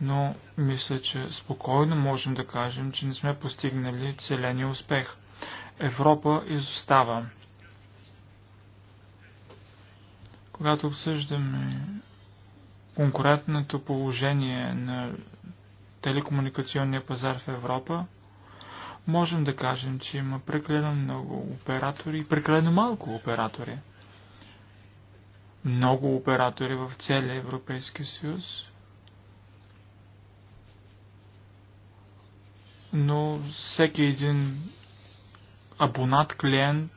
Но мисля, че спокойно можем да кажем, че не сме постигнали целения успех. Европа изостава. Когато обсъждаме конкурентното положение на телекомуникационния пазар в Европа, можем да кажем, че има прекалено много оператори и прекалено малко оператори. Много оператори в целия Европейски съюз, но всеки един абонат, клиент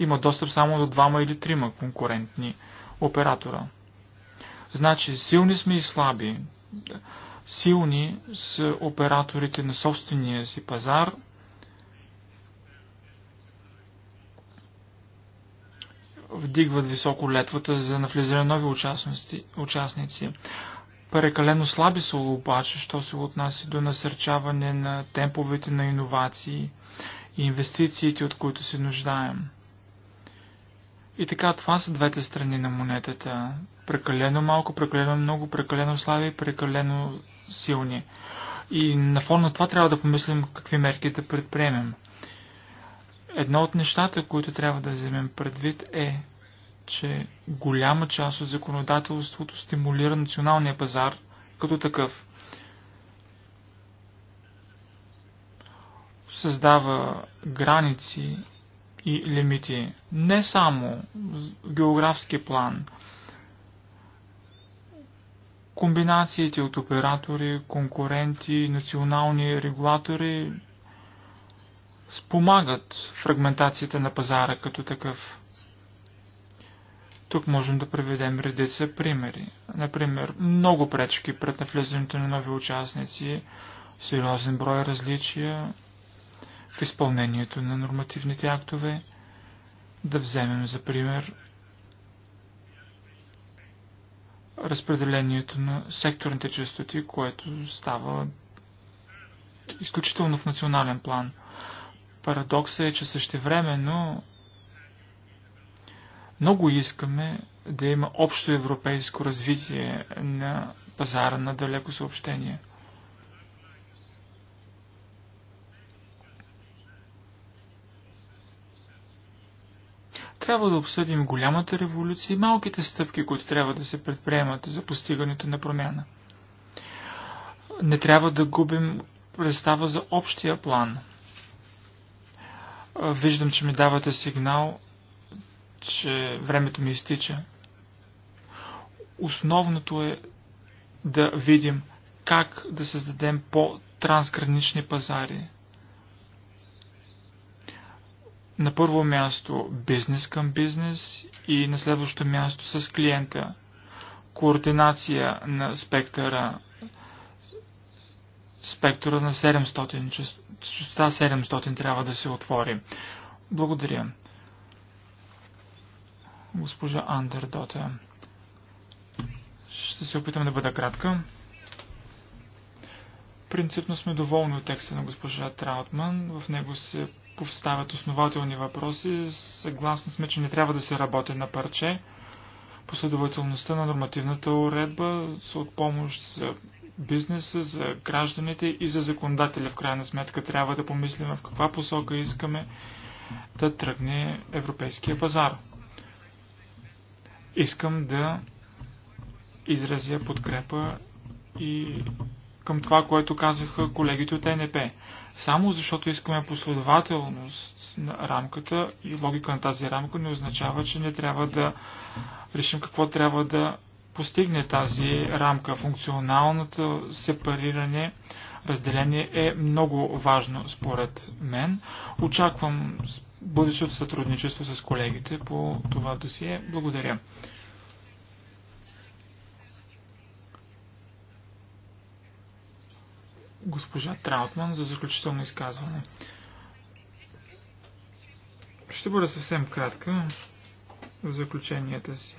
има достъп само до двама или трима конкурентни оператора. Значи, силни сме и слаби. Силни с операторите на собствения си пазар, вдигват високо летвата за навлизане нови участници. Прекалено слаби са обаче, що се отнася до насърчаване на темповете на иновации и инвестициите, от които се нуждаем. И така, това са двете страни на монетата. Прекалено малко, прекалено много, прекалено слаби, прекалено силни. И на фон на това трябва да помислим какви мерки да предприемем. Едно от нещата, които трябва да вземем предвид е, че голяма част от законодателството стимулира националния пазар като такъв. Създава граници и лимити. Не само географски план. Комбинациите от оператори, конкуренти, национални регулатори спомагат фрагментацията на пазара като такъв. Тук можем да приведем редица примери. Например, много пречки пред навлизането на нови участници, сериозен брой различия, в изпълнението на нормативните актове. Да вземем за пример разпределението на секторните частоти, което става изключително в национален план. Парадоксът е, че същевременно много искаме да има общо европейско развитие на пазара на далеко съобщение – трябва да обсъдим голямата революция и малките стъпки, които трябва да се предприемат за постигането на промяна. Не трябва да губим представа за общия план. Виждам, че ми давате сигнал, че времето ми изтича. Основното е да видим как да създадем по-трансгранични пазари – на първо място бизнес към бизнес и на следващо място с клиента. Координация на спектъра спектъра на 700, частота 700 трябва да се отвори. Благодаря. Госпожа Андердота. Ще се опитам да бъда кратка. Принципно сме доволни от текста на госпожа Траутман. В него се поставят основателни въпроси. Съгласни сме, че не трябва да се работи на парче. Последователността на нормативната уредба са от помощ за бизнеса, за гражданите и за законодателя. В крайна сметка трябва да помислим в каква посока искаме да тръгне европейския пазар. Искам да изразя подкрепа и към това, което казаха колегите от НП. Само защото искаме последователност на рамката и логика на тази рамка не означава, че не трябва да решим какво трябва да постигне тази рамка. Функционалното сепариране, разделение е много важно според мен. Очаквам бъдещето сътрудничество с колегите по това досие. Благодаря. госпожа Траутман за заключително изказване. Ще бъда съвсем кратка в заключенията си.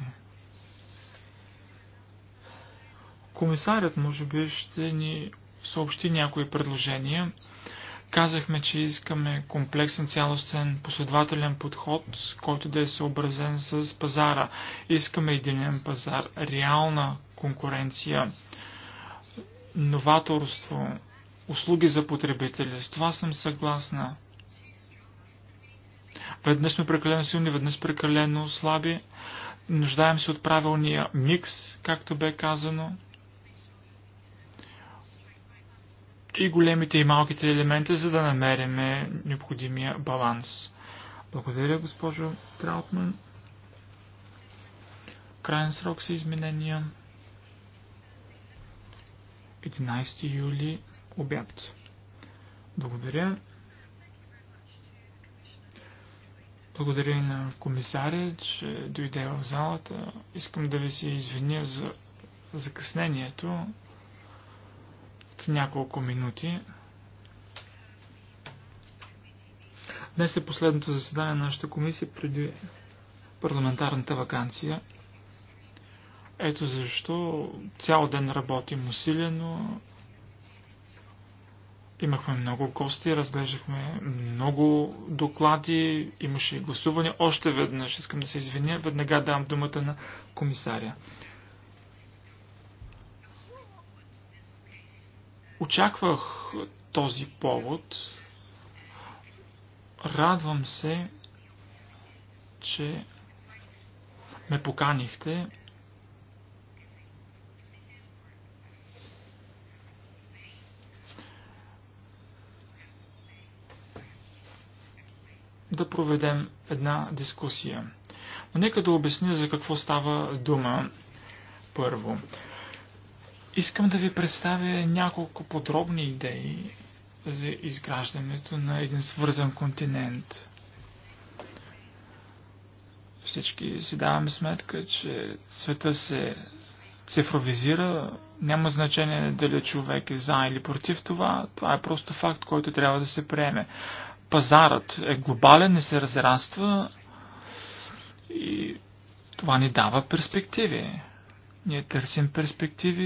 Комисарят, може би, ще ни съобщи някои предложения. Казахме, че искаме комплексен, цялостен, последователен подход, който да е съобразен с пазара. Искаме единен пазар, реална конкуренция, новаторство, услуги за потребители. С това съм съгласна. Веднъж сме прекалено силни, веднъж прекалено слаби. Нуждаем се от правилния микс, както бе казано. И големите и малките елементи, за да намерим необходимия баланс. Благодаря, госпожо Траутман. Крайен срок са изменения. 11 юли обяд. Благодаря. Благодаря и на комисаря, че дойде в залата. Искам да ви се извиня за закъснението от няколко минути. Днес е последното заседание на нашата комисия преди парламентарната вакансия. Ето защо цял ден работим усилено, Имахме много гости, разглеждахме много доклади, имаше и гласуване. Още веднъж искам да се извиня, веднага давам думата на комисаря. Очаквах този повод. Радвам се, че ме поканихте. да проведем една дискусия. Но нека да обясня за какво става дума първо. Искам да ви представя няколко подробни идеи за изграждането на един свързан континент. Всички си даваме сметка, че света се цифровизира, няма значение дали човек е за или против това, това е просто факт, който трябва да се приеме. Пазарът е глобален, не се разраства и това ни дава перспективи. Ние търсим перспективи,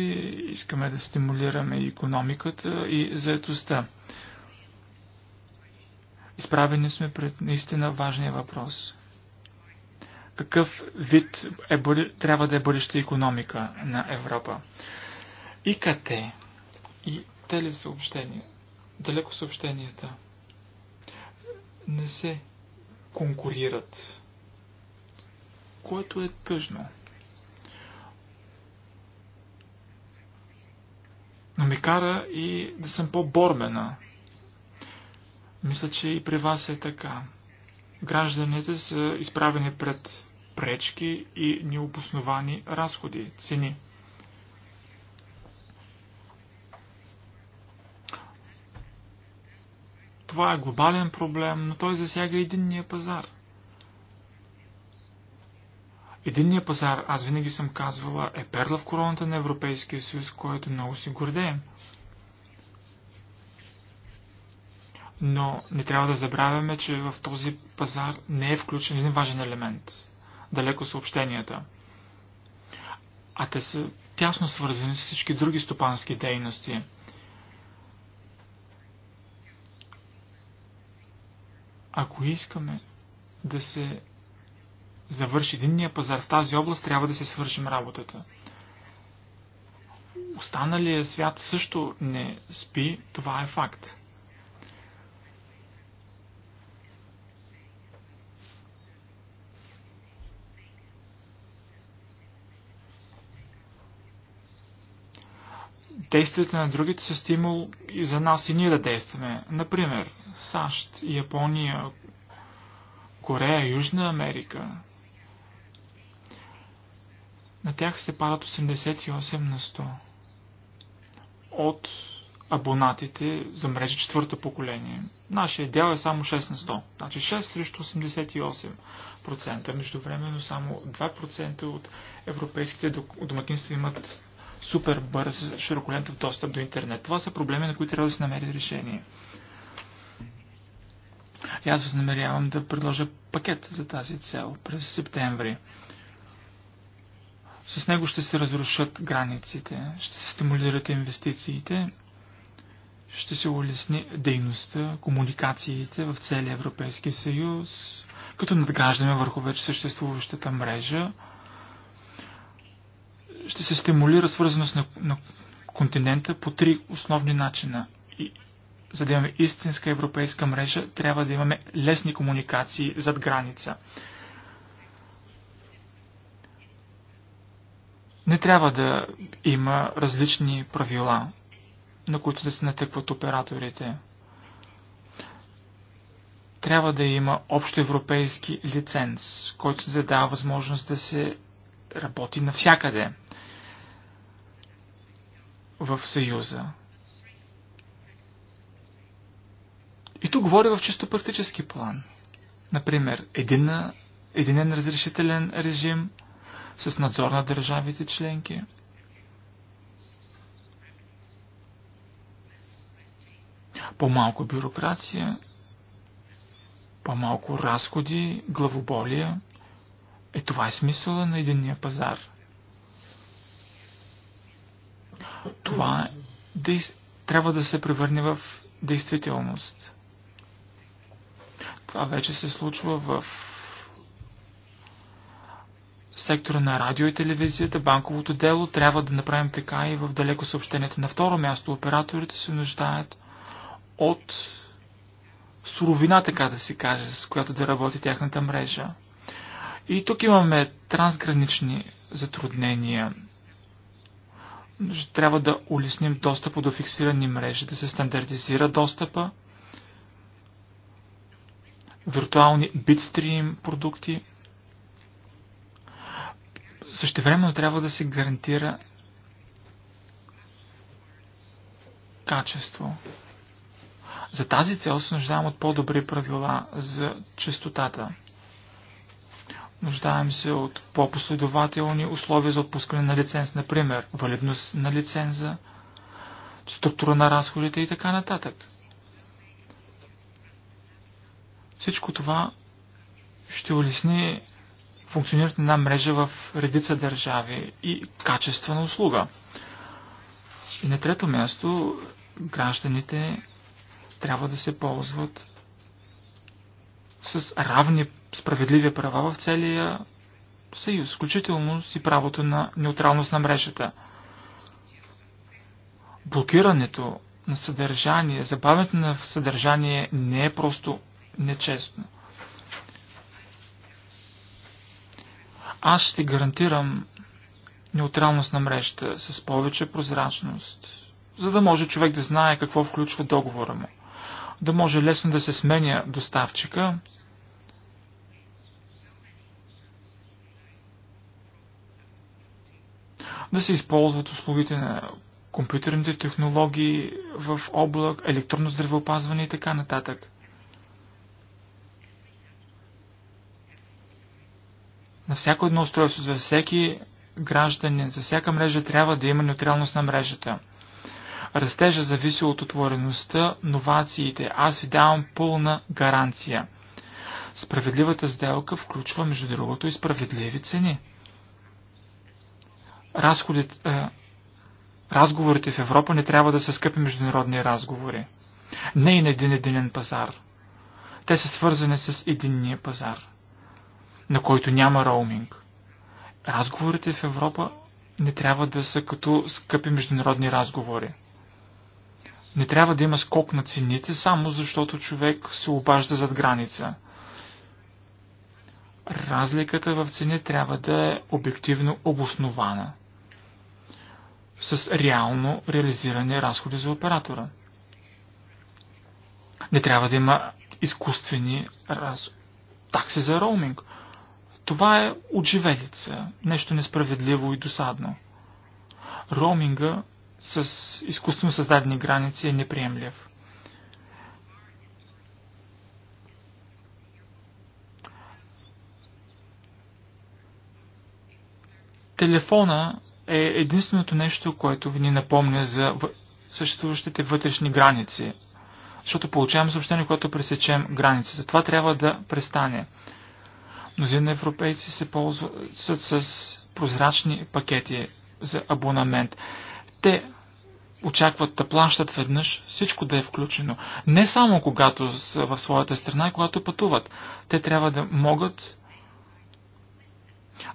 искаме да стимулираме и економиката и заетостта. Изправени сме пред наистина важния въпрос. Какъв вид е, трябва да е бъдеща економика на Европа? ИКТ и телесъобщения, далеко съобщенията – не се конкурират, което е тъжно. Но ми кара и да съм по-бормена. Мисля, че и при вас е така. Гражданите са изправени пред пречки и необосновани разходи, цени. Това е глобален проблем, но той засяга единния пазар. Единния пазар, аз винаги съм казвала, е перла в короната на Европейския съюз, който много си гордеем. Но не трябва да забравяме, че в този пазар не е включен един важен елемент – далеко съобщенията. А те са тясно свързани с всички други стопански дейности – Ако искаме да се завърши единния пазар в тази област, трябва да се свършим работата. Останалия свят също не спи, това е факт. действията на другите са стимул и за нас и ние да действаме. Например, САЩ, Япония, Корея, Южна Америка. На тях се падат 88 на 100 от абонатите за мрежа четвърто поколение. Нашия дял е само 6 на 100. Значи 6 срещу 88%. Междувременно само 2% от европейските домакинства имат супер бърз широколентов достъп до интернет. Това са проблеми, на които трябва да се намери решение. И аз възнамерявам да предложа пакет за тази цел през септември. С него ще се разрушат границите, ще се стимулират инвестициите, ще се улесни дейността, комуникациите в целия Европейски съюз, като надграждаме върху вече съществуващата мрежа, ще се стимулира свързаност на, на континента по три основни начина. И, за да имаме истинска европейска мрежа, трябва да имаме лесни комуникации зад граница. Не трябва да има различни правила, на които да се натъкват операторите. Трябва да има общо европейски лиценз, който да дава възможност да се работи навсякъде – в Съюза. И тук говоря в чисто практически план. Например, едина, единен разрешителен режим с надзор на държавите членки. По-малко бюрокрация, по-малко разходи, главоболие. Е това е смисъла на единния пазар – Това трябва да се превърне в действителност. Това вече се случва в сектора на радио и телевизията, банковото дело, трябва да направим така и в далеко съобщението. На второ място, операторите се нуждаят от суровина, така да се каже, с която да работи тяхната мрежа. И тук имаме трансгранични затруднения. Ще значи, трябва да улесним достъпа до фиксирани мрежи, да се стандартизира достъпа, виртуални битстрим продукти. Същевременно трябва да се гарантира качество. За тази цел се нуждаем от по-добри правила за частотата. Нуждаем се от по-последователни условия за отпускане на лиценз, например, валидност на лиценза, структура на разходите и така нататък. Всичко това ще улесни функционирането на мрежа в редица държави и качествена услуга. И на трето място, гражданите трябва да се ползват с равни справедливи права в целия съюз, включително и правото на неутралност на мрежата. Блокирането на съдържание, забавянето на съдържание не е просто нечестно. Аз ще гарантирам неутралност на мрежата с повече прозрачност, за да може човек да знае какво включва договора му, да може лесно да се сменя доставчика, да се използват услугите на компютърните технологии в облак, електронно здравеопазване и така нататък. На всяко едно устройство, за всеки гражданин, за всяка мрежа трябва да има неутралност на мрежата. Растежа зависи от отвореността, новациите. Аз ви давам пълна гаранция. Справедливата сделка включва, между другото, и справедливи цени – разговорите в Европа не трябва да са скъпи международни разговори. Не и на един единен пазар. Те са свързани с единния пазар, на който няма роуминг. Разговорите в Европа не трябва да са като скъпи международни разговори. Не трябва да има скок на цените, само защото човек се обажда зад граница. Разликата в цени трябва да е обективно обоснована – с реално реализирани разходи за оператора. Не трябва да има изкуствени раз... такси за роуминг. Това е отживелица, нещо несправедливо и досадно. Роуминга с изкуствено създадени граници е неприемлив. Телефона е единственото нещо, което ви ни напомня за съществуващите вътрешни граници. Защото получаваме съобщение, когато пресечем границата. Това трябва да престане. Мнозина европейци се ползват с прозрачни пакети за абонамент. Те очакват да плащат веднъж всичко да е включено. Не само когато са в своята страна, когато пътуват. Те трябва да могат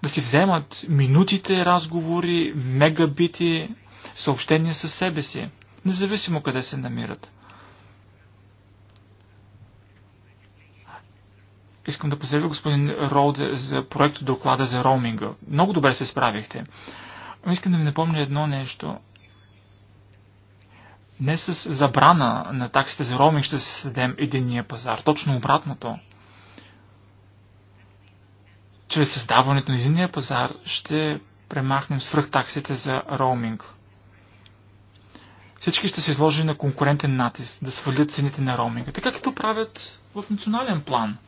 да си вземат минутите разговори, мегабити, съобщения със себе си, независимо къде се намират. Искам да поздравя господин Роуде за проект доклада за роуминга. Много добре се справихте. Но искам да ви напомня едно нещо. Не с забрана на таксите за роуминг ще се съдем единния пазар. Точно обратното – чрез създаването на единния пазар ще премахнем свръхтаксите за роуминг. Всички ще се изложи на конкурентен натиск да свалят цените на роуминга, така като правят в национален план,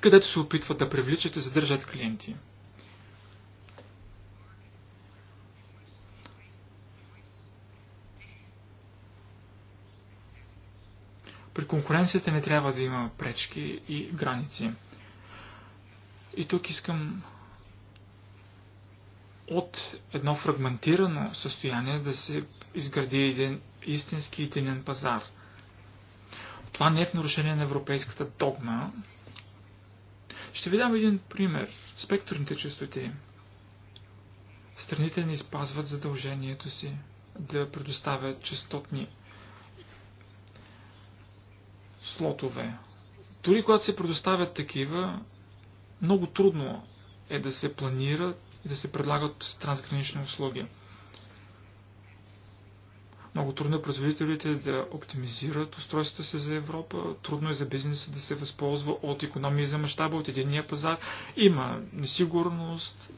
където се опитват да привличат и задържат клиенти. При конкуренцията не трябва да има пречки и граници. И тук искам от едно фрагментирано състояние да се изгради един истински единен пазар. Това не е в нарушение на европейската догма. Ще ви дам един пример. Спектърните частоти. Страните не изпазват задължението си да предоставят частотни слотове. Дори когато се предоставят такива, много трудно е да се планират и да се предлагат трансгранични услуги. Много трудно е производителите да оптимизират устройствата си за Европа, трудно е за бизнеса да се възползва от економии за мащаба, от единния пазар. Има несигурност,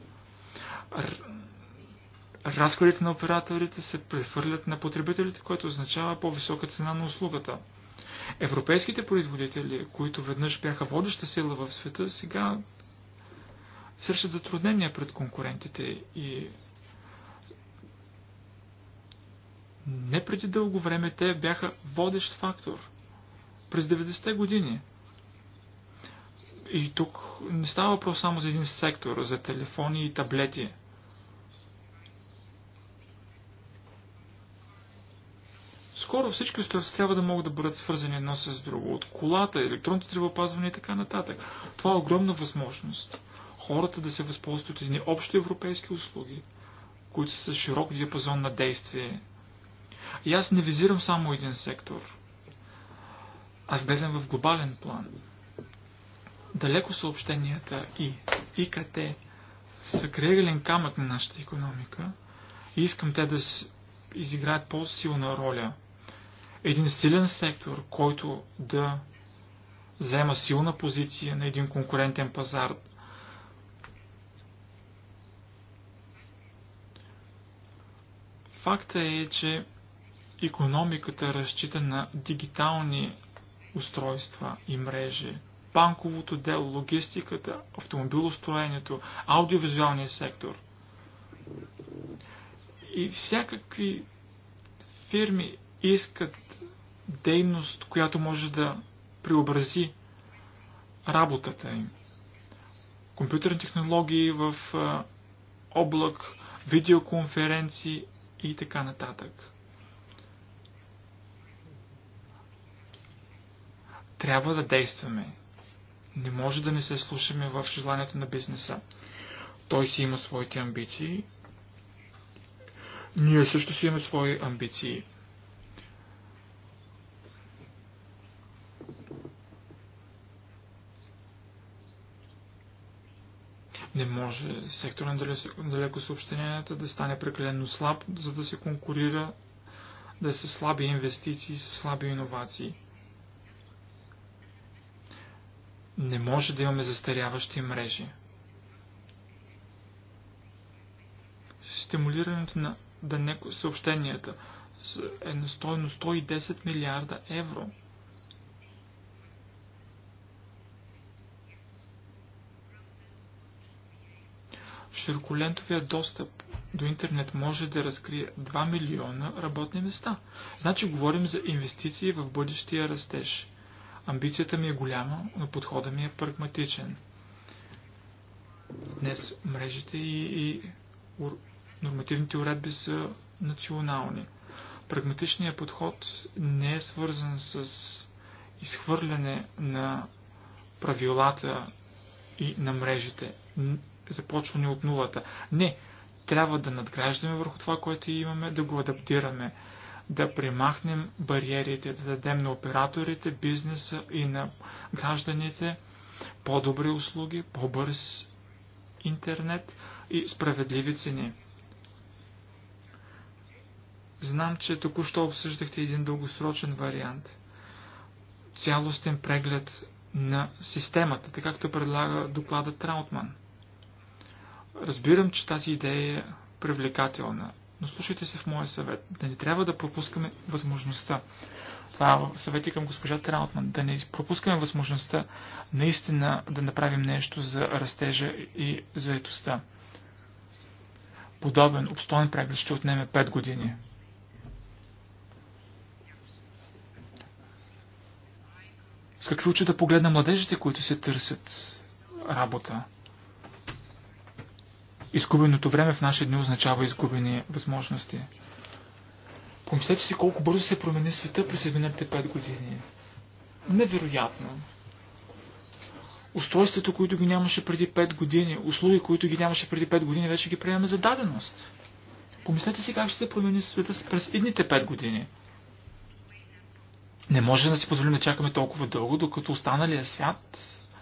разходите на операторите се прехвърлят на потребителите, което означава по-висока цена на услугата – Европейските производители, които веднъж бяха водеща сила в света, сега срещат затруднения пред конкурентите и не преди дълго време те бяха водещ фактор. През 90-те години. И тук не става въпрос само за един сектор, за телефони и таблети – Скоро всички устройства трябва да могат да бъдат свързани едно с друго. От колата, електронното здравеопазване и така нататък. Това е огромна възможност. Хората да се възползват от едни общи европейски услуги, които са с широк диапазон на действие. И аз не визирам само един сектор. Аз гледам в глобален план. Далеко съобщенията и ИКТ са крегален камък на нашата економика и искам те да изиграят по-силна роля – един силен сектор, който да взема силна позиция на един конкурентен пазар. Факта е, че економиката разчита на дигитални устройства и мрежи, банковото дело, логистиката, автомобилостроението, аудиовизуалния сектор. И всякакви фирми искат дейност, която може да преобрази работата им. Компютърни технологии в облак, видеоконференции и така нататък. Трябва да действаме. Не може да не се слушаме в желанието на бизнеса. Той си има своите амбиции. Ние също си имаме свои амбиции. Не може сектора на далеко съобщенията да стане прекалено слаб, за да се конкурира, да е с слаби инвестиции, с слаби иновации. Не може да имаме застаряващи мрежи. Стимулирането на далеко съобщенията е на стойност 110 милиарда евро – широколентовия достъп до интернет може да разкрие 2 милиона работни места. Значи говорим за инвестиции в бъдещия растеж. Амбицията ми е голяма, но подходът ми е прагматичен. Днес мрежите и, и ур... нормативните уредби са национални. Прагматичният подход не е свързан с изхвърляне на правилата и на мрежите започване от нулата. Не, трябва да надграждаме върху това, което имаме, да го адаптираме, да примахнем бариерите, да дадем на операторите, бизнеса и на гражданите по-добри услуги, по-бърз интернет и справедливи цени. Знам, че току-що обсъждахте един дългосрочен вариант. Цялостен преглед на системата, така както предлага докладът Траутман – Разбирам, че тази идея е привлекателна, но слушайте се в моя съвет. Да не трябва да пропускаме възможността. Това е съвети към госпожа Траутман. Да не пропускаме възможността наистина да направим нещо за растежа и заедостта. Подобен обстоен преглед ще отнеме 5 години. С какви очи да погледна младежите, които се търсят работа? Изгубеното време в наши дни означава изгубени възможности. Помислете си колко бързо се промени света през изминалите 5 години. Невероятно. Устройствата, които ги нямаше преди 5 години, услуги, които ги нямаше преди 5 години, вече ги приемаме за даденост. Помислете си как ще се промени света през едните 5 години. Не може да си позволим да чакаме толкова дълго, докато останалия свят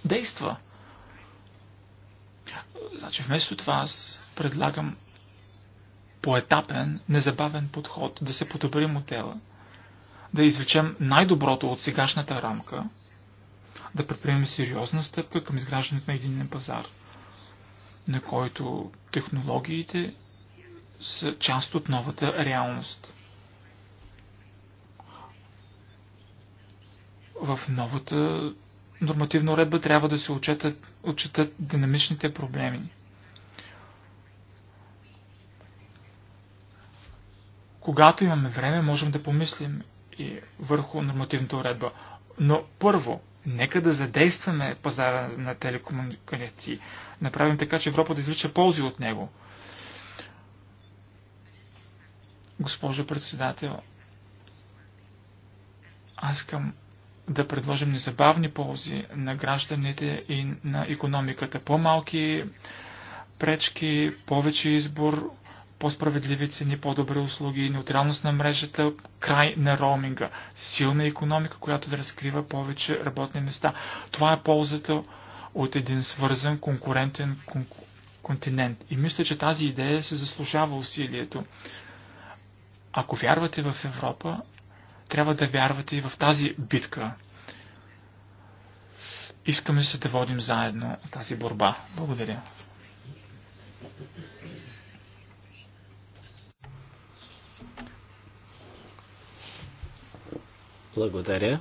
действа. Значи вместо това аз предлагам поетапен, незабавен подход, да се подобри модела, да извлечем най-доброто от сегашната рамка, да предприемем сериозна стъпка към изграждането на единен пазар, на който технологиите са част от новата реалност. В новата нормативна уредба трябва да се отчетат, отчетат динамичните проблеми. Когато имаме време, можем да помислим и върху нормативната уредба. Но първо, нека да задействаме пазара на телекомуникации. Направим така, че Европа да извлича ползи от него. Госпожо председател, аз искам да предложим незабавни ползи на гражданите и на економиката. По-малки пречки, повече избор, по-справедливи цени, по-добри услуги, неутралност на мрежата, край на роуминга, силна економика, която да разкрива повече работни места. Това е ползата от един свързан конкурентен континент. И мисля, че тази идея се заслужава усилието. Ако вярвате в Европа, трябва да вярвате и в тази битка. Искаме се да водим заедно тази борба. Благодаря. Благодаря.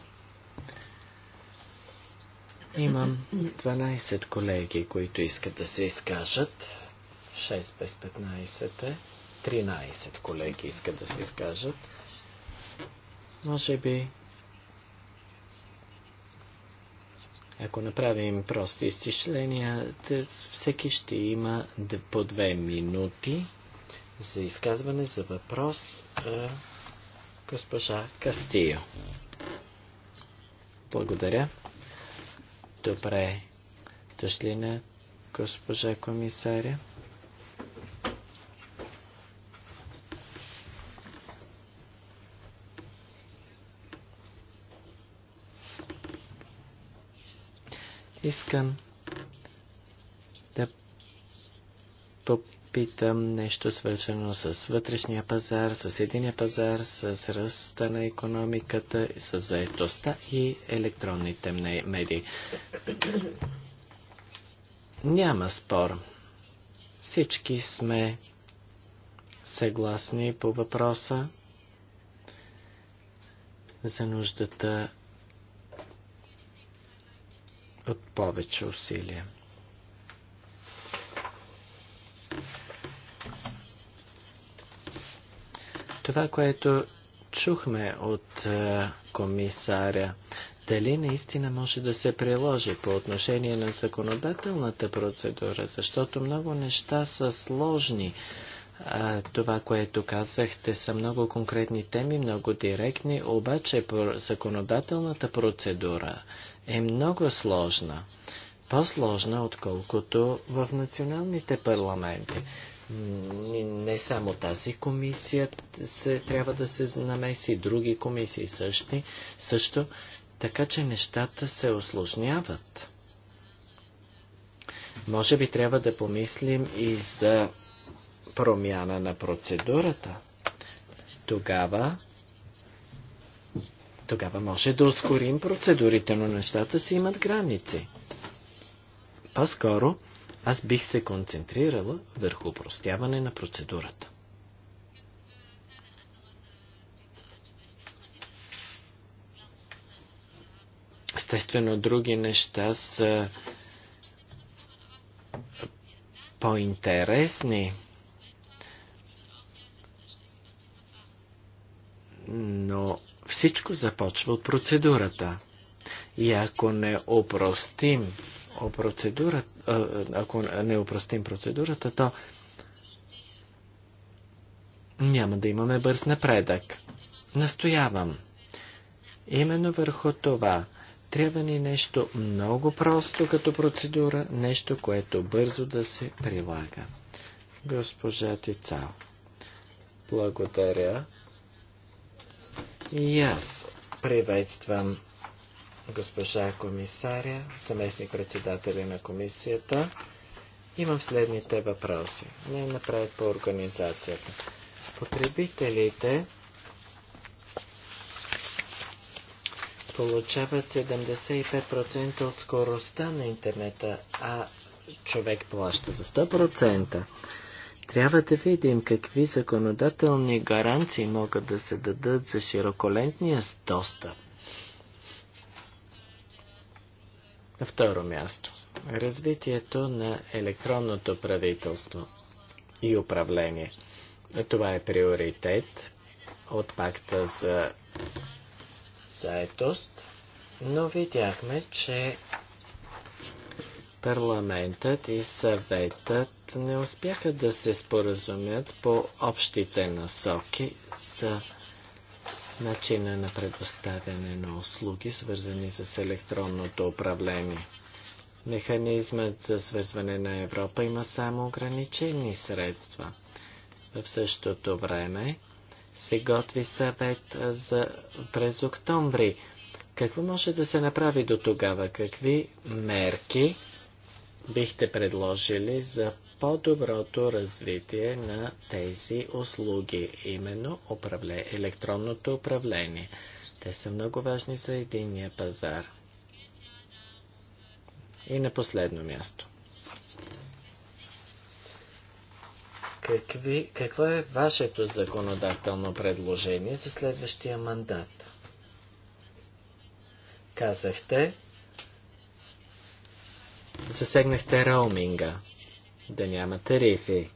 Имам 12 колеги, които искат да се изкажат. 6 без 15 е. 13 колеги искат да се изкажат. Може би, ако направим прости изчисления, всеки ще има по две минути за изказване, за въпрос госпожа Кастио. Благодаря. Добре. Дошли на госпожа комисаря. Искам да попитам нещо свързано с вътрешния пазар, с единия пазар, с ръста на економиката, с заедостта и електронните медии. Няма спор. Всички сме съгласни по въпроса за нуждата от повече усилия. Това, което чухме от е, комисаря, дали наистина може да се приложи по отношение на законодателната процедура, защото много неща са сложни това, което казахте, са много конкретни теми, много директни, обаче законодателната процедура е много сложна. По-сложна, отколкото в националните парламенти. Не само тази комисия се, трябва да се намеси, други комисии същи, също, така че нещата се осложняват. Може би трябва да помислим и за промяна на процедурата, тогава тогава може да ускорим процедурите, но нещата си имат граници. По-скоро, аз бих се концентрирала върху упростяване на процедурата. Естествено, други неща са по-интересни. но всичко започва от процедурата. И ако не опростим, ако не опростим процедурата, то няма да имаме бърз напредък. Настоявам. Именно върху това трябва ни нещо много просто като процедура, нещо, което бързо да се прилага. Госпожа Тицао. Благодаря. И аз приветствам госпожа комисаря, съместник председателя на комисията. Имам следните въпроси. Не направят по организацията. Потребителите получават 75% от скоростта на интернета, а човек плаща за 100%. Трябва да видим какви законодателни гаранции могат да се дадат за широколентния достъп. На второ място. Развитието на електронното правителство и управление. Това е приоритет от пакта за заетост, но видяхме, че парламентът и съветът не успяха да се споразумят по общите насоки за начина на предоставяне на услуги, свързани с електронното управление. Механизмът за свързване на Европа има само ограничени средства. В същото време се готви съвет за през октомври. Какво може да се направи до тогава? Какви мерки бихте предложили за по-доброто развитие на тези услуги, именно управле, електронното управление. Те са много важни за единния пазар. И на последно място. Какви, какво е вашето законодателно предложение за следващия мандат? Казахте, Засегнахте роуминга, да няма тарифи.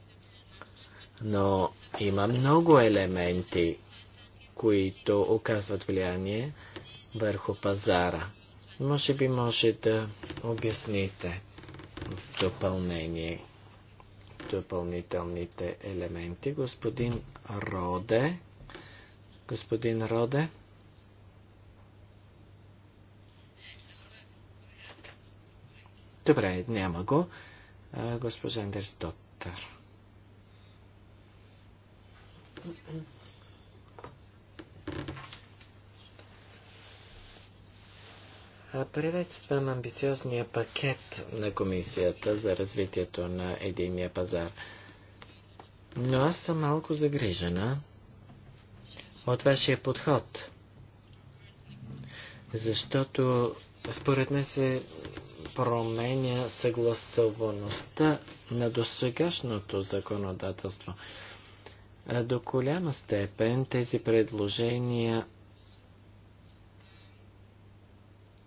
Но има много елементи, които оказват влияние върху пазара. Може би може да обясните в допълнение допълнителните елементи. Господин Роде, господин Роде, Добре, няма го. Госпожа Андерс Доттер. Приветствам амбициозния пакет на Комисията за развитието на единия пазар. Но аз съм малко загрижена от вашия подход, защото според мен се променя съгласоваността на досегашното законодателство. Е, до голяма степен тези предложения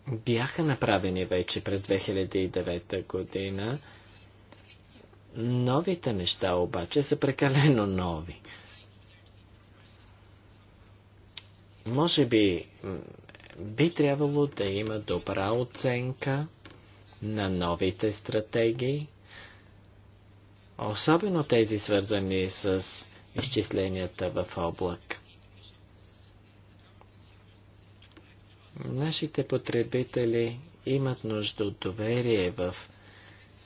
бяха направени вече през 2009 година. Новите неща обаче са прекалено нови. Може би би трябвало да има добра оценка на новите стратегии, особено тези свързани с изчисленията в облак. Нашите потребители имат нужда от доверие в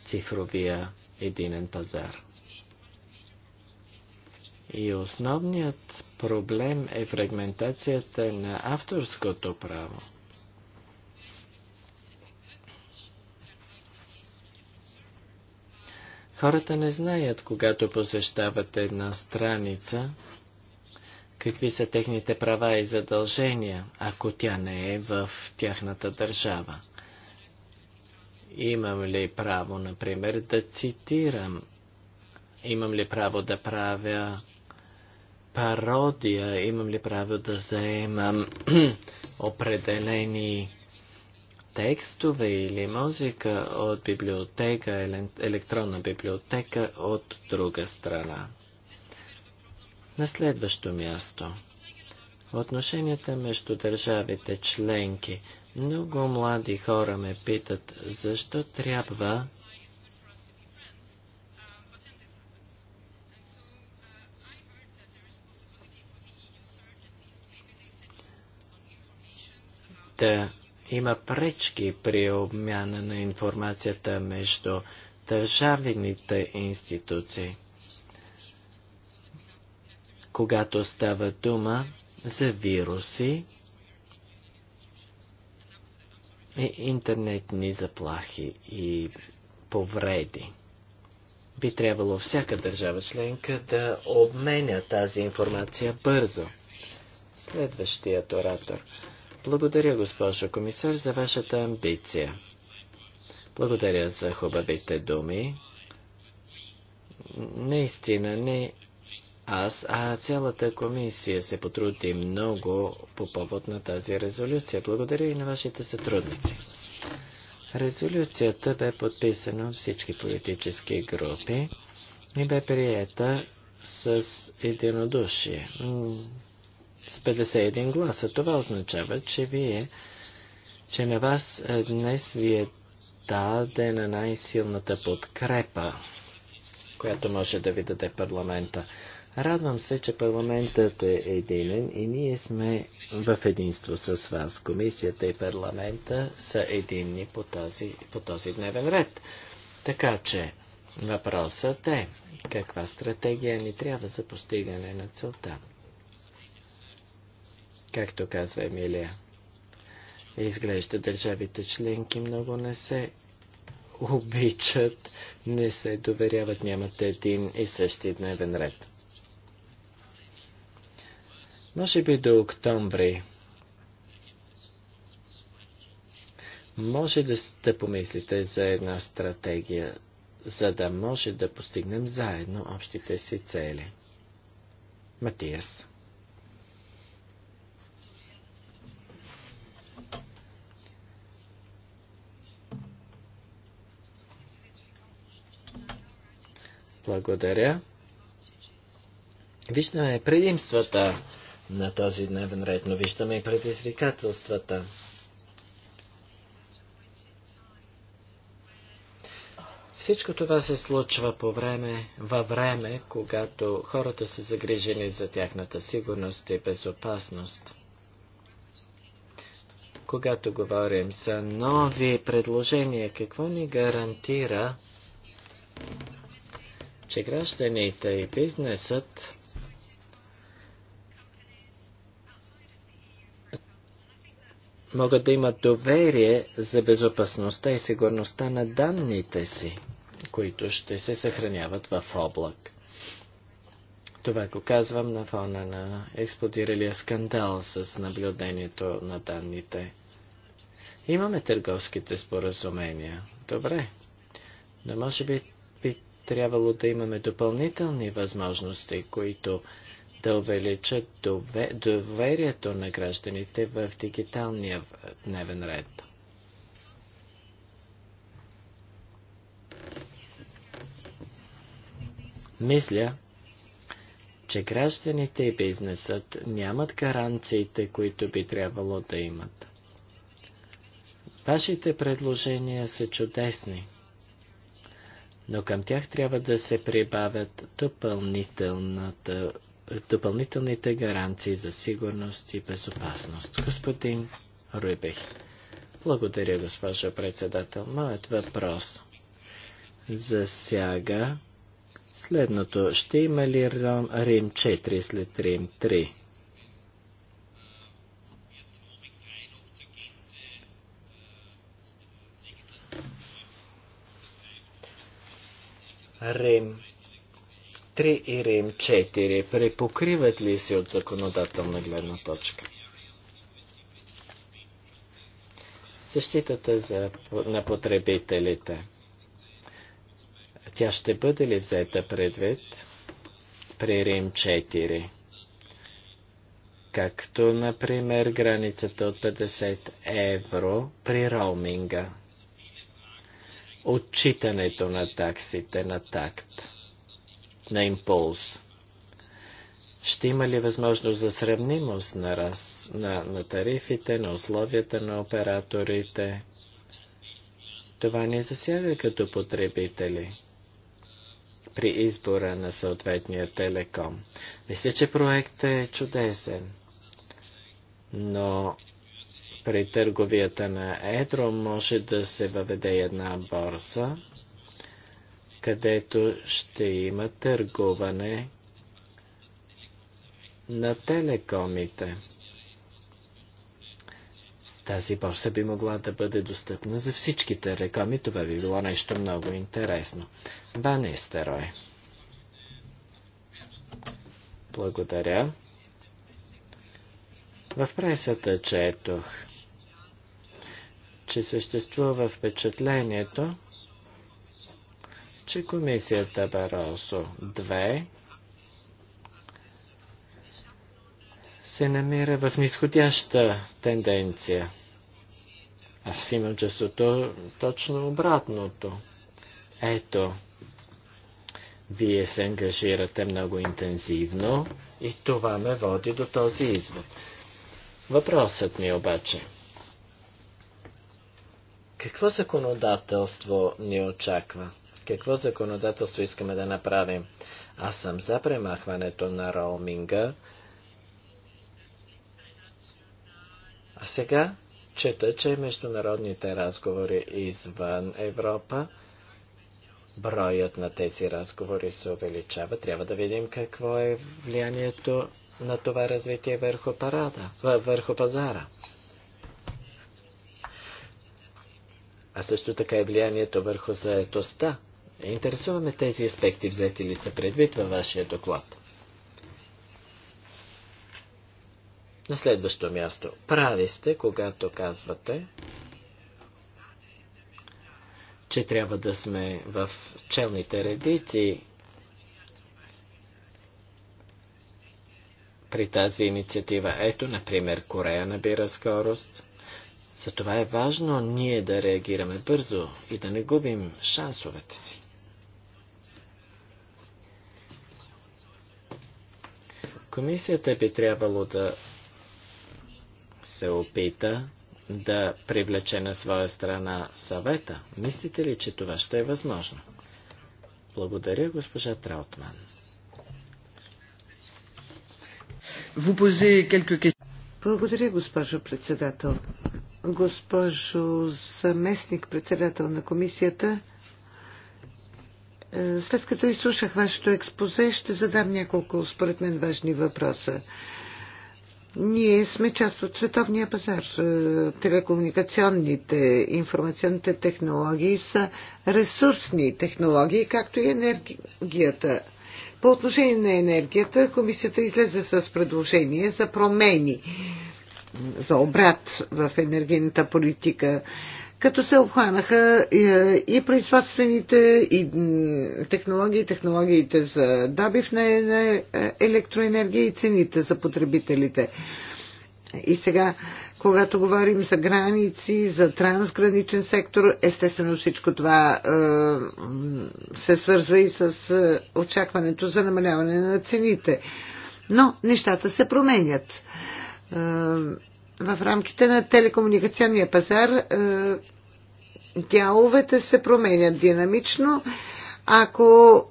цифровия единен пазар. И основният проблем е фрагментацията на авторското право – Хората не знаят, когато посещават една страница, какви са техните права и задължения, ако тя не е в тяхната държава. Имам ли право, например, да цитирам? Имам ли право да правя пародия? Имам ли право да заемам [CLEARS THROAT] определени текстове или музика от библиотека, електронна библиотека от друга страна. На следващо място. Отношенията между държавите членки. Много млади хора ме питат, защо трябва да има пречки при обмяна на информацията между държавните институции, когато става дума за вируси и интернетни заплахи и повреди. Би трябвало всяка държава членка да обменя тази информация бързо. Следващият оратор – благодаря, госпожо комисар, за вашата амбиция. Благодаря за хубавите думи. Наистина не аз, а цялата комисия се потруди много по повод на тази резолюция. Благодаря и на вашите сътрудници. Резолюцията бе подписана от всички политически групи и бе приета с единодушие с 51 гласа. Това означава, че вие, че на вас е, днес ви е дадена най-силната подкрепа, която може да ви даде парламента. Радвам се, че парламентът е единен и ние сме в единство с вас. Комисията и парламента са единни по този, по този дневен ред. Така че въпросът е каква стратегия ни трябва за постигане на целта. Както казва Емилия, изглежда държавите членки много не се обичат, не се доверяват, нямат един и същи дневен ред. Може би до октомври може да, да помислите за една стратегия, за да може да постигнем заедно общите си цели. Матиас Благодаря. Виждаме предимствата на този дневен ред, но виждаме и предизвикателствата. Всичко това се случва по време, във време, когато хората са загрижени за тяхната сигурност и безопасност. Когато говорим за нови предложения, какво ни гарантира че гражданите и бизнесът могат да имат доверие за безопасността и сигурността на данните си, които ще се съхраняват в облак. Това го казвам на фона на експлодиралия скандал с наблюдението на данните. Имаме търговските споразумения. Добре. Но може би трябвало да имаме допълнителни възможности, които да увеличат доверието на гражданите в дигиталния дневен ред. Мисля, че гражданите и бизнесът нямат гаранциите, които би трябвало да имат. Вашите предложения са чудесни но към тях трябва да се прибавят допълнителните гаранции за сигурност и безопасност. Господин Руйбех, Благодаря, госпожа председател. Моят въпрос засяга следното. Ще има ли Рим 4 след Рим 3? Рим 3 и Рим 4 препокриват ли се от законодателна гледна точка? Защитата за, на потребителите. Тя ще бъде ли взета предвид при Рим 4? Както, например, границата от 50 евро при роуминга отчитането на таксите, на такт, на импулс. Ще има ли възможност за сравнимост на, раз, на, на тарифите, на условията на операторите? Това ни засяга като потребители при избора на съответния телеком. Мисля, че проектът е чудесен, но при търговията на Едро може да се въведе една борса, където ще има търгуване на телекомите. Тази борса би могла да бъде достъпна за всички телекоми. Това би било нещо много интересно. Ван Естерой. Благодаря. В пресата четох, че съществува впечатлението, че комисията Баросо 2 се намира в нисходяща тенденция. Аз имам чувството точно обратното. Ето, вие се ангажирате много интензивно и това ме води до този извод. Въпросът ми обаче – какво законодателство ни очаква? Какво законодателство искаме да направим? Аз съм за премахването на роуминга. А сега чета, че международните разговори извън Европа, броят на тези разговори се увеличава. Трябва да видим какво е влиянието на това развитие върху, парада, върху пазара. също така и е влиянието върху заетостта. Интересуваме тези аспекти, взети ли са предвид във вашия доклад. На следващо място. Прави сте, когато казвате, че трябва да сме в челните редици при тази инициатива. Ето, например, Корея набира скорост – затова е важно ние да реагираме бързо и да не губим шансовете си. Комисията би трябвало да се опита да привлече на своя страна съвета. Мислите ли, че това ще е възможно? Благодаря, госпожа Траутман. Благодаря, госпожо председател госпожо заместник председател на комисията. Е, след като изслушах вашето експозе, ще задам няколко, според мен, важни въпроса. Ние сме част от световния пазар. Е, телекомуникационните, информационните технологии са ресурсни технологии, както и енергията. По отношение на енергията, комисията излезе с предложение за промени за обрат в енергийната политика, като се обхванаха и производствените, и технологии, технологиите за добив на електроенергия и цените за потребителите. И сега, когато говорим за граници, за трансграничен сектор, естествено всичко това е, се свързва и с е, очакването за намаляване на цените. Но нещата се променят. Е, в рамките на телекомуникационния пазар е, дяловете се променят динамично. Ако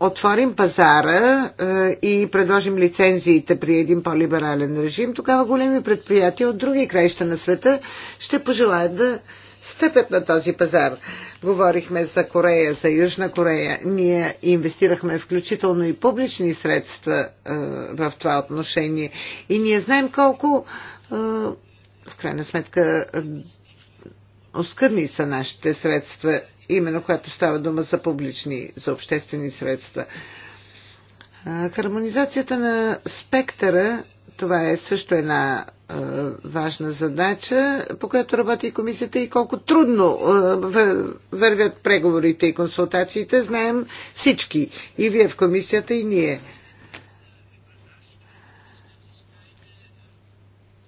отворим пазара е, и предложим лицензиите при един по-либерален режим, тогава големи предприятия от други краища на света ще пожелаят да стъпят на този пазар. Говорихме за Корея, за Южна Корея. Ние инвестирахме включително и публични средства е, в това отношение. И ние знаем колко, е, в крайна сметка, оскъдни са нашите средства, именно когато става дума за публични, за обществени средства. Е, хармонизацията на спектъра, това е също една е, важна задача, по която работи комисията и колко трудно е, вървят преговорите и консултациите, знаем всички. И вие в комисията, и ние.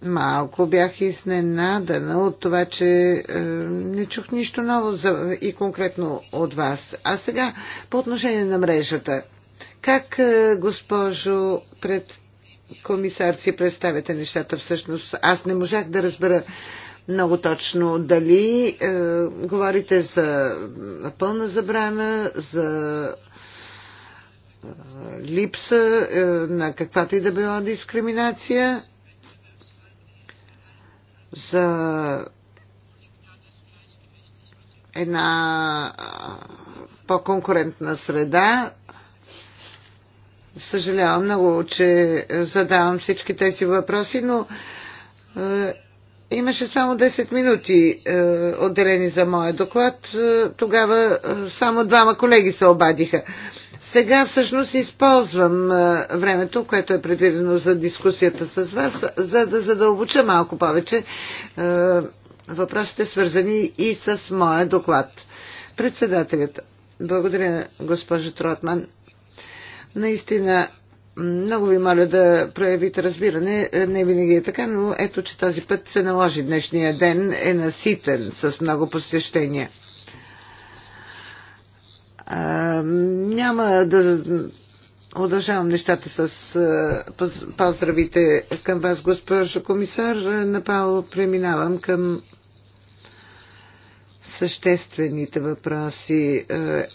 Малко бях изненадана от това, че е, не чух нищо ново за, и конкретно от вас. А сега, по отношение на мрежата. Как, е, госпожо, пред, комисар си представяте нещата всъщност. Аз не можах да разбера много точно дали е, говорите за пълна забрана, за е, липса е, на каквато и да била дискриминация, за една е, по-конкурентна среда, Съжалявам много, че е, задавам всички тези въпроси, но е, Имаше само 10 минути е, отделени за моя доклад. Е, тогава е, само двама колеги се обадиха. Сега всъщност използвам е, времето, което е предвидено за дискусията с вас, за да задълбоча малко повече е, въпросите, свързани и с моя доклад. Председателят. Благодаря, госпожо Тротман. Наистина, много ви моля да проявите разбиране. Е, не винаги е така, но ето, че този път се наложи. Днешния ден е наситен с много посещения. А, няма да удължавам нещата с поздравите към вас, госпожо комисар. Напало преминавам към съществените въпроси. Е,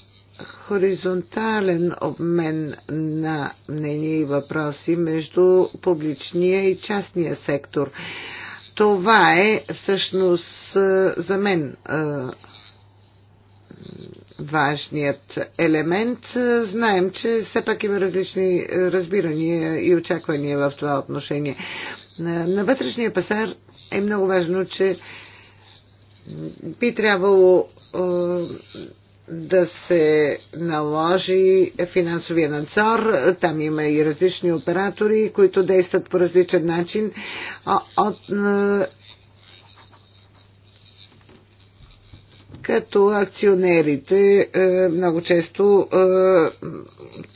хоризонтален обмен на мнения и въпроси между публичния и частния сектор. Това е всъщност за мен важният елемент. Знаем, че все пак има различни разбирания и очаквания в това отношение. На вътрешния пазар е много важно, че би трябвало да се наложи финансовия надзор. Там има и различни оператори, които действат по различен начин. От, като акционерите много често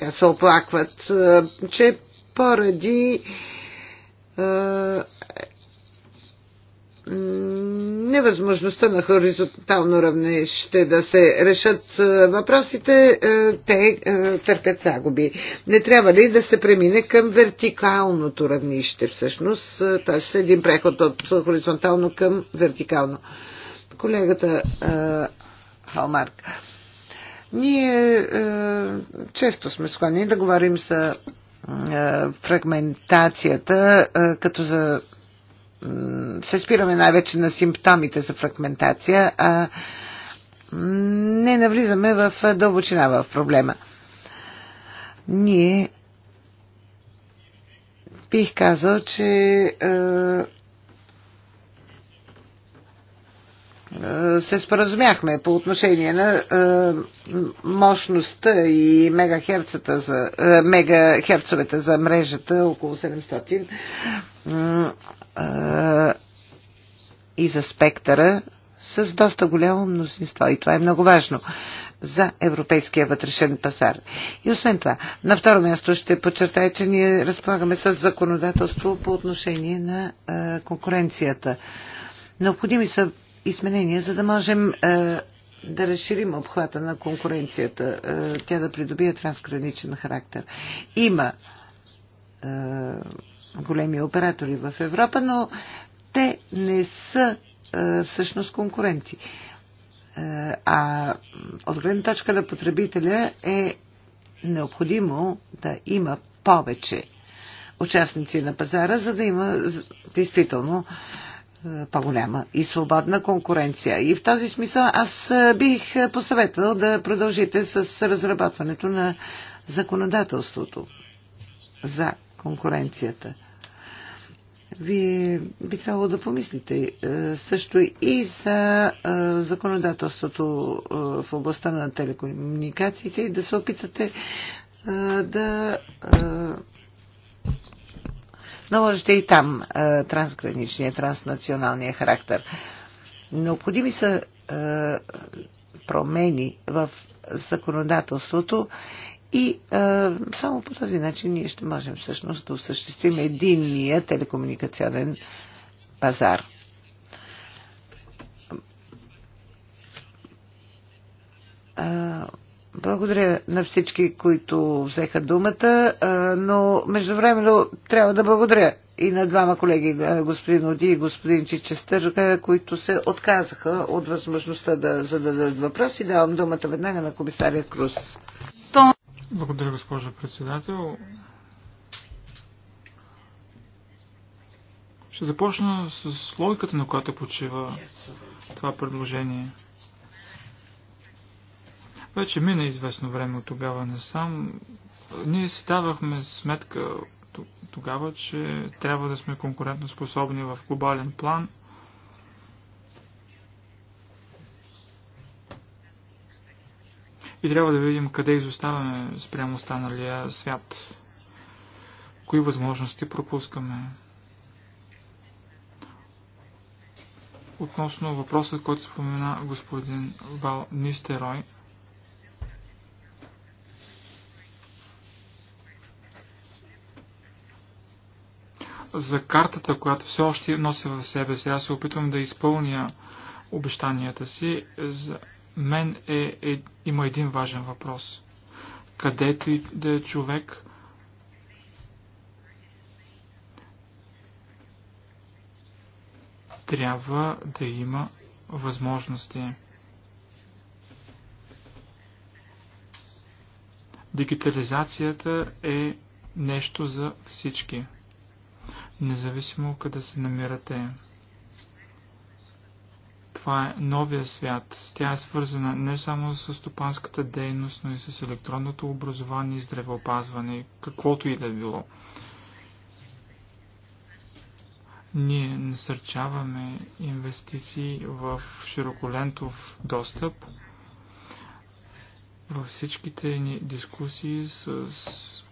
се оплакват, че поради невъзможността на хоризонтално равнище да се решат е, въпросите, е, те е, търпят загуби. Не трябва ли да се премине към вертикалното равнище всъщност, Това е един преход от хоризонтално към вертикално? Колегата Халмарк. Ние често сме склонни да говорим за фрагментацията като за се спираме най-вече на симптомите за фрагментация, а не навлизаме в дълбочина в проблема. Ние бих казал, че се споразумяхме по отношение на е, мощността и мегахерцата за, е, мегахерцовете за мрежата около 700. Е, е, и за спектъра с доста голямо мнозинство. И това е много важно за европейския вътрешен пазар. И освен това, на второ място ще подчертая, че ние разполагаме с законодателство по отношение на е, конкуренцията. Необходими са изменения, за да можем е, да разширим обхвата на конкуренцията, е, тя да придобие трансграничен характер. Има големи оператори в Европа, но те не са е, всъщност конкуренти. Е, а от гледна точка на потребителя е необходимо да има повече участници на пазара, за да има действително е, по-голяма и свободна конкуренция. И в този смисъл аз бих посъветвал да продължите с разработването на законодателството за конкуренцията. Вие би трябвало да помислите е, също и за е, законодателството е, в областта на телекомуникациите и да се опитате да наложите и там трансграничния, транснационалния характер. Необходими са промени в законодателството и а, само по този начин ние ще можем всъщност да осъществим единния телекомуникационен пазар. А, благодаря на всички, които взеха думата, но междувременно трябва да благодаря и на двама колеги, господин Оди и господин Чичестър, които се отказаха от възможността да зададат въпроси. Давам думата веднага на комисаря Крус. Благодаря, госпожо председател. Ще започна с логиката, на която почива това предложение. Вече мина известно време от тогава не сам. Ние си давахме сметка тогава, че трябва да сме конкурентно способни в глобален план – и трябва да видим къде изоставаме спрямо останалия свят. Кои възможности пропускаме. Относно въпросът, който спомена господин Вал Нистерой, за картата, която все още нося в себе си. Аз се опитвам да изпълня обещанията си за мен е, е, има един важен въпрос. Където и да е човек, трябва да има възможности. Дигитализацията е нещо за всички, независимо къде се намирате това е новия свят. Тя е свързана не само с стопанската дейност, но и с електронното образование и здравеопазване, каквото и да е било. Ние насърчаваме инвестиции в широколентов достъп. Във всичките ни дискусии с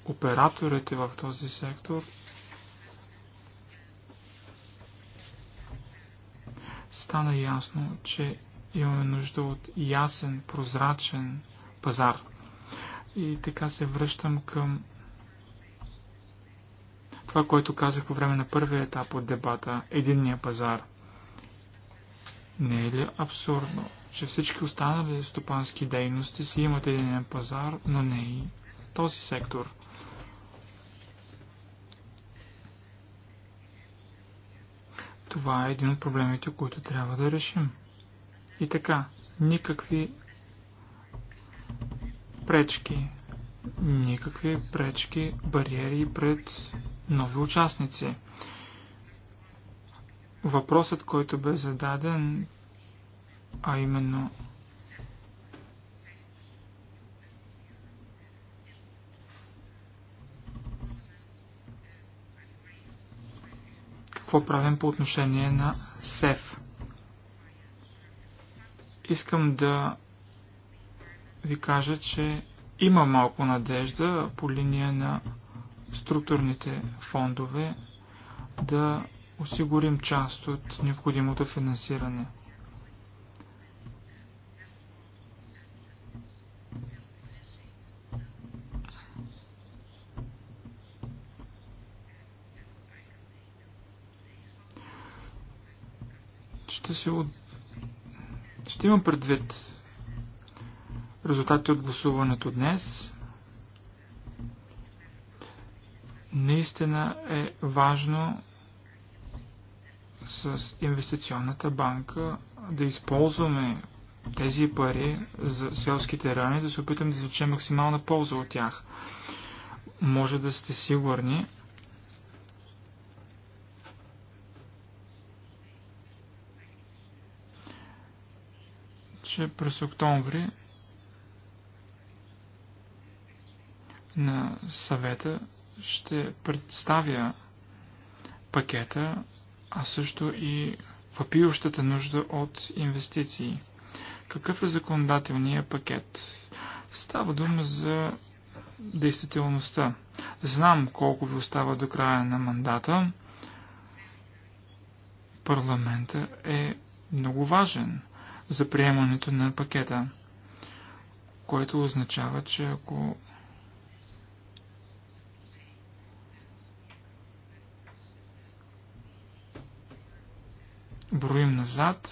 операторите в този сектор стана ясно, че имаме нужда от ясен, прозрачен пазар. И така се връщам към това, което казах по време на първия етап от дебата – единния пазар. Не е ли абсурдно, че всички останали стопански дейности си имат единен пазар, но не и този сектор – Това е един от проблемите, които трябва да решим. И така, никакви пречки, никакви пречки, бариери пред нови участници. Въпросът, който бе зададен, а именно какво правим по отношение на СЕФ. Искам да ви кажа, че има малко надежда по линия на структурните фондове да осигурим част от необходимото финансиране. зависи от... Ще имам предвид резултатите от гласуването днес. Наистина е важно с инвестиционната банка да използваме тези пари за селските райони, да се опитам да извлечем максимална полза от тях. Може да сте сигурни, че през октомври на съвета ще представя пакета, а също и въпиващата нужда от инвестиции. Какъв е законодателният пакет? Става дума за действителността. Знам колко ви остава до края на мандата. Парламента е много важен за приемането на пакета, което означава, че ако броим назад,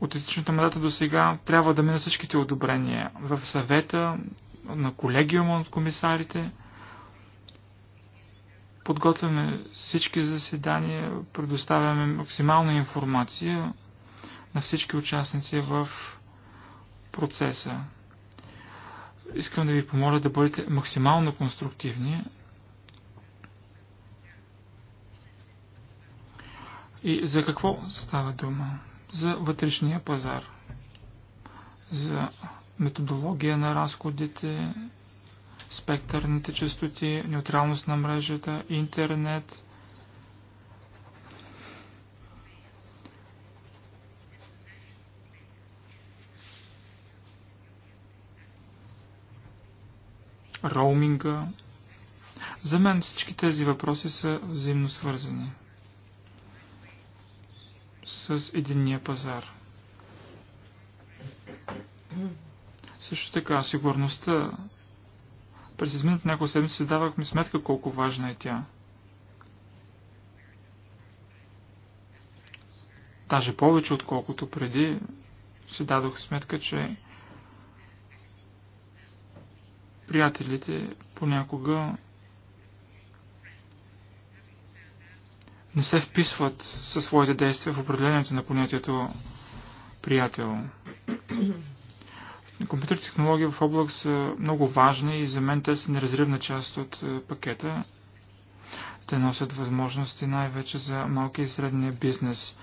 от изтичната мандата до сега трябва да минат всичките одобрения в съвета, на колегиума от комисарите подготвяме всички заседания, предоставяме максимална информация на всички участници в процеса. Искам да ви помоля да бъдете максимално конструктивни И за какво става дума? За вътрешния пазар, за методология на разходите, спектърните частоти, неутралност на мрежата, интернет. роуминга. За мен всички тези въпроси са взаимно свързани с единния пазар. Също така, сигурността през изминат няколко седмици давахме сметка колко важна е тя. Даже повече, отколкото преди, се дадох сметка, че приятелите понякога не се вписват със своите действия в определението на понятието приятел компютърните технологии в облак са много важни и за мен те са неразривна част от е, пакета. Те носят възможности най-вече за малки и средния бизнес.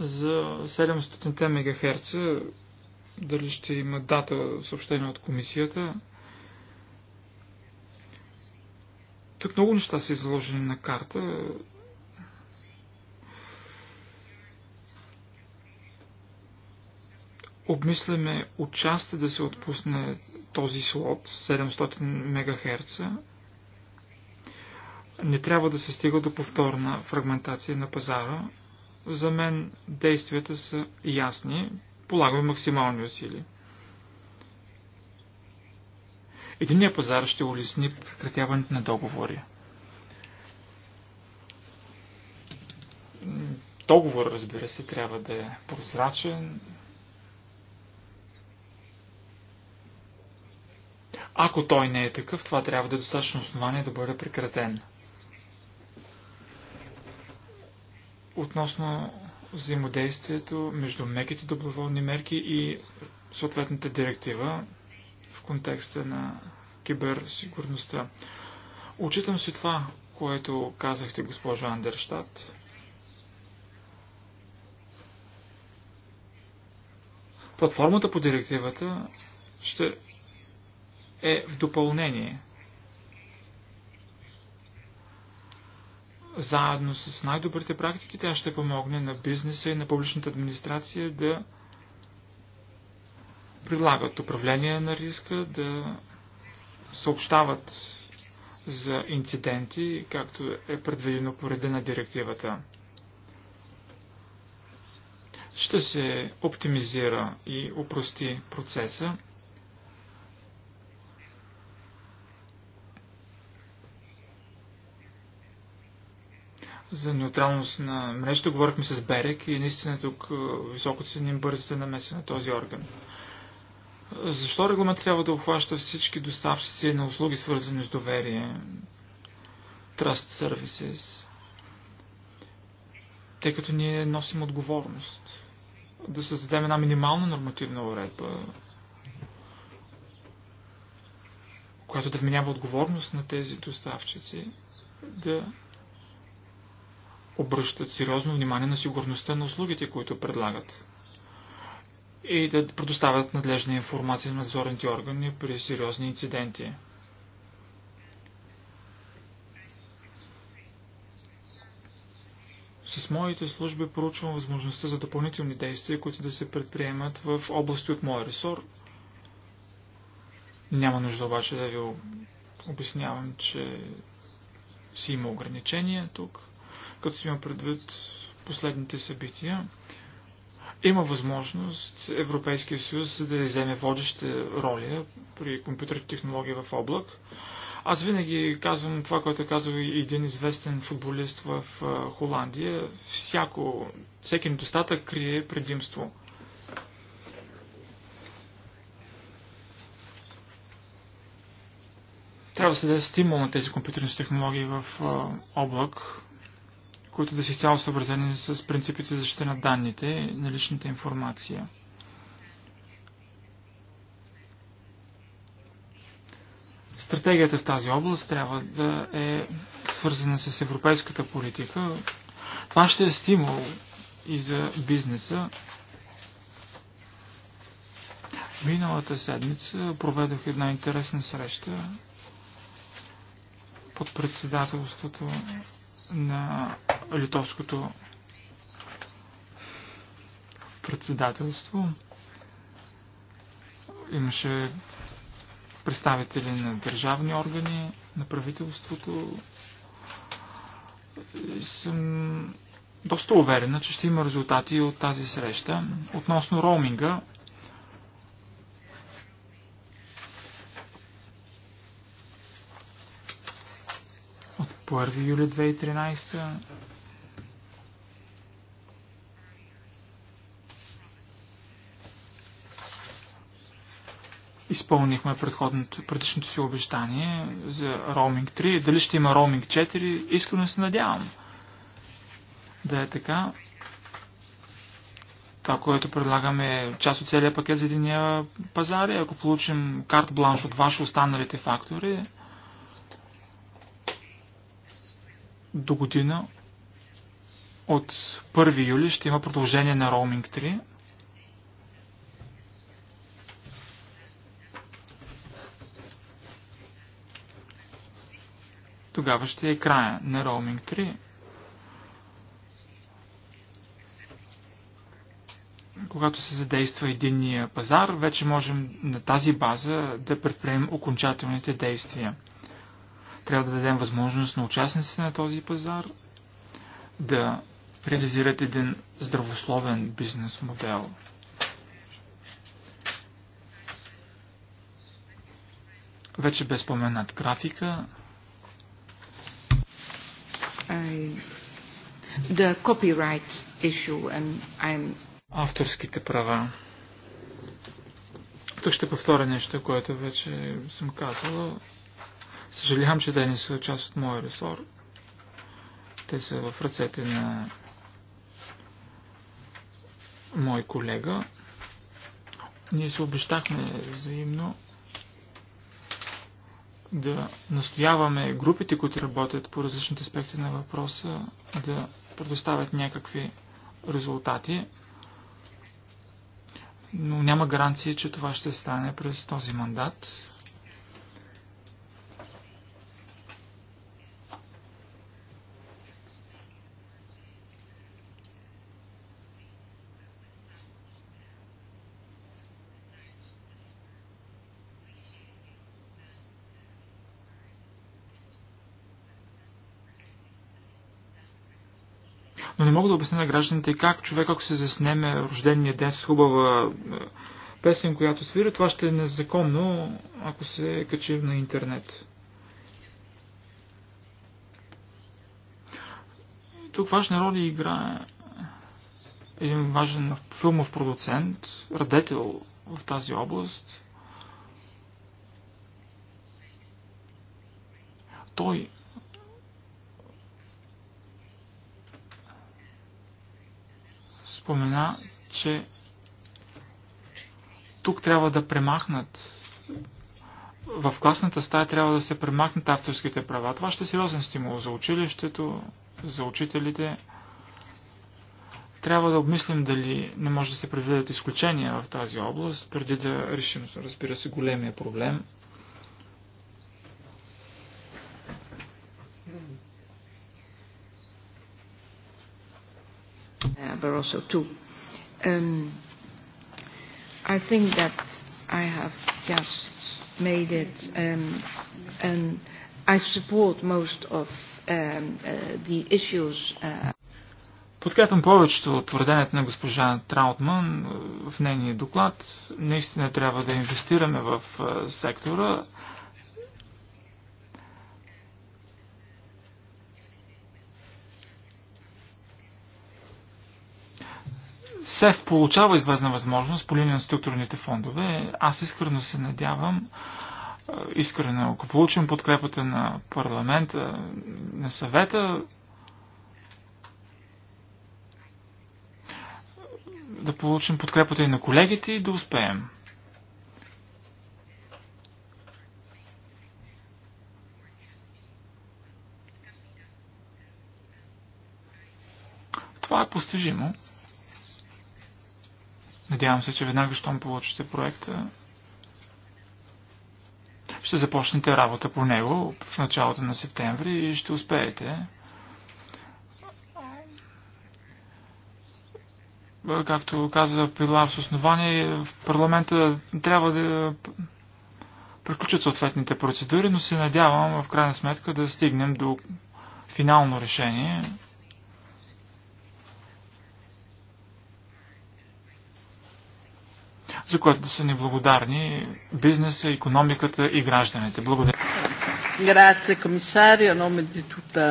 За 700 МГц дали ще има дата съобщение от комисията. Тук много неща са изложени на карта. Обмисляме отчасти да се отпусне този слот 700 МГц. Не трябва да се стига до повторна фрагментация на пазара. За мен действията са ясни. Полагаме максимални усилия. Единия пазар ще улесни прекратяването на договори. Договор, разбира се, трябва да е прозрачен, Ако той не е такъв, това трябва да е достатъчно основание да бъде прекратен. Относно взаимодействието между меките доброволни мерки и съответната директива в контекста на киберсигурността. Учитам си това, което казахте, госпожа Андерштадт. Платформата по директивата ще е в допълнение. Заедно с най-добрите практики тя ще помогне на бизнеса и на публичната администрация да прилагат управление на риска, да съобщават за инциденти, както е предвидено по реда на директивата. Ще се оптимизира и упрости процеса. за неутралност на мрежата. Говорихме с Берек и наистина тук е, високо ценим бързата намеса на този орган. Защо регламент трябва да обхваща всички доставчици на услуги, свързани с доверие? Trust Services. Тъй като ние носим отговорност да създадем една минимална нормативна уредба, която да вменява отговорност на тези доставчици, да обръщат сериозно внимание на сигурността на услугите, които предлагат и да предоставят надлежна информация на надзорните органи при сериозни инциденти. С моите служби проучвам възможността за допълнителни действия, които да се предприемат в области от моя ресор. Няма нужда обаче да ви обяснявам, че си има ограничения тук като си има предвид последните събития. Има възможност Европейския съюз да вземе водеща роля при компютърни технологии в облак. Аз винаги казвам това, което казва и един известен футболист в Холандия. Всяко, всеки недостатък крие предимство. Трябва да се даде стимул на тези компютърни технологии в облак, които да са изцяло съобразени с принципите за защита на данните и на личната информация. Стратегията в тази област трябва да е свързана с европейската политика. Това ще е стимул и за бизнеса. Миналата седмица проведох една интересна среща под председателството на литовското председателство. Имаше представители на държавни органи, на правителството. И съм доста уверена, че ще има резултати от тази среща. Относно роуминга, 1 юли 2013. Изпълнихме предишното си обещание за роуминг 3. Дали ще има роуминг 4, искрено се надявам да е така. Това, което предлагаме е част от целият пакет за единия пазар и ако получим карт бланш от ваши останалите фактори, До година от 1 юли ще има продължение на Roaming 3. Тогава ще е края на Roaming 3. когато се задейства единния пазар, вече можем на тази база да предприемем окончателните действия. Трябва да дадем възможност на участниците на този пазар да реализират един здравословен бизнес модел. Вече бе споменат графика. The copyright issue and I'm... Авторските права. Тук ще повторя нещо, което вече съм казала. Съжалявам, че те не са част от моя ресор. Те са в ръцете на мой колега. Ние се обещахме взаимно да настояваме групите, които работят по различните аспекти на въпроса, да предоставят някакви резултати, но няма гаранция, че това ще стане през този мандат. мога да обясня на гражданите как човек, ако се заснеме рождения ден с хубава е, песен, която свира, това ще е незаконно, ако се е качи на интернет. Тук важна роля играе един важен филмов продуцент, радетел в тази област. Той спомена, че тук трябва да премахнат в класната стая трябва да се премахнат авторските права. Това ще е сериозен стимул за училището, за учителите. Трябва да обмислим дали не може да се предвидят изключения в тази област, преди да решим, разбира се, големия проблем – Barroso too. Um, I think that I have just made it, um, and I support most of um, uh, the issues. Uh, Подкрепям повечето от твърденията на госпожа Траутман е, в нейния доклад. Наистина трябва да инвестираме в е, сектора. СЕФ получава известна възможност по линия на структурните фондове. Аз искрено се надявам, е, искрено, ако получим подкрепата на парламента, на съвета, да получим подкрепата и на колегите и да успеем. Това е постижимо. Надявам се, че веднага, щом получите проекта, ще започнете работа по него в началото на септември и ще успеете. Както каза Пилар с основание, в парламента трябва да приключат съответните процедури, но се надявам в крайна сметка да стигнем до финално решение. за което да са ни благодарни бизнеса, економиката и гражданите. Благодаря. Grazie commissario, a nome di, tutta,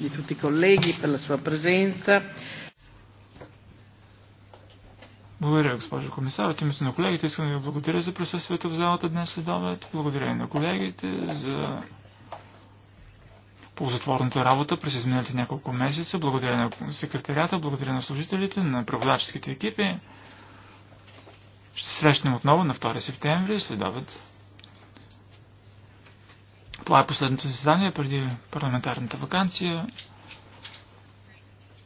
di tutti i colleghi per la sua presenza. Благодаря, госпожо комисар. От името на колегите искам да ви благодаря за присъствието в залата днес след обед. Благодаря и на колегите за ползотворната работа през изминалите няколко месеца. Благодаря на секретарята, благодаря на служителите, на преводаческите екипи. Ще се срещнем отново на 2 септември след обед. Това е последното заседание преди парламентарната вакансия.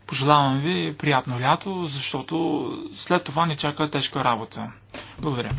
Пожелавам ви приятно лято, защото след това ни чака тежка работа. Благодаря.